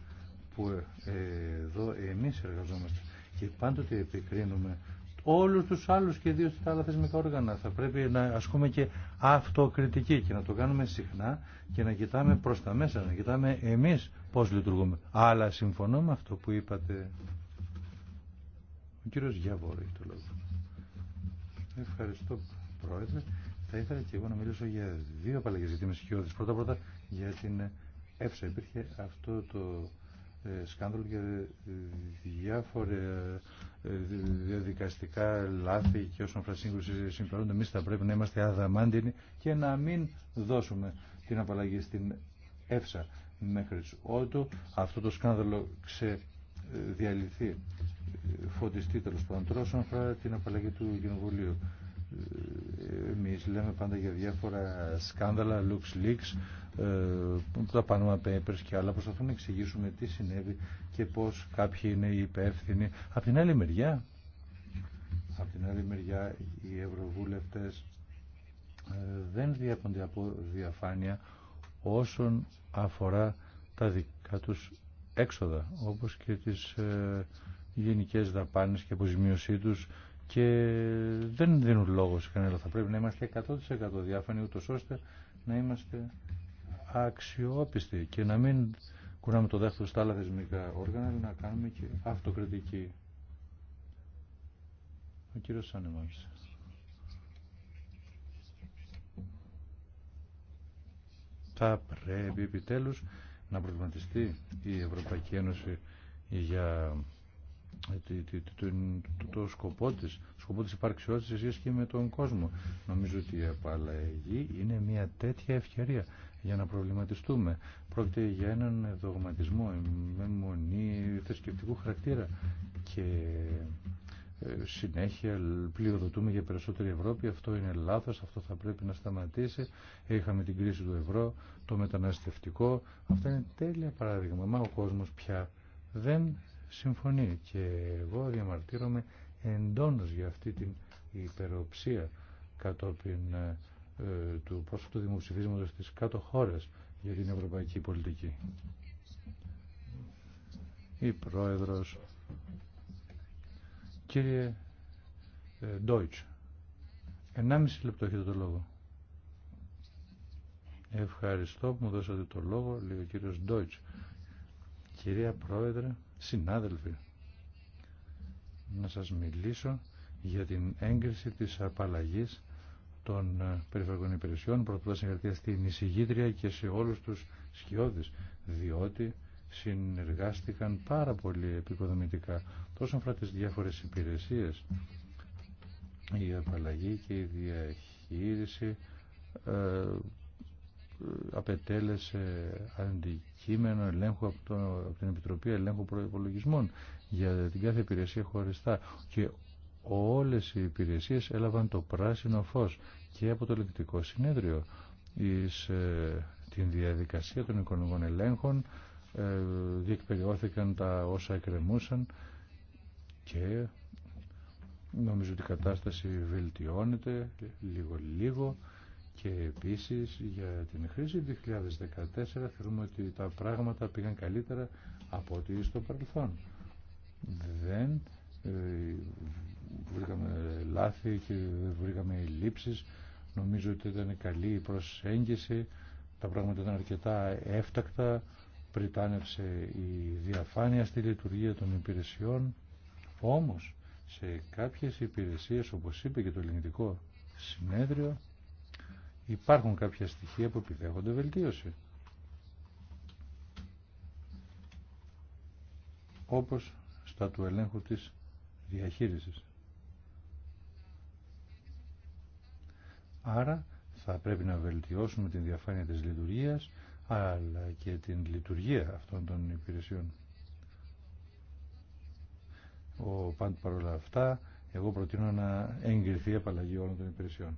S5: που ε, εδώ εμείς εργαζόμαστε και πάντοτε επικρίνουμε όλους τους άλλους και ιδίως τα άλλα θεσμικά όργανα. Θα πρέπει να ασκούμε και αυτοκριτική και να το κάνουμε συχνά και να κοιτάμε προς τα μέσα, να κοιτάμε εμείς πώς λειτουργούμε. Αλλά συμφωνώ με αυτό που είπατε. Ο κύριος Γιαβόρη το λόγο. Ευχαριστώ πρόεδρε. Θα ήθελα και εγώ να μιλήσω για δύο απαλλαγές γιατί είμαι Πρώτα πρώτα για την ΕΦΣΑ. Υπήρχε αυτό το ε, σκάνδαλο για διάφορα διαδικαστικά λάθη και όσον αφορά σύγκρουση συμφερόντων, εμεί θα πρέπει να είμαστε αδαμάντινοι και να μην δώσουμε την απαλλαγή στην ΕΦΣΑ μέχρι ότου αυτό το σκάνδαλο ξεδιαλυθεί. Φωτιστεί τέλο πάντων όσον την απαλλαγή του Κοινοβουλίου. Εμείς λέμε πάντα για διάφορα σκάνδαλα, Lux Leaks, ε, τα Panama Papers και άλλα. Προσπαθούμε να εξηγήσουμε τι συνέβη και πώς κάποιοι είναι οι υπεύθυνοι. Απ' την άλλη μεριά, απ' την άλλη μεριά οι ευρωβουλευτές ε, δεν διέπονται από διαφάνεια όσον αφορά τα δικά τους έξοδα, όπως και τις ε, γενικές δαπάνες και αποζημίωσή τους και δεν δίνουν λόγο σε κανένα. Θα πρέπει να είμαστε 100% διάφανοι ούτως ώστε να είμαστε αξιόπιστοι και να μην κουράμε το δεύτερο στα άλλα θεσμικά όργανα, αλλά να κάνουμε και αυτοκριτική. Ο κύριος Σάνεμάκης. Θα πρέπει επιτέλους να προβληματιστεί η Ευρωπαϊκή Ένωση για το σκοπό τη, το σκοπό της ύπαρξεώ τη και με τον κόσμο. Νομίζω ότι η απαλλαγή είναι μια τέτοια ευκαιρία για να προβληματιστούμε. Πρόκειται για έναν δογματισμό, με μονή θρησκευτικού χαρακτήρα και ε, συνέχεια πληροδοτούμε για περισσότερη Ευρώπη. Αυτό είναι λάθος, αυτό θα πρέπει να σταματήσει. Είχαμε την κρίση του ευρώ, το μεταναστευτικό. Αυτό είναι τέλεια παράδειγμα. Μα ο κόσμος πια δεν συμφωνεί και εγώ διαμαρτύρομαι εντόνως για αυτή την υπεροψία κατόπιν ε, του πρόσφατου δημοψηφίσματος στις κάτω χώρας για την ευρωπαϊκή πολιτική. Η πρόεδρος κύριε ε, Ντόιτς λεπτό έχετε το λόγο. Ευχαριστώ που μου δώσατε το λόγο, λέει ο κύριος Ντόιτς. Κυρία Πρόεδρε, Συνάδελφοι, να σας μιλήσω για την έγκριση της απαλλαγής των ε, περιφερειακών υπηρεσιών. πρωτοβουλία συγχαρητήρια στην εισηγήτρια και σε όλους τους σκιώδεις, διότι συνεργάστηκαν πάρα πολύ επικοδομητικά τόσο αφορά τις διάφορες υπηρεσίες η απαλλαγή και η διαχείριση ε, απετέλεσε αντικείμενο ελέγχου από, από την Επιτροπή Ελέγχου Προϋπολογισμών για την κάθε υπηρεσία χωριστά και όλες οι υπηρεσίες έλαβαν το πράσινο φως και από το ελεγκτικό συνέδριο εις ε, την διαδικασία των οικονομικών ελέγχων ε, διεκπεριώθηκαν τα όσα εκκρεμούσαν και νομίζω ότι η κατάσταση βελτιώνεται λίγο-λίγο και επίσης για την χρήση 2014 θεωρούμε ότι τα πράγματα πήγαν καλύτερα από ό,τι στο παρελθόν. Δεν ε, βρήκαμε λάθη και δεν βρήκαμε λήψεις. Νομίζω ότι ήταν καλή η προσέγγιση. Τα πράγματα ήταν αρκετά έφτακτα. Πριτάνευσε η διαφάνεια στη λειτουργία των υπηρεσιών. Όμως, σε κάποιες υπηρεσίες, όπως είπε και το ελληνικό συνέδριο, υπάρχουν κάποια στοιχεία που επιδέχονται βελτίωση. Όπως στα του ελέγχου της διαχείρισης. Άρα θα πρέπει να βελτιώσουμε την διαφάνεια της λειτουργίας αλλά και την λειτουργία αυτών των υπηρεσιών. Ο, πάντα παρόλα αυτά, εγώ προτείνω να εγκριθεί η απαλλαγή όλων των υπηρεσιών.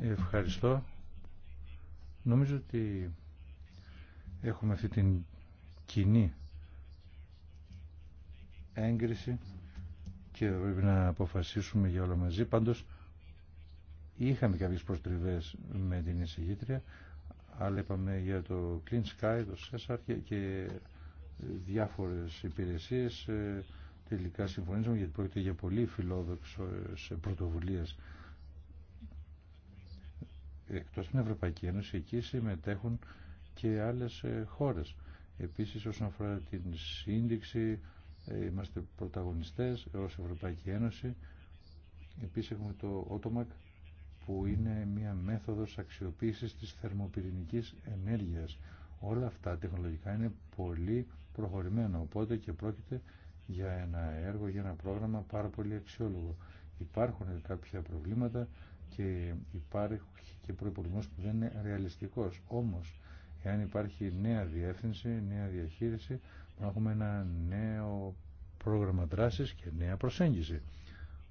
S5: Ε, ευχαριστώ. Νομίζω ότι έχουμε αυτή την κοινή έγκριση και πρέπει να αποφασίσουμε για όλα μαζί. Πάντως είχαμε κάποιες προστριβές με την εισηγήτρια, αλλά είπαμε για το Clean Sky, το Cesar και, και διάφορες υπηρεσίες ε, τελικά συμφωνήσαμε γιατί πρόκειται για πολύ φιλόδοξες πρωτοβουλίες εκτός την Ευρωπαϊκή Ένωση εκεί συμμετέχουν και άλλες ε, χώρες. Επίσης όσον αφορά την σύνδεξη ε, είμαστε πρωταγωνιστές ως Ευρωπαϊκή Ένωση. Επίσης έχουμε το Ότομακ που είναι μια μέθοδος αξιοποίησης της θερμοπυρηνικής ενέργειας. Όλα αυτά τεχνολογικά είναι πολύ προχωρημένα, οπότε και πρόκειται για ένα έργο, για ένα πρόγραμμα πάρα πολύ αξιόλογο. Υπάρχουν κάποια προβλήματα και υπάρχει και προπολογισμό που δεν είναι ρεαλιστικός. Όμως, εάν υπάρχει νέα διεύθυνση, νέα διαχείριση, να έχουμε ένα νέο πρόγραμμα δράσης και νέα προσέγγιση.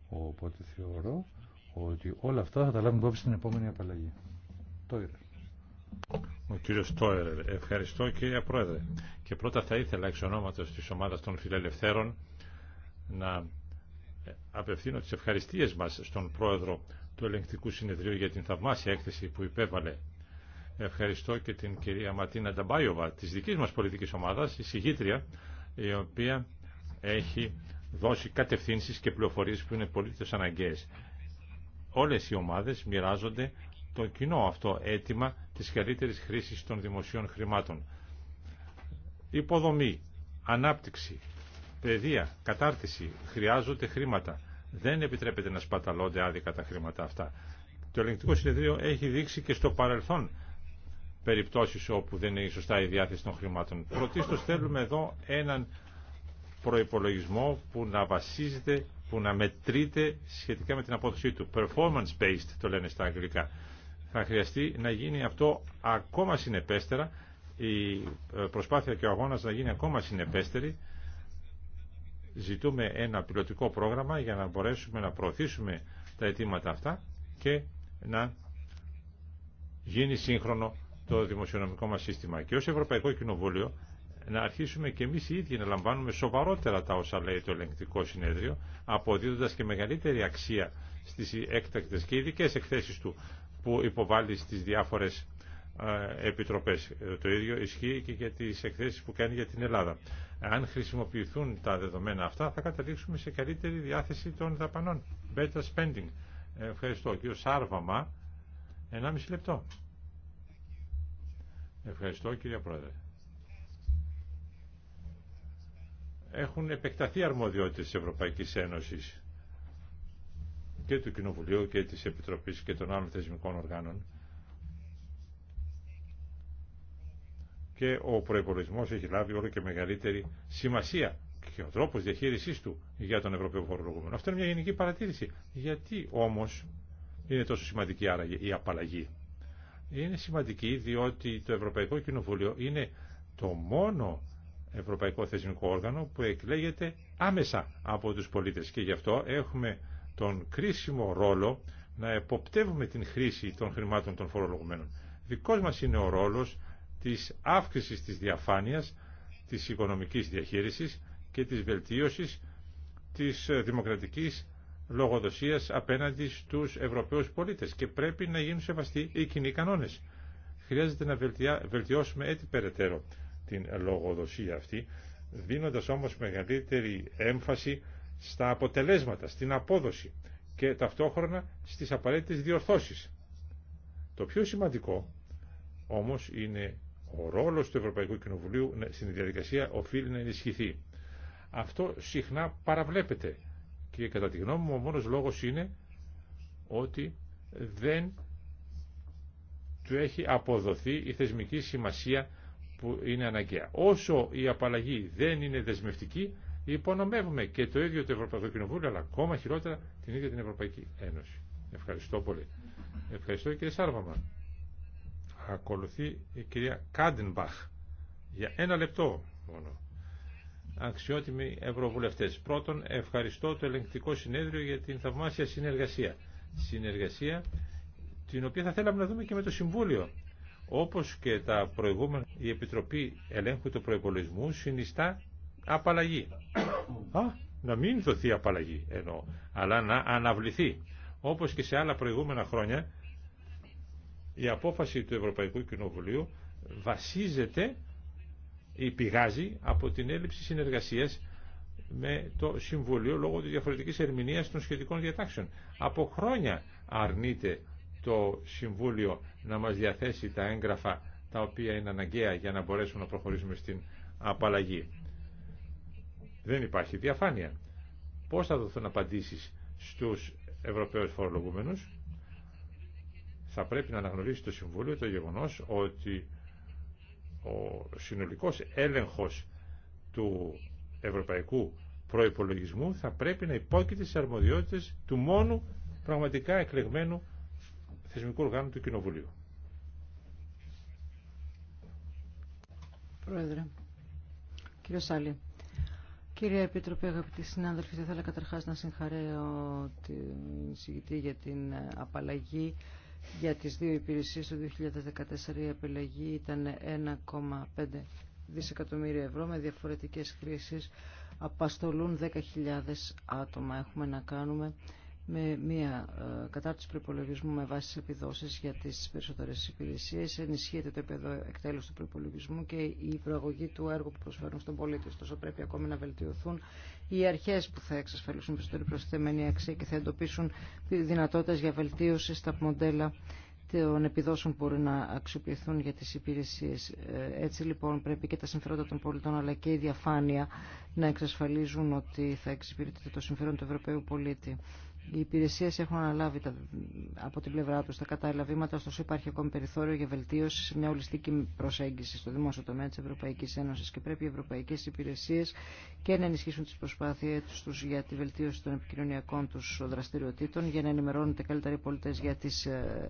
S6: Οπότε θεωρώ ότι όλα αυτά θα τα λάβουμε
S5: υπόψη στην επόμενη απαλλαγή.
S6: Τόιρε. Ο κύριο Ευχαριστώ κύριε Πρόεδρε. Και πρώτα θα ήθελα εξ ονόματο τη ομάδα των φιλελευθέρων να απευθύνω τι ευχαριστίες μα στον Πρόεδρο του Ελεγκτικού Συνεδρίου για την θαυμάσια έκθεση που υπέβαλε. Ευχαριστώ και την κυρία Ματίνα Νταμπάιοβα της δικής μας πολιτικής ομάδας, η συγγήτρια, η οποία έχει δώσει κατευθύνσεις και πληροφορίες που είναι πολύ αναγκαίες. Όλες οι ομάδες μοιράζονται το κοινό αυτό αίτημα της καλύτερης χρήσης των δημοσίων χρημάτων. Υποδομή, ανάπτυξη, παιδεία, κατάρτιση χρειάζονται χρήματα δεν επιτρέπεται να σπαταλώνται άδικα τα χρήματα αυτά. Το ελεγκτικό συνεδρίο έχει δείξει και στο παρελθόν περιπτώσεις όπου δεν είναι σωστά η διάθεση των χρημάτων. Πρωτίστως θέλουμε εδώ έναν προϋπολογισμό που να βασίζεται, που να μετρείται σχετικά με την απόδοσή του. Performance based το λένε στα αγγλικά. Θα χρειαστεί να γίνει αυτό ακόμα συνεπέστερα, η ε, προσπάθεια και ο αγώνας να γίνει ακόμα συνεπέστερη ζητούμε ένα πιλωτικό πρόγραμμα για να μπορέσουμε να προωθήσουμε τα αιτήματα αυτά και να γίνει σύγχρονο το δημοσιονομικό μας σύστημα. Και ως Ευρωπαϊκό Κοινοβούλιο να αρχίσουμε και εμείς οι ίδιοι να λαμβάνουμε σοβαρότερα τα όσα λέει το ελεγκτικό συνέδριο, αποδίδοντας και μεγαλύτερη αξία στις έκτακτες και ειδικέ εκθέσεις του που υποβάλλει στις διάφορες ε, επιτροπές. Ε, το ίδιο ισχύει και για τις εκθέσεις που κάνει για την Ελλάδα. Αν χρησιμοποιηθούν τα δεδομένα αυτά θα καταλήξουμε σε καλύτερη διάθεση των δαπανών. Better spending. Ευχαριστώ. Κύριο Σάρβαμα, 1,5 λεπτό. Ευχαριστώ κύριε Πρόεδρε. Έχουν επεκταθεί αρμοδιότητες της Ευρωπαϊκής Ένωσης και του Κοινοβουλίου και της Επιτροπής και των άλλων θεσμικών οργάνων και ο προπολογισμό έχει λάβει όλο και μεγαλύτερη σημασία και ο τρόπο διαχείρισή του για τον Ευρωπαϊκό Φορολογούμενο. Αυτό είναι μια γενική παρατήρηση. Γιατί όμω είναι τόσο σημαντική άραγε η απαλλαγή. Είναι σημαντική διότι το Ευρωπαϊκό Κοινοβούλιο είναι το μόνο ευρωπαϊκό θεσμικό όργανο που εκλέγεται άμεσα από τους πολίτες και γι' αυτό έχουμε τον κρίσιμο ρόλο να εποπτεύουμε την χρήση των χρημάτων των φορολογουμένων. Δικός μας είναι ο ρόλος της αύξησης της διαφάνειας, της οικονομικής διαχείρισης και της βελτίωσης της δημοκρατικής λογοδοσίας απέναντι στους Ευρωπαίους πολίτες και πρέπει να γίνουν σεβαστοί οι κοινοί κανόνες. Χρειάζεται να βελτιώσουμε έτσι περαιτέρω την λογοδοσία αυτή, δίνοντας όμως μεγαλύτερη έμφαση στα αποτελέσματα, στην απόδοση και ταυτόχρονα στις απαραίτητες διορθώσεις. Το πιο σημαντικό όμως είναι ο ρόλος του Ευρωπαϊκού Κοινοβουλίου στην διαδικασία οφείλει να ενισχυθεί. Αυτό συχνά παραβλέπεται και κατά τη γνώμη μου ο μόνος λόγος είναι ότι δεν του έχει αποδοθεί η θεσμική σημασία που είναι αναγκαία. Όσο η απαλλαγή δεν είναι δεσμευτική, υπονομεύουμε και το ίδιο το Ευρωπαϊκό Κοινοβούλιο, αλλά ακόμα χειρότερα την ίδια την Ευρωπαϊκή Ένωση. Ευχαριστώ πολύ. Ευχαριστώ κύριε Σάρβαμα. Ακολουθεί η κυρία Κάντενμπαχ για ένα λεπτό μόνο. Αξιότιμοι Ευρωβουλευτές, πρώτον ευχαριστώ το ελεγκτικό συνέδριο για την θαυμάσια συνεργασία. Συνεργασία την οποία θα θέλαμε να δούμε και με το Συμβούλιο. Όπως και τα προηγούμενα, η Επιτροπή Ελέγχου του Προϋπολογισμού συνιστά απαλλαγή. Α, να μην δοθεί απαλλαγή εννοώ, αλλά να αναβληθεί. Όπως και σε άλλα προηγούμενα χρόνια, η απόφαση του Ευρωπαϊκού Κοινοβουλίου βασίζεται ή πηγάζει από την έλλειψη συνεργασίας με το Συμβουλίο λόγω της διαφορετικής ερμηνείας των σχετικών διατάξεων. Από χρόνια αρνείται το Συμβούλιο να μας διαθέσει τα έγγραφα τα οποία είναι αναγκαία για να μπορέσουμε να προχωρήσουμε στην απαλλαγή. Δεν υπάρχει διαφάνεια. Πώς θα δοθούν απαντήσεις στους Ευρωπαίους φορολογούμενους θα πρέπει να αναγνωρίσει το Συμβούλιο το γεγονός ότι ο συνολικός έλεγχος του ευρωπαϊκού προϋπολογισμού θα πρέπει να υπόκειται στις αρμοδιότητες του μόνου πραγματικά εκλεγμένου θεσμικού οργάνου του Κοινοβουλίου.
S4: Πρόεδρε, κύριο Σάλη, κύριε Επίτροπε, αγαπητοί συνάδελφοι, θα ήθελα καταρχάς να συγχαρέω την συγκητή για την απαλλαγή για τις δύο υπηρεσίες το 2014 η επιλογή ήταν 1,5 δισεκατομμύρια ευρώ με διαφορετικές χρήσεις απαστολούν 10.000 άτομα. Έχουμε να κάνουμε με μια ε, κατάρτιση προπολογισμού με βάση τις επιδόσεις για τι περισσότερε υπηρεσίε. Ενισχύεται το επίπεδο εκτέλεση του προπολογισμού και η προαγωγή του έργου που προσφέρουν στον πολίτη. Ωστόσο, πρέπει ακόμη να βελτιωθούν οι αρχέ που θα εξασφαλίσουν περισσότερη προσθεμένη αξία και θα εντοπίσουν δυνατότητε για βελτίωση στα μοντέλα των επιδόσεων που μπορεί να αξιοποιηθούν για τις υπηρεσίες. Ε, έτσι λοιπόν πρέπει και τα συμφέροντα των πολιτών αλλά και η διαφάνεια να εξασφαλίζουν ότι θα εξυπηρετείται το συμφέρον του Ευρωπαίου πολίτη οι υπηρεσίε έχουν αναλάβει τα, από την πλευρά του τα κατάλληλα βήματα, ωστόσο υπάρχει ακόμη περιθώριο για βελτίωση σε μια ολιστική προσέγγιση στο δημόσιο τομέα τη Ευρωπαϊκή Ένωση και πρέπει οι ευρωπαϊκέ υπηρεσίε και να ενισχύσουν τι προσπάθειέ του για τη βελτίωση των επικοινωνιακών του δραστηριοτήτων, για να ενημερώνονται καλύτερα οι πολίτε για τι ε,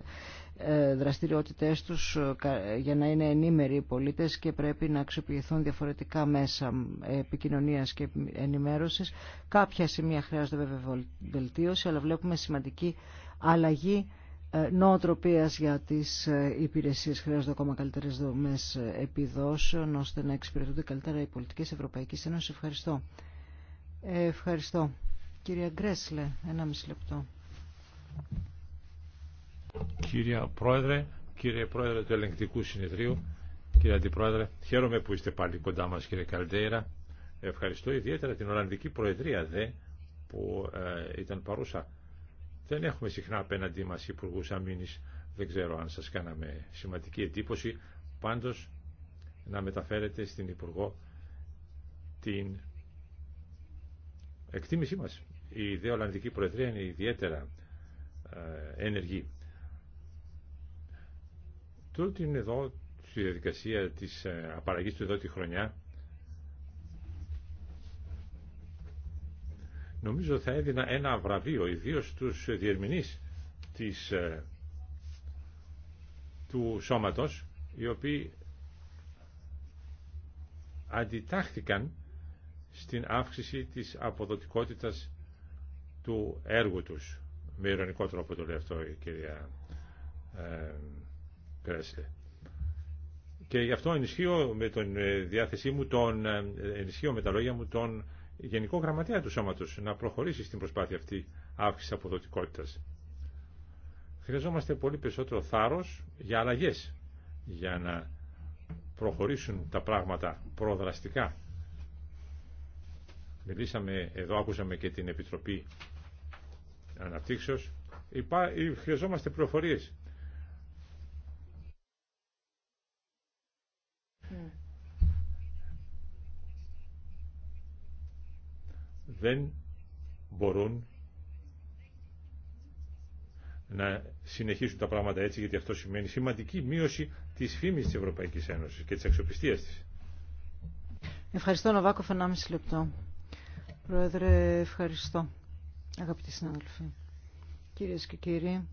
S4: ε, δραστηριότητές τους ε, για να είναι ενήμεροι οι πολίτες και πρέπει να αξιοποιηθούν διαφορετικά μέσα επικοινωνίας και ενημέρωσης. Κάποια σημεία χρειάζονται βέβαια βελτίωση, αλλά βλέπουμε σημαντική αλλαγή ε, νοοτροπίας για τις υπηρεσίες χρειάζονται ακόμα καλύτερες δομές επιδόσεων ώστε να εξυπηρετούνται καλύτερα οι πολιτικές Ευρωπαϊκής Ένωσης. Ευχαριστώ. ευχαριστώ. Κυρία Γκρέσλε, ένα μισή λεπτό.
S6: Κύριε Πρόεδρε, κύριε Πρόεδρε του Ελεγκτικού Συνεδρίου, κύριε Αντιπρόεδρε, χαίρομαι που είστε πάλι κοντά μας κύριε Καλτέιρα. Ευχαριστώ ιδιαίτερα την Ολλανδική Προεδρία δε που ε, ήταν παρούσα. Δεν έχουμε συχνά απέναντί μας υπουργού αμήνης. Δεν ξέρω αν σας κάναμε σημαντική εντύπωση. Πάντως να μεταφέρετε στην Υπουργό την εκτίμησή μας. Η ιδέα Ολλανδική Προεδρία είναι ιδιαίτερα ε, ενεργή Τούτη είναι εδώ στη διαδικασία της ε, απαραγής του εδώ τη χρονιά. Νομίζω θα έδινα ένα βραβείο, ιδίως στους διερμηνείς της, ε, του σώματος, οι οποίοι αντιτάχθηκαν στην αύξηση της αποδοτικότητας του έργου τους. Με ειρωνικό τρόπο το λέει αυτό η κυρία ε, και γι' αυτό ενισχύω με τον ε, διάθεσή μου, τον, ε, ενισχύω με τα λόγια μου τον Γενικό Γραμματέα του Σώματος να προχωρήσει στην προσπάθεια αυτή αύξηση αποδοτικότητας. Χρειαζόμαστε πολύ περισσότερο θάρρος για αλλαγές, για να προχωρήσουν τα πράγματα προδραστικά. Μιλήσαμε, εδώ άκουσαμε και την Επιτροπή Αναπτύξεως. Υπά, ε, χρειαζόμαστε πληροφορίες. δεν μπορούν να συνεχίσουν τα πράγματα έτσι γιατί αυτό σημαίνει σημαντική μείωση της φήμης της Ευρωπαϊκής Ένωσης και της αξιοπιστίας της.
S4: Ευχαριστώ ένα μισή λεπτό. Πρόεδρε, ευχαριστώ. Αγαπητοί συνάδελφοι, κυρίες και κύριοι,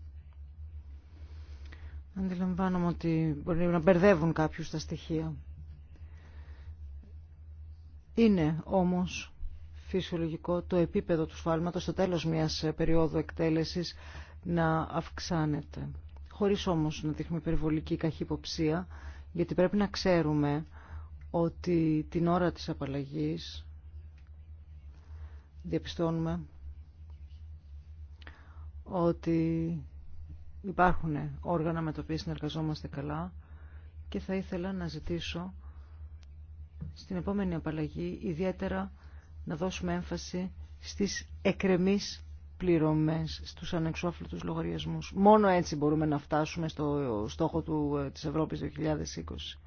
S4: αντιλαμβάνομαι ότι μπορεί να μπερδεύουν κάποιους τα στοιχεία. Είναι όμως φυσιολογικό το επίπεδο του σφάλματος στο τέλος μιας ε, περίοδου εκτέλεσης να αυξάνεται. Χωρίς όμως να δείχνουμε περιβολική καχυποψία, γιατί πρέπει να ξέρουμε ότι την ώρα της απαλλαγής διαπιστώνουμε ότι υπάρχουν όργανα με τα οποία συνεργαζόμαστε καλά και θα ήθελα να ζητήσω στην επόμενη απαλλαγή ιδιαίτερα να δώσουμε έμφαση στις εκρεμείς πληρωμές, στους ανεξόφλητους λογαριασμούς. Μόνο έτσι μπορούμε να φτάσουμε στο στόχο του, ε, της Ευρώπης 2020.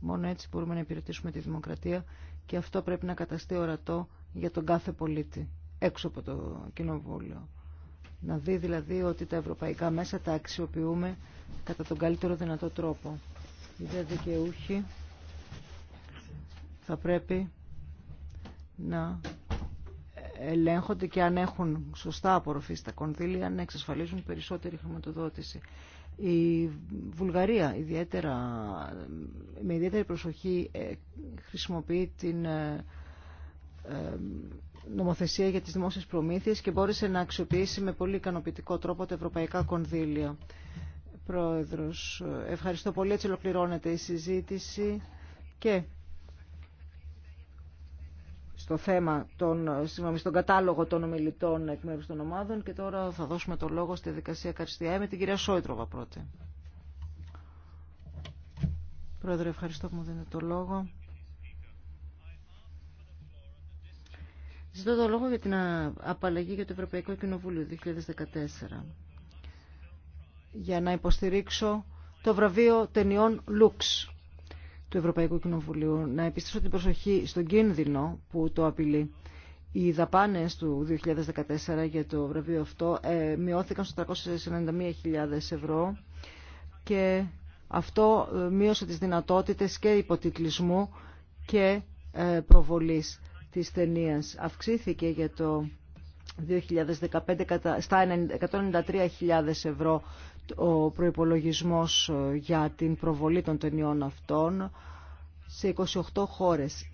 S4: Μόνο έτσι μπορούμε να υπηρετήσουμε τη δημοκρατία και αυτό πρέπει να καταστεί ορατό για τον κάθε πολίτη έξω από το κοινοβούλιο. Να δει δηλαδή ότι τα ευρωπαϊκά μέσα τα αξιοποιούμε κατά τον καλύτερο δυνατό τρόπο. Οι δικαιούχοι θα πρέπει να ελέγχονται και αν έχουν σωστά απορροφή στα κονδύλια να εξασφαλίζουν περισσότερη χρηματοδότηση. Η Βουλγαρία ιδιαίτερα, με ιδιαίτερη προσοχή ε, χρησιμοποιεί την ε, ε, νομοθεσία για τις δημόσιες προμήθειες και μπόρεσε να αξιοποιήσει με πολύ ικανοποιητικό τρόπο τα ευρωπαϊκά κονδύλια. Πρόεδρος, ευχαριστώ πολύ. Έτσι ολοκληρώνεται η συζήτηση και στο θέμα, των, συγγνώμη, στον κατάλογο των ομιλητών εκ μέρους των ομάδων και τώρα θα δώσουμε το λόγο στη δικασία Καρστιάη με την κυρία Σόιτροβα πρώτη. Πρόεδρε, ευχαριστώ που μου δίνετε το λόγο. Ζητώ το λόγο για την απαλλαγή για το Ευρωπαϊκό Κοινοβούλιο 2014 για να υποστηρίξω το βραβείο ταινιών Λουξ του Ευρωπαϊκού Κοινοβουλίου να επιστήσω την προσοχή στον κίνδυνο που το απειλεί. Οι δαπάνε του 2014 για το βραβείο αυτό ε, μειώθηκαν στο 391.000 ευρώ και αυτό ε, μείωσε τις δυνατότητες και υποτιτλισμού και ε, προβολής της ταινία. Αυξήθηκε για το 2015 στα 193.000 ευρώ ο προϋπολογισμός ε, για την προβολή των ταινιών αυτών σε 28 χώρες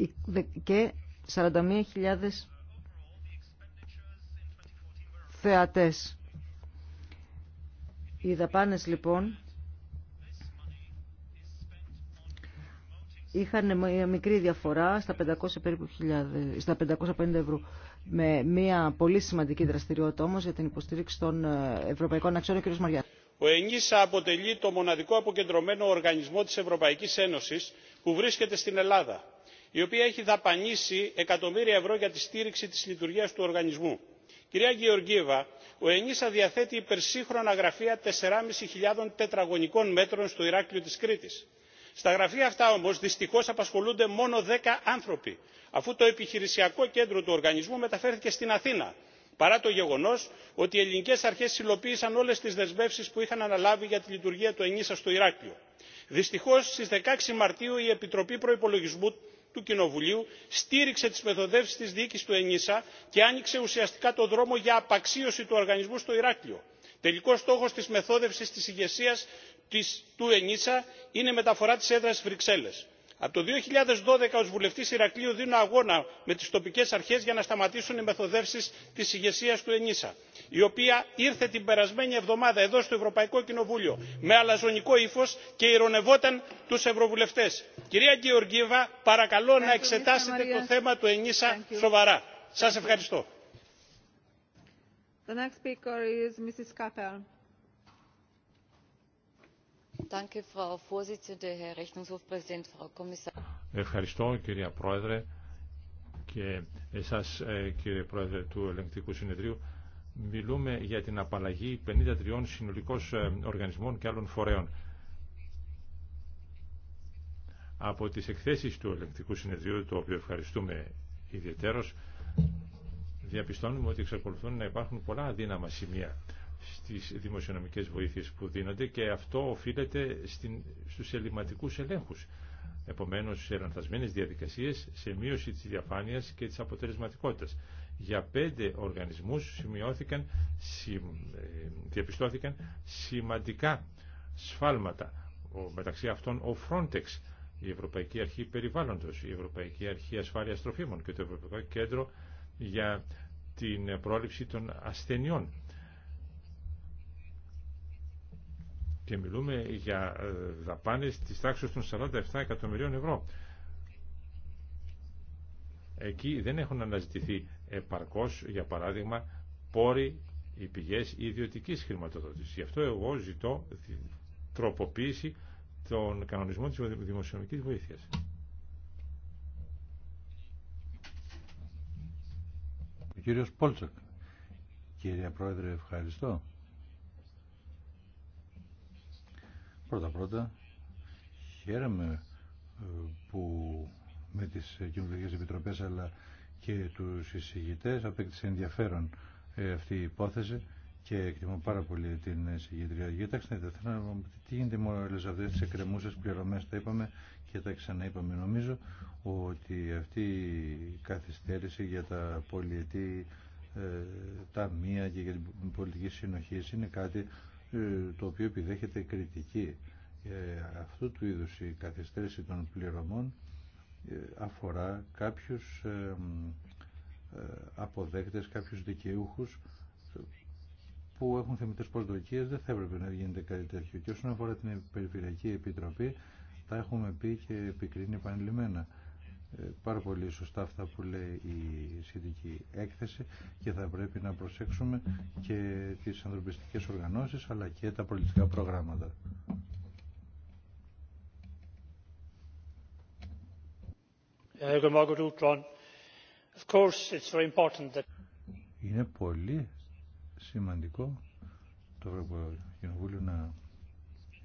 S4: και 41.000 θεατές. Οι δαπάνες λοιπόν είχαν μια μικρή διαφορά στα 500 περίπου στα 550 ευρώ με μια πολύ σημαντική δραστηριότητα όμως για την υποστήριξη των ε, ευρωπαϊκών αξιών ο κ. Μαριάς
S8: ο ΕΝΙΣΑ αποτελεί το μοναδικό αποκεντρωμένο οργανισμό της ευρωπαϊκής ένωσης που βρίσκεται στην ελλάδα η οποία έχει δαπανίσει εκατομμύρια ευρώ για τη στήριξη της λειτουργίας του οργανισμού. κυρία γεωργίευα ο ΕΝΙΣΑ διαθέτει υπερσύγχρονα γραφεία τεσσεράμισι τετραγωνικών μέτρων στο ηράκλειο της κρήτης. στα γραφεία αυτά όμως δυστυχώς απασχολούνται μόνο δέκα άνθρωποι αφού το επιχειρησιακό κέντρο του οργανισμού μεταφέρθηκε στην αθήνα παρά το γεγονό ότι οι ελληνικές αρχές υλοποίησαν όλες τις δεσμεύσει που είχαν αναλάβει για τη λειτουργία του ενίσα στο ηράκλειο. δυστυχώς στις 16 μαρτίου η επιτροπή προπολογισμού του κοινοβουλίου στήριξε τις μεθοδεύσει της διοίκηση του ενίσα και άνοιξε ουσιαστικά το δρόμο για απαξίωση του οργανισμού στο ηράκλειο. Τελικό στόχο τη μεθόδευση τη ηγεσία του ενίσα είναι η μεταφορά τη έδρα στι βρυξέλλες από το 2012, χιλιάδες δώδεκα ως βουλευτής ηρακλείου δίνω αγώνα με τις τοπικές αρχές για να σταματήσουν οι μεθοδεύσεις της ηγεσίας του ενίσα η οποία ήρθε την περασμένη εβδομάδα εδώ στο ευρωπαϊκό κοινοβούλιο με αλαζονικό ύφος και ηρωνευόταν τους ευρωβουλευτές. κυρία γεωργίευα παρακαλώ να εξετάσετε το θέμα του ενίσα σοβαρά. σας ευχαριστώ.
S6: Ευχαριστώ κυρία Πρόεδρε και εσάς ε, κύριε Πρόεδρε του Ελεγκτικού Συνεδρίου. Μιλούμε για την απαλλαγή 53 συνολικών ε, οργανισμών και άλλων φορέων. Από τις εκθέσεις του Ελεγκτικού Συνεδρίου, το οποίο ευχαριστούμε ιδιαίτερος, διαπιστώνουμε ότι εξακολουθούν να υπάρχουν πολλά αδύναμα σημεία στις δημοσιονομικές βοήθειες που δίνονται και αυτό οφείλεται στην, στους ελληματικούς ελέγχους. Επομένως, σε διαδικασίες, σε μείωση της διαφάνειας και της αποτελεσματικότητας. Για πέντε οργανισμούς σημειώθηκαν, ε, διαπιστώθηκαν σημαντικά σφάλματα. μεταξύ αυτών ο Frontex, η Ευρωπαϊκή Αρχή Περιβάλλοντος, η Ευρωπαϊκή Αρχή Ασφάλειας Τροφίμων και το Ευρωπαϊκό Κέντρο για την πρόληψη των ασθενειών. και μιλούμε για ε, δαπάνες της τάξης των 47 εκατομμυρίων ευρώ. Εκεί δεν έχουν αναζητηθεί επαρκώς, για παράδειγμα, πόροι οι πηγές ιδιωτικής χρηματοδότησης. Γι' αυτό εγώ ζητώ τροποποίηση των κανονισμών της δημοσιονομικής βοήθειας. Ο κύριος Πόλτσακ.
S5: Κύριε Πρόεδρε, ευχαριστώ. Πρώτα-πρώτα, χαίρομαι ε, που με τις κοινωνικές επιτροπές αλλά και τους εισηγητές απέκτησε ενδιαφέρον ε, αυτή η υπόθεση και εκτιμώ πάρα πολύ την εισηγητρία. Κοιτάξτε, θέλω να πω τι γίνεται με όλε αυτέ τι εκκρεμούσε πληρωμέ, τα είπαμε και τα ξαναείπαμε. Νομίζω ότι αυτή η καθυστέρηση για τα πολιετή ε, ταμεία και για την πολιτική συνοχή είναι κάτι ε, το οποίο επιδέχεται κριτική. Ε, αυτού του είδους η καθυστέρηση των πληρωμών ε, αφορά κάποιους αποδέκτες, κάποιους δικαιούχους που έχουν θεμητές προσδοκίες δεν θα έπρεπε να γίνεται κάτι τέτοιο. Και όσον αφορά την Περιφερειακή Επιτροπή τα έχουμε πει και επικρίνει επανειλημμένα. Ε, πάρα πολύ σωστά αυτά που λέει η σχετική έκθεση και θα πρέπει να προσέξουμε και τις ανθρωπιστικές οργανώσεις αλλά και τα πολιτικά προγράμματα. Ε, Είναι πολύ σημαντικό το Κοινοβούλιο να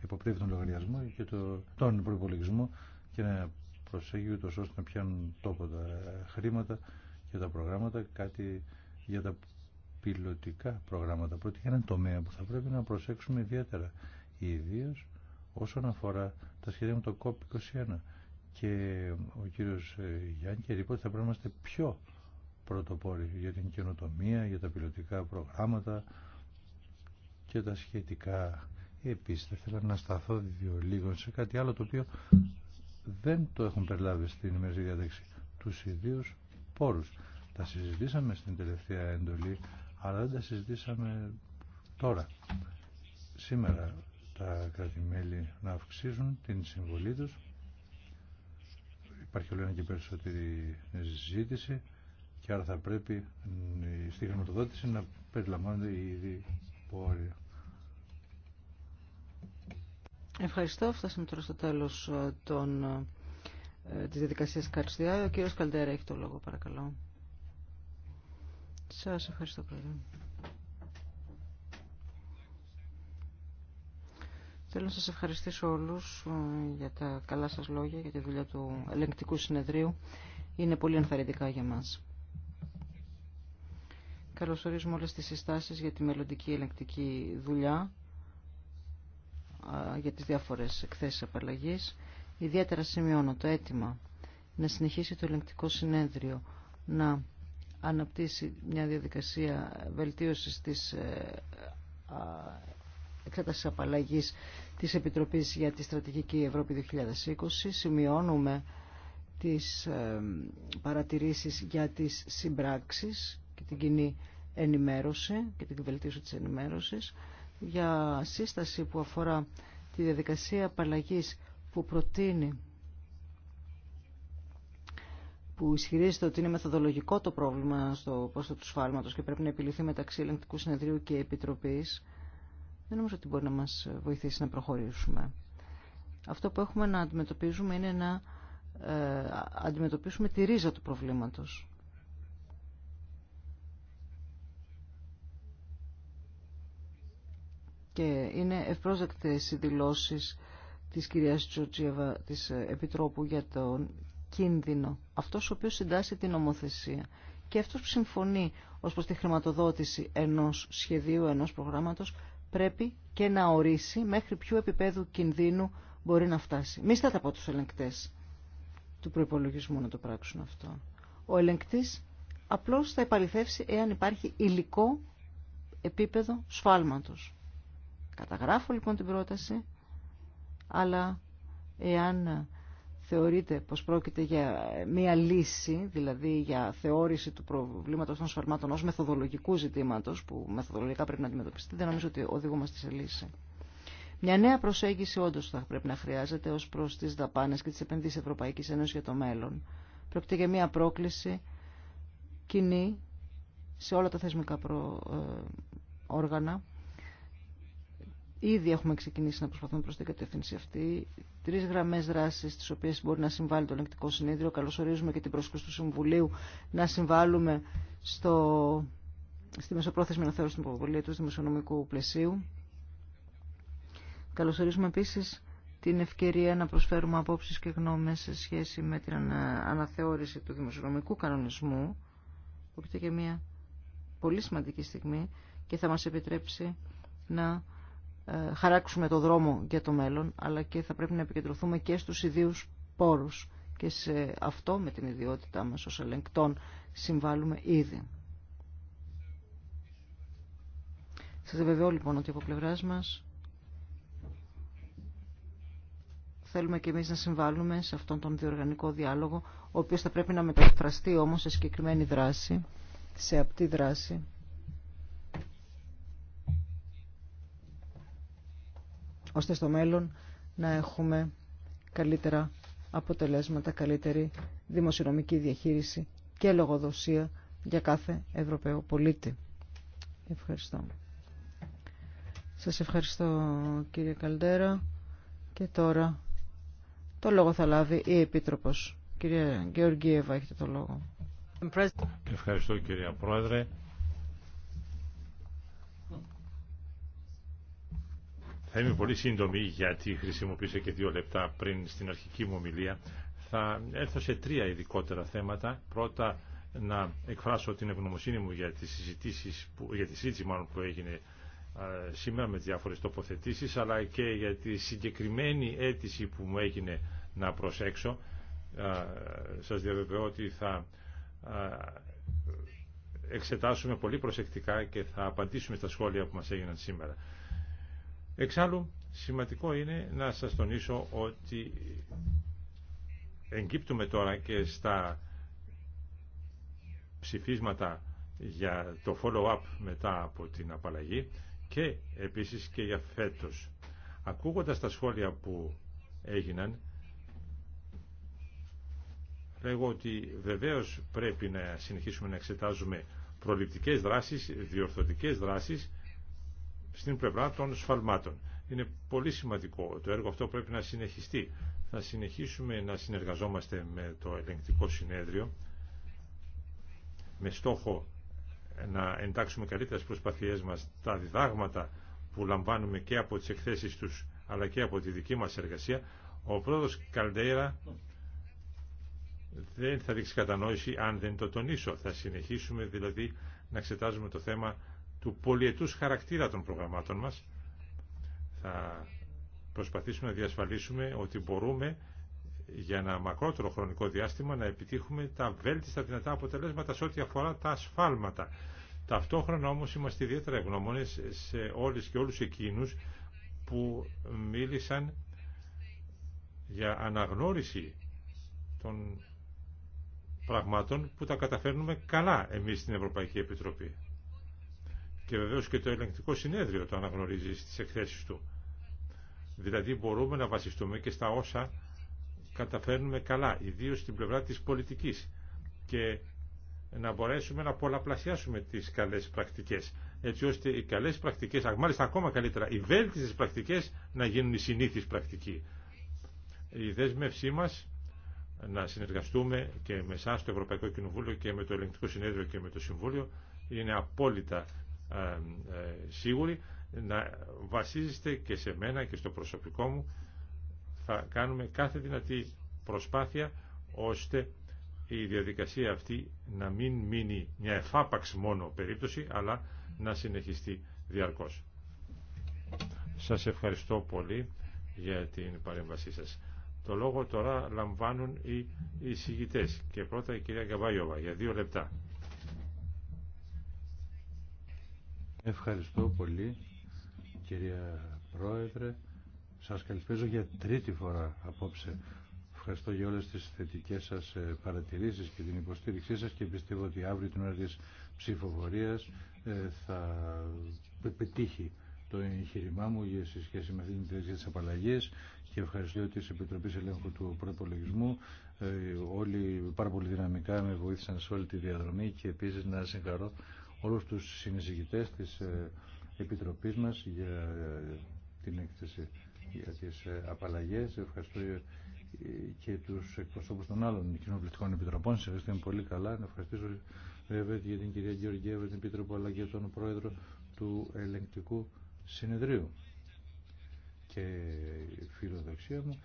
S5: υποπτεύει τον λογαριασμό και το, τον προπολογισμό και να Προσέγγιου ούτως ώστε να πιάνουν τόπο τα χρήματα και τα προγράμματα, κάτι για τα πιλωτικά προγράμματα. πρώτοι για έναν τομέα που θα πρέπει να προσέξουμε ιδιαίτερα, ιδίω όσον αφορά τα σχέδια με το COP21. Και ο κύριος ε, Γιάννη και είπε ότι θα πρέπει να είμαστε πιο πρωτοπόροι για την καινοτομία, για τα πιλωτικά προγράμματα και τα σχετικά. Επίσης, θα ήθελα να σταθώ δύο λίγο σε κάτι άλλο το οποίο δεν το έχουν περιλάβει στην ημερική διάταξη τους ιδίους πόρους. Τα συζητήσαμε στην τελευταία εντολή, αλλά δεν τα συζητήσαμε τώρα. Σήμερα τα κρατημέλη να αυξήσουν την συμβολή τους. Υπάρχει όλο ένα και περισσότερη συζήτηση και άρα θα πρέπει στη χρηματοδότηση να περιλαμβάνονται οι ίδιοι πόροι.
S4: Ευχαριστώ. Φτάσαμε τώρα στο τέλο ε, ε, ε, τη διαδικασία διαδικασίας Ο κύριο Καλτέρα έχει το λόγο, παρακαλώ. Σας ευχαριστώ πολύ. Θέλω να σας ευχαριστήσω όλους για τα καλά σας λόγια, για τη δουλειά του ελεγκτικού συνεδρίου. Είναι πολύ ενθαρρυντικά για μας. Καλωσορίζουμε όλες τις συστάσεις για τη μελλοντική ελεγκτική δουλειά για τις διάφορες εκθέσεις απαλλαγής. Ιδιαίτερα σημειώνω το αίτημα να συνεχίσει το ελεγκτικό συνέδριο να αναπτύσσει μια διαδικασία βελτίωσης της ε, εξέτασης απαλλαγής της Επιτροπής για τη Στρατηγική Ευρώπη 2020. Σημειώνουμε τις ε, παρατηρήσεις για τις συμπράξεις και την κοινή ενημέρωση και την βελτίωση της ενημέρωσης για σύσταση που αφορά τη διαδικασία απαλλαγή που προτείνει που ισχυρίζεται ότι είναι μεθοδολογικό το πρόβλημα στο πόσο του σφάλματος και πρέπει να επιληθεί μεταξύ ελεγκτικού συνεδρίου και επιτροπής, δεν νομίζω ότι μπορεί να μας βοηθήσει να προχωρήσουμε. Αυτό που έχουμε να αντιμετωπίζουμε είναι να ε, αντιμετωπίσουμε τη ρίζα του προβλήματος. και είναι ευπρόσδεκτες οι δηλώσεις της κυρίας Τζορτζίεβα της ε, Επιτρόπου για τον κίνδυνο. Αυτός ο οποίος συντάσσει την νομοθεσία και αυτός που συμφωνεί ως προς τη χρηματοδότηση ενός σχεδίου, ενός προγράμματος πρέπει και να ορίσει μέχρι ποιο επίπεδο κινδύνου μπορεί να φτάσει. Μη στάτε από τους ελεγκτές του προϋπολογισμού να το πράξουν αυτό. Ο ελεγκτής απλώς θα επαληθεύσει εάν υπάρχει υλικό επίπεδο σφάλματος. Καταγράφω λοιπόν την πρόταση, αλλά εάν θεωρείτε πως πρόκειται για μία λύση, δηλαδή για θεώρηση του προβλήματος των σφαλμάτων ως μεθοδολογικού ζητήματος που μεθοδολογικά πρέπει να αντιμετωπιστεί, δεν νομίζω ότι οδηγούμαστε σε λύση. Μια νέα προσέγγιση των σφαρματων ως θα πρέπει να χρειάζεται ως προς τις δαπάνες και τις επενδύσεις Ευρωπαϊκής Ένωσης για το μέλλον. Πρόκειται για μια πρόκληση κοινή σε όλα τα θεσμικά ε, όργανα Ήδη έχουμε ξεκινήσει να προσπαθούμε προ την κατεύθυνση αυτή. Τρει γραμμέ δράση, τι οποίε μπορεί να συμβάλλει το Ελεγκτικό Συνέδριο. Καλωσορίζουμε και την πρόσκληση του Συμβουλίου να συμβάλλουμε στο, στη μεσοπρόθεσμη αναθεώρηση του του δημοσιονομικού πλαισίου. Καλωσορίζουμε επίση την ευκαιρία να προσφέρουμε απόψει και γνώμε σε σχέση με την αναθεώρηση του δημοσιονομικού κανονισμού, που είναι και μια πολύ σημαντική στιγμή και θα μα επιτρέψει να ε, χαράξουμε το δρόμο για το μέλλον, αλλά και θα πρέπει να επικεντρωθούμε και στους ιδίους πόρους. Και σε αυτό με την ιδιότητά μας ως ελεγκτών συμβάλλουμε ήδη. Σας βεβαιώ λοιπόν ότι από πλευράς μας θέλουμε και εμείς να συμβάλλουμε σε αυτόν τον διοργανικό διάλογο, ο οποίος θα πρέπει να μεταφραστεί όμως σε συγκεκριμένη δράση, σε απτή δράση. ώστε στο μέλλον να έχουμε καλύτερα αποτελέσματα, καλύτερη δημοσιονομική διαχείριση και λογοδοσία για κάθε Ευρωπαίο πολίτη. Ευχαριστώ. Σας ευχαριστώ κύριε Καλντέρα και τώρα το λόγο θα λάβει η Επίτροπος. Κυρία Γεωργίευα έχετε το λόγο.
S6: Ευχαριστώ κύριε Πρόεδρε. Θα είμαι πολύ σύντομη γιατί χρησιμοποίησα και δύο λεπτά πριν στην αρχική μου ομιλία. Θα έρθω σε τρία ειδικότερα θέματα. Πρώτα να εκφράσω την ευγνωμοσύνη μου για τις συζητήσεις που, για τη συζήτηση μάλλον που έγινε σήμερα με διάφορες τοποθετήσεις αλλά και για τη συγκεκριμένη αίτηση που μου έγινε να προσέξω. Σας διαβεβαιώ ότι θα εξετάσουμε πολύ προσεκτικά και θα απαντήσουμε στα σχόλια που μας έγιναν σήμερα. Εξάλλου, σημαντικό είναι να σας τονίσω ότι εγκύπτουμε τώρα και στα ψηφίσματα για το follow-up μετά από την απαλλαγή και επίσης και για φέτος. Ακούγοντας τα σχόλια που έγιναν, λέγω ότι βεβαίως πρέπει να συνεχίσουμε να εξετάζουμε προληπτικές δράσεις, διορθωτικές δράσεις στην πλευρά των σφαλμάτων. Είναι πολύ σημαντικό. Το έργο αυτό πρέπει να συνεχιστεί. Θα συνεχίσουμε να συνεργαζόμαστε με το ελεγκτικό συνέδριο με στόχο να εντάξουμε καλύτερα στις προσπαθειές μας τα διδάγματα που λαμβάνουμε και από τις εκθέσεις τους αλλά και από τη δική μας εργασία. Ο πρόεδρος Καλντέιρα δεν θα δείξει κατανόηση αν δεν το τονίσω. Θα συνεχίσουμε δηλαδή να εξετάζουμε το θέμα του πολιετούς χαρακτήρα των προγραμμάτων μας. Θα προσπαθήσουμε να διασφαλίσουμε ότι μπορούμε για ένα μακρότερο χρονικό διάστημα να επιτύχουμε τα βέλτιστα δυνατά αποτελέσματα σε ό,τι αφορά τα ασφάλματα. Ταυτόχρονα όμως είμαστε ιδιαίτερα ευγνώμονες σε όλες και όλους εκείνους που μίλησαν για αναγνώριση των πραγμάτων που τα καταφέρνουμε καλά εμείς στην Ευρωπαϊκή Επιτροπή και βεβαίως και το ελεγκτικό συνέδριο το αναγνωρίζει στις εκθέσεις του. Δηλαδή μπορούμε να βασιστούμε και στα όσα καταφέρνουμε καλά, ιδίως στην πλευρά της πολιτικής και να μπορέσουμε να πολλαπλασιάσουμε τις καλές πρακτικές έτσι ώστε οι καλές πρακτικές, μάλιστα ακόμα καλύτερα, οι βέλτιστες πρακτικές να γίνουν οι συνήθεις πρακτικοί. Η δέσμευσή μας να συνεργαστούμε και με εσά το Ευρωπαϊκό Κοινοβούλιο και με το Ελεγκτικό Συνέδριο και με το Συμβούλιο είναι απόλυτα ε, σίγουροι να βασίζεστε και σε μένα και στο προσωπικό μου θα κάνουμε κάθε δυνατή προσπάθεια ώστε η διαδικασία αυτή να μην μείνει μια εφάπαξ μόνο περίπτωση αλλά να συνεχιστεί διαρκώς. Σας ευχαριστώ πολύ για την παρέμβασή σας. Το λόγο τώρα λαμβάνουν οι εισηγητές και πρώτα η κυρία Γκαμπάγιοβα για δύο λεπτά.
S5: Ευχαριστώ πολύ κυρία Πρόεδρε. Σας καλησπέζω για τρίτη φορά απόψε. Ευχαριστώ για όλες τις θετικές σας ε, παρατηρήσεις και την υποστήριξή σας και πιστεύω ότι αύριο την ώρα της ψηφοφορίας ε, θα πετύχει το εγχείρημά μου σε σχέση με αυτή την τέτοια της απαλλαγής και ευχαριστώ της Επιτροπής Ελέγχου του Προπολογισμού. Ε, όλοι πάρα πολύ δυναμικά με βοήθησαν σε όλη τη διαδρομή και επίσης να συγχαρώ όλους τους συνεισηγητές της ε, Επιτροπής μας για ε, την έκθεση για τις ε, απαλλαγές. Ευχαριστώ και τους εκπροσώπους των άλλων κοινοβουλευτικών επιτροπών. Συνεργαστούμε πολύ καλά. Να ευχαριστήσω βέβαια για την κυρία Γεωργιέβα, την Επίτροπο, αλλά και τον Πρόεδρο του Ελεγκτικού Συνεδρίου. Και η φιλοδοξία μου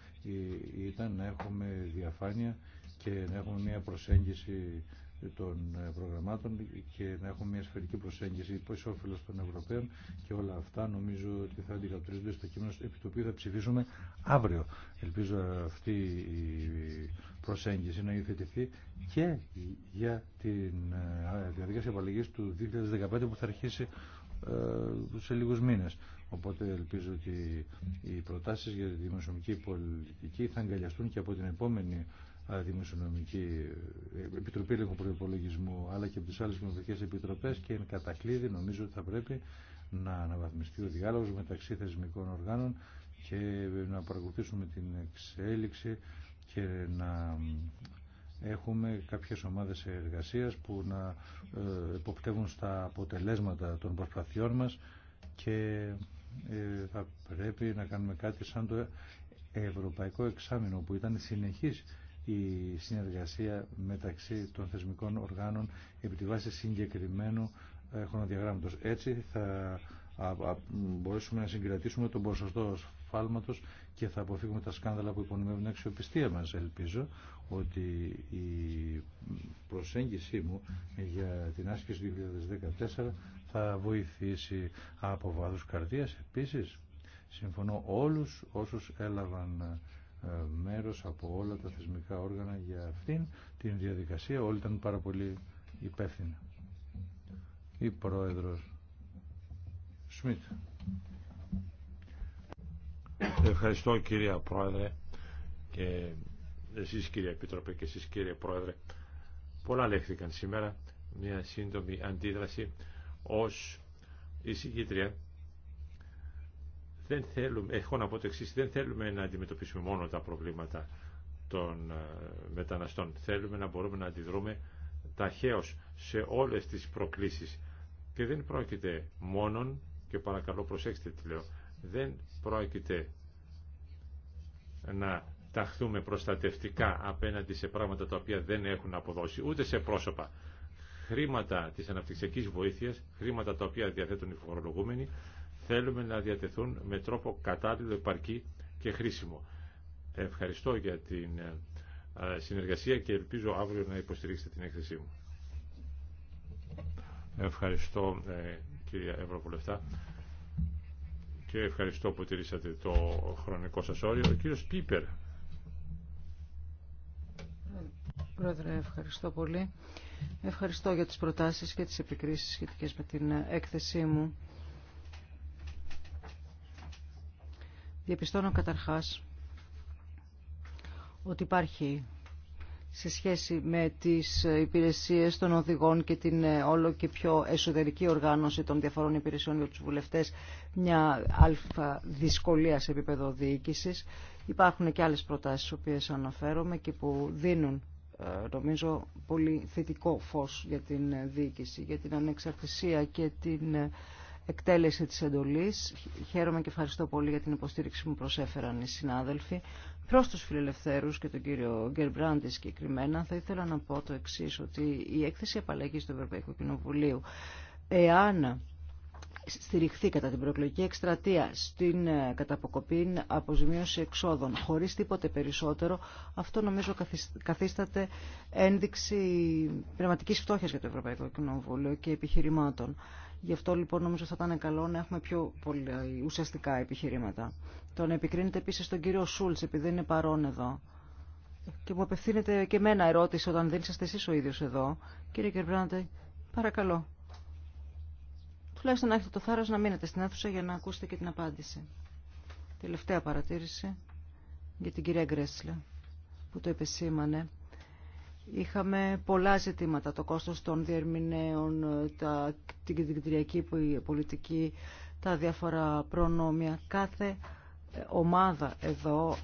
S5: ήταν να έχουμε διαφάνεια και να έχουμε μια προσέγγιση των ε, προγραμμάτων και να έχουμε μια σφαιρική προσέγγιση υπό όφελο των Ευρωπαίων και όλα αυτά νομίζω ότι θα αντικατορίζονται στο κείμενο επί το οποίο θα ψηφίσουμε αύριο. Ελπίζω αυτή η προσέγγιση να υιοθετηθεί και για την ε, διαδικασία απαλλαγή του 2015 που θα αρχίσει ε, σε λίγους μήνες. Οπότε ελπίζω ότι οι προτάσεις για τη δημοσιονομική πολιτική θα αγκαλιαστούν και από την επόμενη Δημοσιονομική ε, Επιτροπή Ελέγχου Προπολογισμού αλλά και από τι άλλε δημοτικέ επιτροπέ και εν κατακλείδη νομίζω ότι θα πρέπει να αναβαθμιστεί ο διάλογο μεταξύ θεσμικών οργάνων και να παρακολουθήσουμε την εξέλιξη και να έχουμε κάποιες ομάδες εργασίας που να ε, εποπτεύουν στα αποτελέσματα των προσπαθειών μας και ε, θα πρέπει να κάνουμε κάτι σαν το ευρωπαϊκό εξάμεινο που ήταν συνεχής η συνεργασία μεταξύ των θεσμικών οργάνων επί τη βάση συγκεκριμένου ε, χρονοδιαγράμματος. Έτσι θα μπορέσουμε να συγκρατήσουμε τον ποσοστό φάλματος και θα αποφύγουμε τα σκάνδαλα που υπονομεύουν την αξιοπιστία μας. Ελπίζω ότι η προσέγγιση μου για την άσκηση του 2014 θα βοηθήσει από βάθους καρδίας. Επίσης, συμφωνώ όλους όσους έλαβαν ε, μέρος από όλα τα θεσμικά όργανα για αυτήν την διαδικασία. Όλοι ήταν πάρα πολύ υπεύθυνοι. Η πρόεδρος Σμιτ.
S6: Ευχαριστώ κυρία Πρόεδρε και εσείς κύριε Επίτροπε και εσείς κύριε Πρόεδρε. Πολλά λέχθηκαν σήμερα. Μια σύντομη αντίδραση ως εισηγήτρια δεν θέλουμε, έχω να πω το εξής, δεν θέλουμε να αντιμετωπίσουμε μόνο τα προβλήματα των ε, μεταναστών. Θέλουμε να μπορούμε να αντιδρούμε ταχαίως σε όλες τις προκλήσεις. Και δεν πρόκειται μόνον, και παρακαλώ προσέξτε τι λέω, δεν πρόκειται να ταχθούμε προστατευτικά απέναντι σε πράγματα τα οποία δεν έχουν αποδώσει, ούτε σε πρόσωπα. Χρήματα της αναπτυξιακής βοήθειας, χρήματα τα οποία διαθέτουν οι φορολογούμενοι, θέλουμε να διατεθούν με τρόπο κατάλληλο, επαρκή και χρήσιμο. Ευχαριστώ για την ε, συνεργασία και ελπίζω αύριο να υποστηρίξετε την έκθεσή μου. Ευχαριστώ ε, κυρία Ευρωβουλευτά και ευχαριστώ που τηρήσατε το χρονικό σας όριο. Ο κύριος Πίπερ.
S4: Πρόεδρε, ευχαριστώ πολύ. Ευχαριστώ για τις προτάσεις και τις επικρίσεις σχετικές με την ε, έκθεσή μου. Διαπιστώνω καταρχάς ότι υπάρχει σε σχέση με τις υπηρεσίες των οδηγών και την ε, όλο και πιο εσωτερική οργάνωση των διαφορών υπηρεσιών για τους βουλευτές μια αλφα δυσκολία σε επίπεδο διοίκησης. Υπάρχουν και άλλες προτάσεις στις οποίες αναφέρομαι και που δίνουν ε, νομίζω πολύ θετικό φως για την ε, διοίκηση, για την ανεξαρτησία και την εκτέλεση της εντολής. Χαίρομαι και ευχαριστώ πολύ για την υποστήριξη που μου προσέφεραν οι συνάδελφοι. Προς τους φιλελευθέρους και τον κύριο Γκερμπράντη συγκεκριμένα θα ήθελα να πω το εξή ότι η έκθεση απαλλαγής του Ευρωπαϊκού Κοινοβουλίου εάν στηριχθεί κατά την προεκλογική εκστρατεία στην ε, καταποκοπή αποζημίωση εξόδων χωρίς τίποτε περισσότερο, αυτό νομίζω καθίσταται ένδειξη πνευματικής φτώχειας για το Ευρωπαϊκό Κοινοβούλιο και επιχειρημάτων. Γι' αυτό λοιπόν νομίζω θα ήταν καλό να έχουμε πιο πολύ ε, ουσιαστικά επιχειρήματα. Τον επικρίνεται επίση τον κύριο Σούλτ, επειδή είναι παρόν εδώ. Και μου απευθύνεται και εμένα ερώτηση όταν δεν είσαστε εσεί ο ίδιο εδώ. Κύριε Κερμπράντε, παρακαλώ. Τουλάχιστον να έχετε το θάρρο να μείνετε στην αίθουσα για να ακούσετε και την απάντηση. Τελευταία παρατήρηση για την κυρία Γκρέσλε που το επεσήμανε Είχαμε πολλά ζητήματα, το κόστος των διερμηνέων, τα, την κεντρική πολιτική, τα διάφορα προνόμια. Κάθε ε, ομάδα εδώ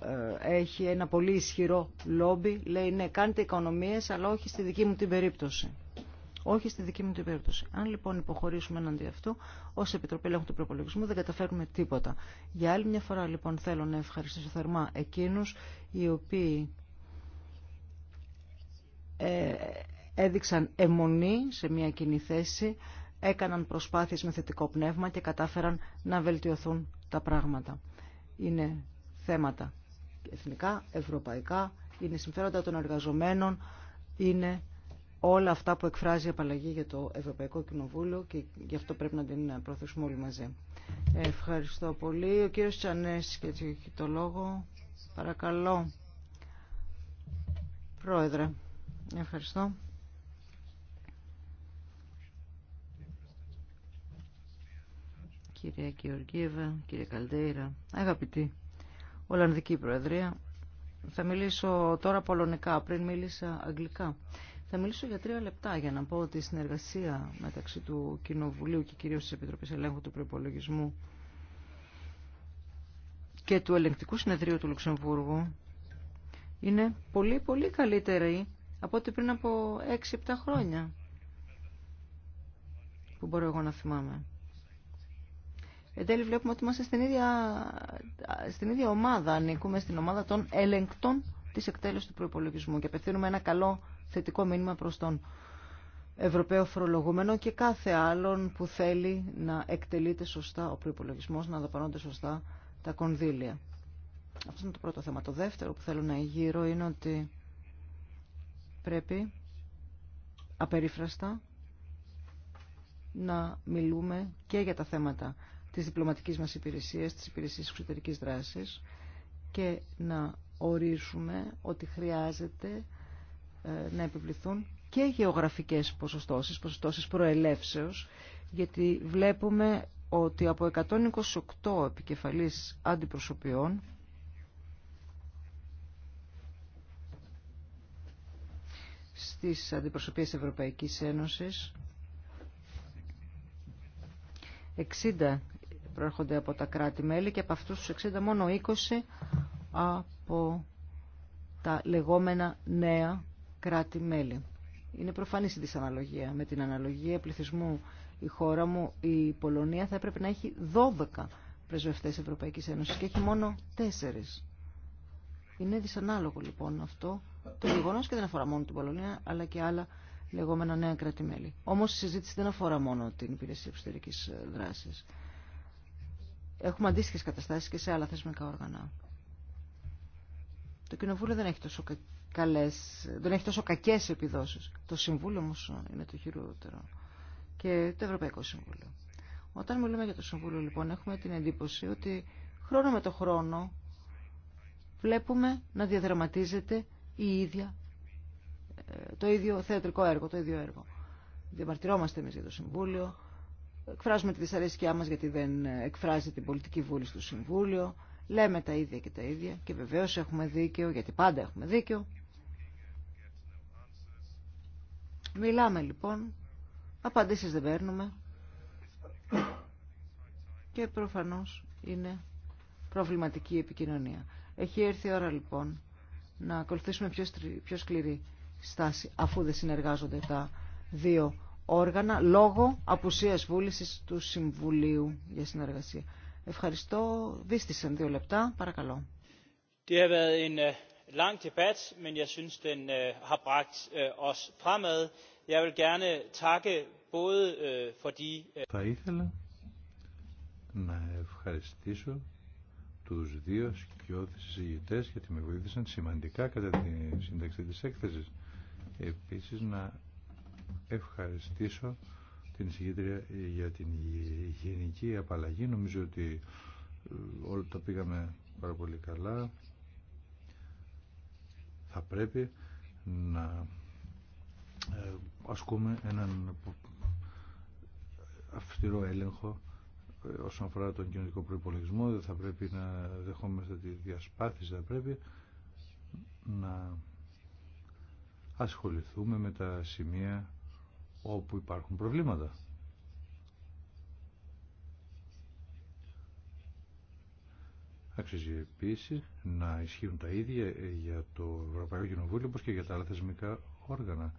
S4: ε, έχει ένα πολύ ισχυρό λόμπι, λέει ναι κάντε οικονομίες αλλά όχι στη δική μου την περίπτωση. Όχι στη δική μου την περίπτωση. Αν λοιπόν υποχωρήσουμε εναντί αυτού, ω Επιτροπή Ελέγχου του Προπολογισμού δεν καταφέρουμε τίποτα. Για άλλη μια φορά λοιπόν θέλω να ευχαριστήσω θερμά εκείνου οι οποίοι ε, έδειξαν αιμονή σε μια κοινή θέση, έκαναν προσπάθειες με θετικό πνεύμα και κατάφεραν να βελτιωθούν τα πράγματα. Είναι θέματα εθνικά, ευρωπαϊκά, είναι συμφέροντα των εργαζομένων, είναι όλα αυτά που εκφράζει η απαλλαγή για το Ευρωπαϊκό Κοινοβούλιο και γι' αυτό πρέπει να την προωθήσουμε όλοι μαζί. Ευχαριστώ πολύ. Ο κύριος Τσανέσης και το λόγο. Παρακαλώ. Πρόεδρε. Ευχαριστώ. Κυρία Γεωργίευα, κύριε Καλτέιρα, αγαπητή Ολλανδική Προεδρία, θα μιλήσω τώρα πολωνικά, πριν μίλησα αγγλικά. Θα μιλήσω για τρία λεπτά για να πω ότι η συνεργασία μεταξύ του Κοινοβουλίου και κυρίως της Επιτροπής Ελέγχου του Προπολογισμού και του Ελεγκτικού Συνεδρίου του Λουξεμβούργου είναι πολύ πολύ καλύτερη από ό,τι πριν από 6-7 χρόνια που μπορώ εγώ να θυμάμαι. Εν τέλει βλέπουμε ότι είμαστε στην ίδια, στην ίδια ομάδα, ανήκουμε στην ομάδα των ελεγκτών της εκτέλεσης του προϋπολογισμού και απευθύνουμε ένα καλό θετικό μήνυμα προς τον Ευρωπαίο φορολογούμενο και κάθε άλλον που θέλει να εκτελείται σωστά ο προϋπολογισμός, να δαπανώνται σωστά τα κονδύλια. Αυτό είναι το πρώτο θέμα. Το δεύτερο που θέλω να γύρω είναι ότι πρέπει απερίφραστα να μιλούμε και για τα θέματα της διπλωματικής μας υπηρεσίας, της υπηρεσίας εξωτερικής δράσης και να ορίσουμε ότι χρειάζεται ε, να επιβληθούν και γεωγραφικές ποσοστώσεις, ποσοστώσεις προελεύσεως, γιατί βλέπουμε ότι από 128 επικεφαλής αντιπροσωπιών στις αντιπροσωπείες Ευρωπαϊκής Ένωσης. 60 προέρχονται από τα κράτη-μέλη και από αυτούς τους 60 μόνο 20 από τα λεγόμενα νέα κράτη-μέλη. Είναι προφανή η δυσαναλογία. Με την αναλογία πληθυσμού η χώρα μου, η Πολωνία, θα έπρεπε να έχει 12 πρεσβευτές Ευρωπαϊκής Ένωσης και έχει μόνο 4. Είναι δυσανάλογο λοιπόν αυτό το γεγονό και δεν αφορά μόνο την Πολωνία, αλλά και άλλα λεγόμενα νέα κράτη-μέλη. Όμω η συζήτηση δεν αφορά μόνο την υπηρεσία εξωτερική ε, δράση. Έχουμε αντίστοιχε καταστάσει και σε άλλα θεσμικά όργανα. Το Κοινοβούλιο δεν έχει τόσο καλές, δεν έχει τόσο κακές επιδόσεις. Το Συμβούλιο όμως είναι το χειρότερο. Και το Ευρωπαϊκό Συμβούλιο. Όταν μιλούμε για το Συμβούλιο λοιπόν έχουμε την εντύπωση ότι χρόνο με το χρόνο βλέπουμε να διαδραματίζεται η ίδια, ε, το ίδιο θεατρικό έργο, το ίδιο έργο. Διαμαρτυρόμαστε εμεί για το Συμβούλιο, εκφράζουμε τη δυσαρέσκειά μας γιατί δεν ε, εκφράζει την πολιτική βούληση του Συμβούλιο, λέμε τα ίδια και τα ίδια και βεβαίω έχουμε δίκαιο, γιατί πάντα έχουμε δίκαιο. Μιλάμε λοιπόν, απαντήσεις δεν παίρνουμε και προφανώς είναι προβληματική επικοινωνία. Έχει έρθει η ώρα λοιπόν να ακολουθήσουμε πιο, πιο σκληρή στάση αφού δεν συνεργάζονται τα δύο όργανα λόγω απουσίας βούλησης του Συμβουλίου για συνεργασία. Ευχαριστώ. Δίστησαν δύο λεπτά. Παρακαλώ.
S8: Øh, lang debat, men jeg synes, den øh, har bragt øh, os fremad. Jeg gerne både for Θα
S5: ήθελα να ευχαριστήσω τους δύο σκιώδεις συζητητές γιατί με βοήθησαν σημαντικά κατά τη σύνταξη της έκθεσης. Επίσης να ευχαριστήσω την συγκέντρια για την γενική απαλλαγή. Νομίζω ότι ε, όλα τα πήγαμε πάρα πολύ καλά. Θα πρέπει να ε, ασκούμε έναν αυστηρό έλεγχο ε, όσον αφορά τον κοινωνικό προπολογισμό, δεν θα πρέπει να δεχόμαστε τη διασπάθηση, θα πρέπει να ασχοληθούμε με τα σημεία όπου υπάρχουν προβλήματα. Αξίζει επίση να ισχύουν τα ίδια για το Ευρωπαϊκό Κοινοβούλιο όπως και για τα άλλα θεσμικά όργανα.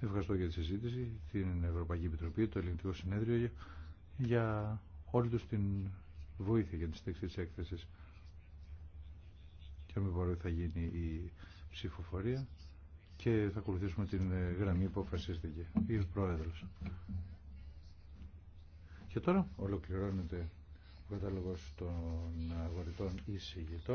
S5: Ευχαριστώ για τη συζήτηση, την Ευρωπαϊκή Επιτροπή, το Ελληνικό Συνέδριο για όλη του την βοήθεια για τη στήριξη τη έκθεση. Και με μπορεί θα γίνει η ψηφοφορία και θα ακολουθήσουμε την γραμμή που αποφασίστηκε η Πρόεδρος. Και τώρα ολοκληρώνεται ο κατάλογος των αγορητών εισηγητών.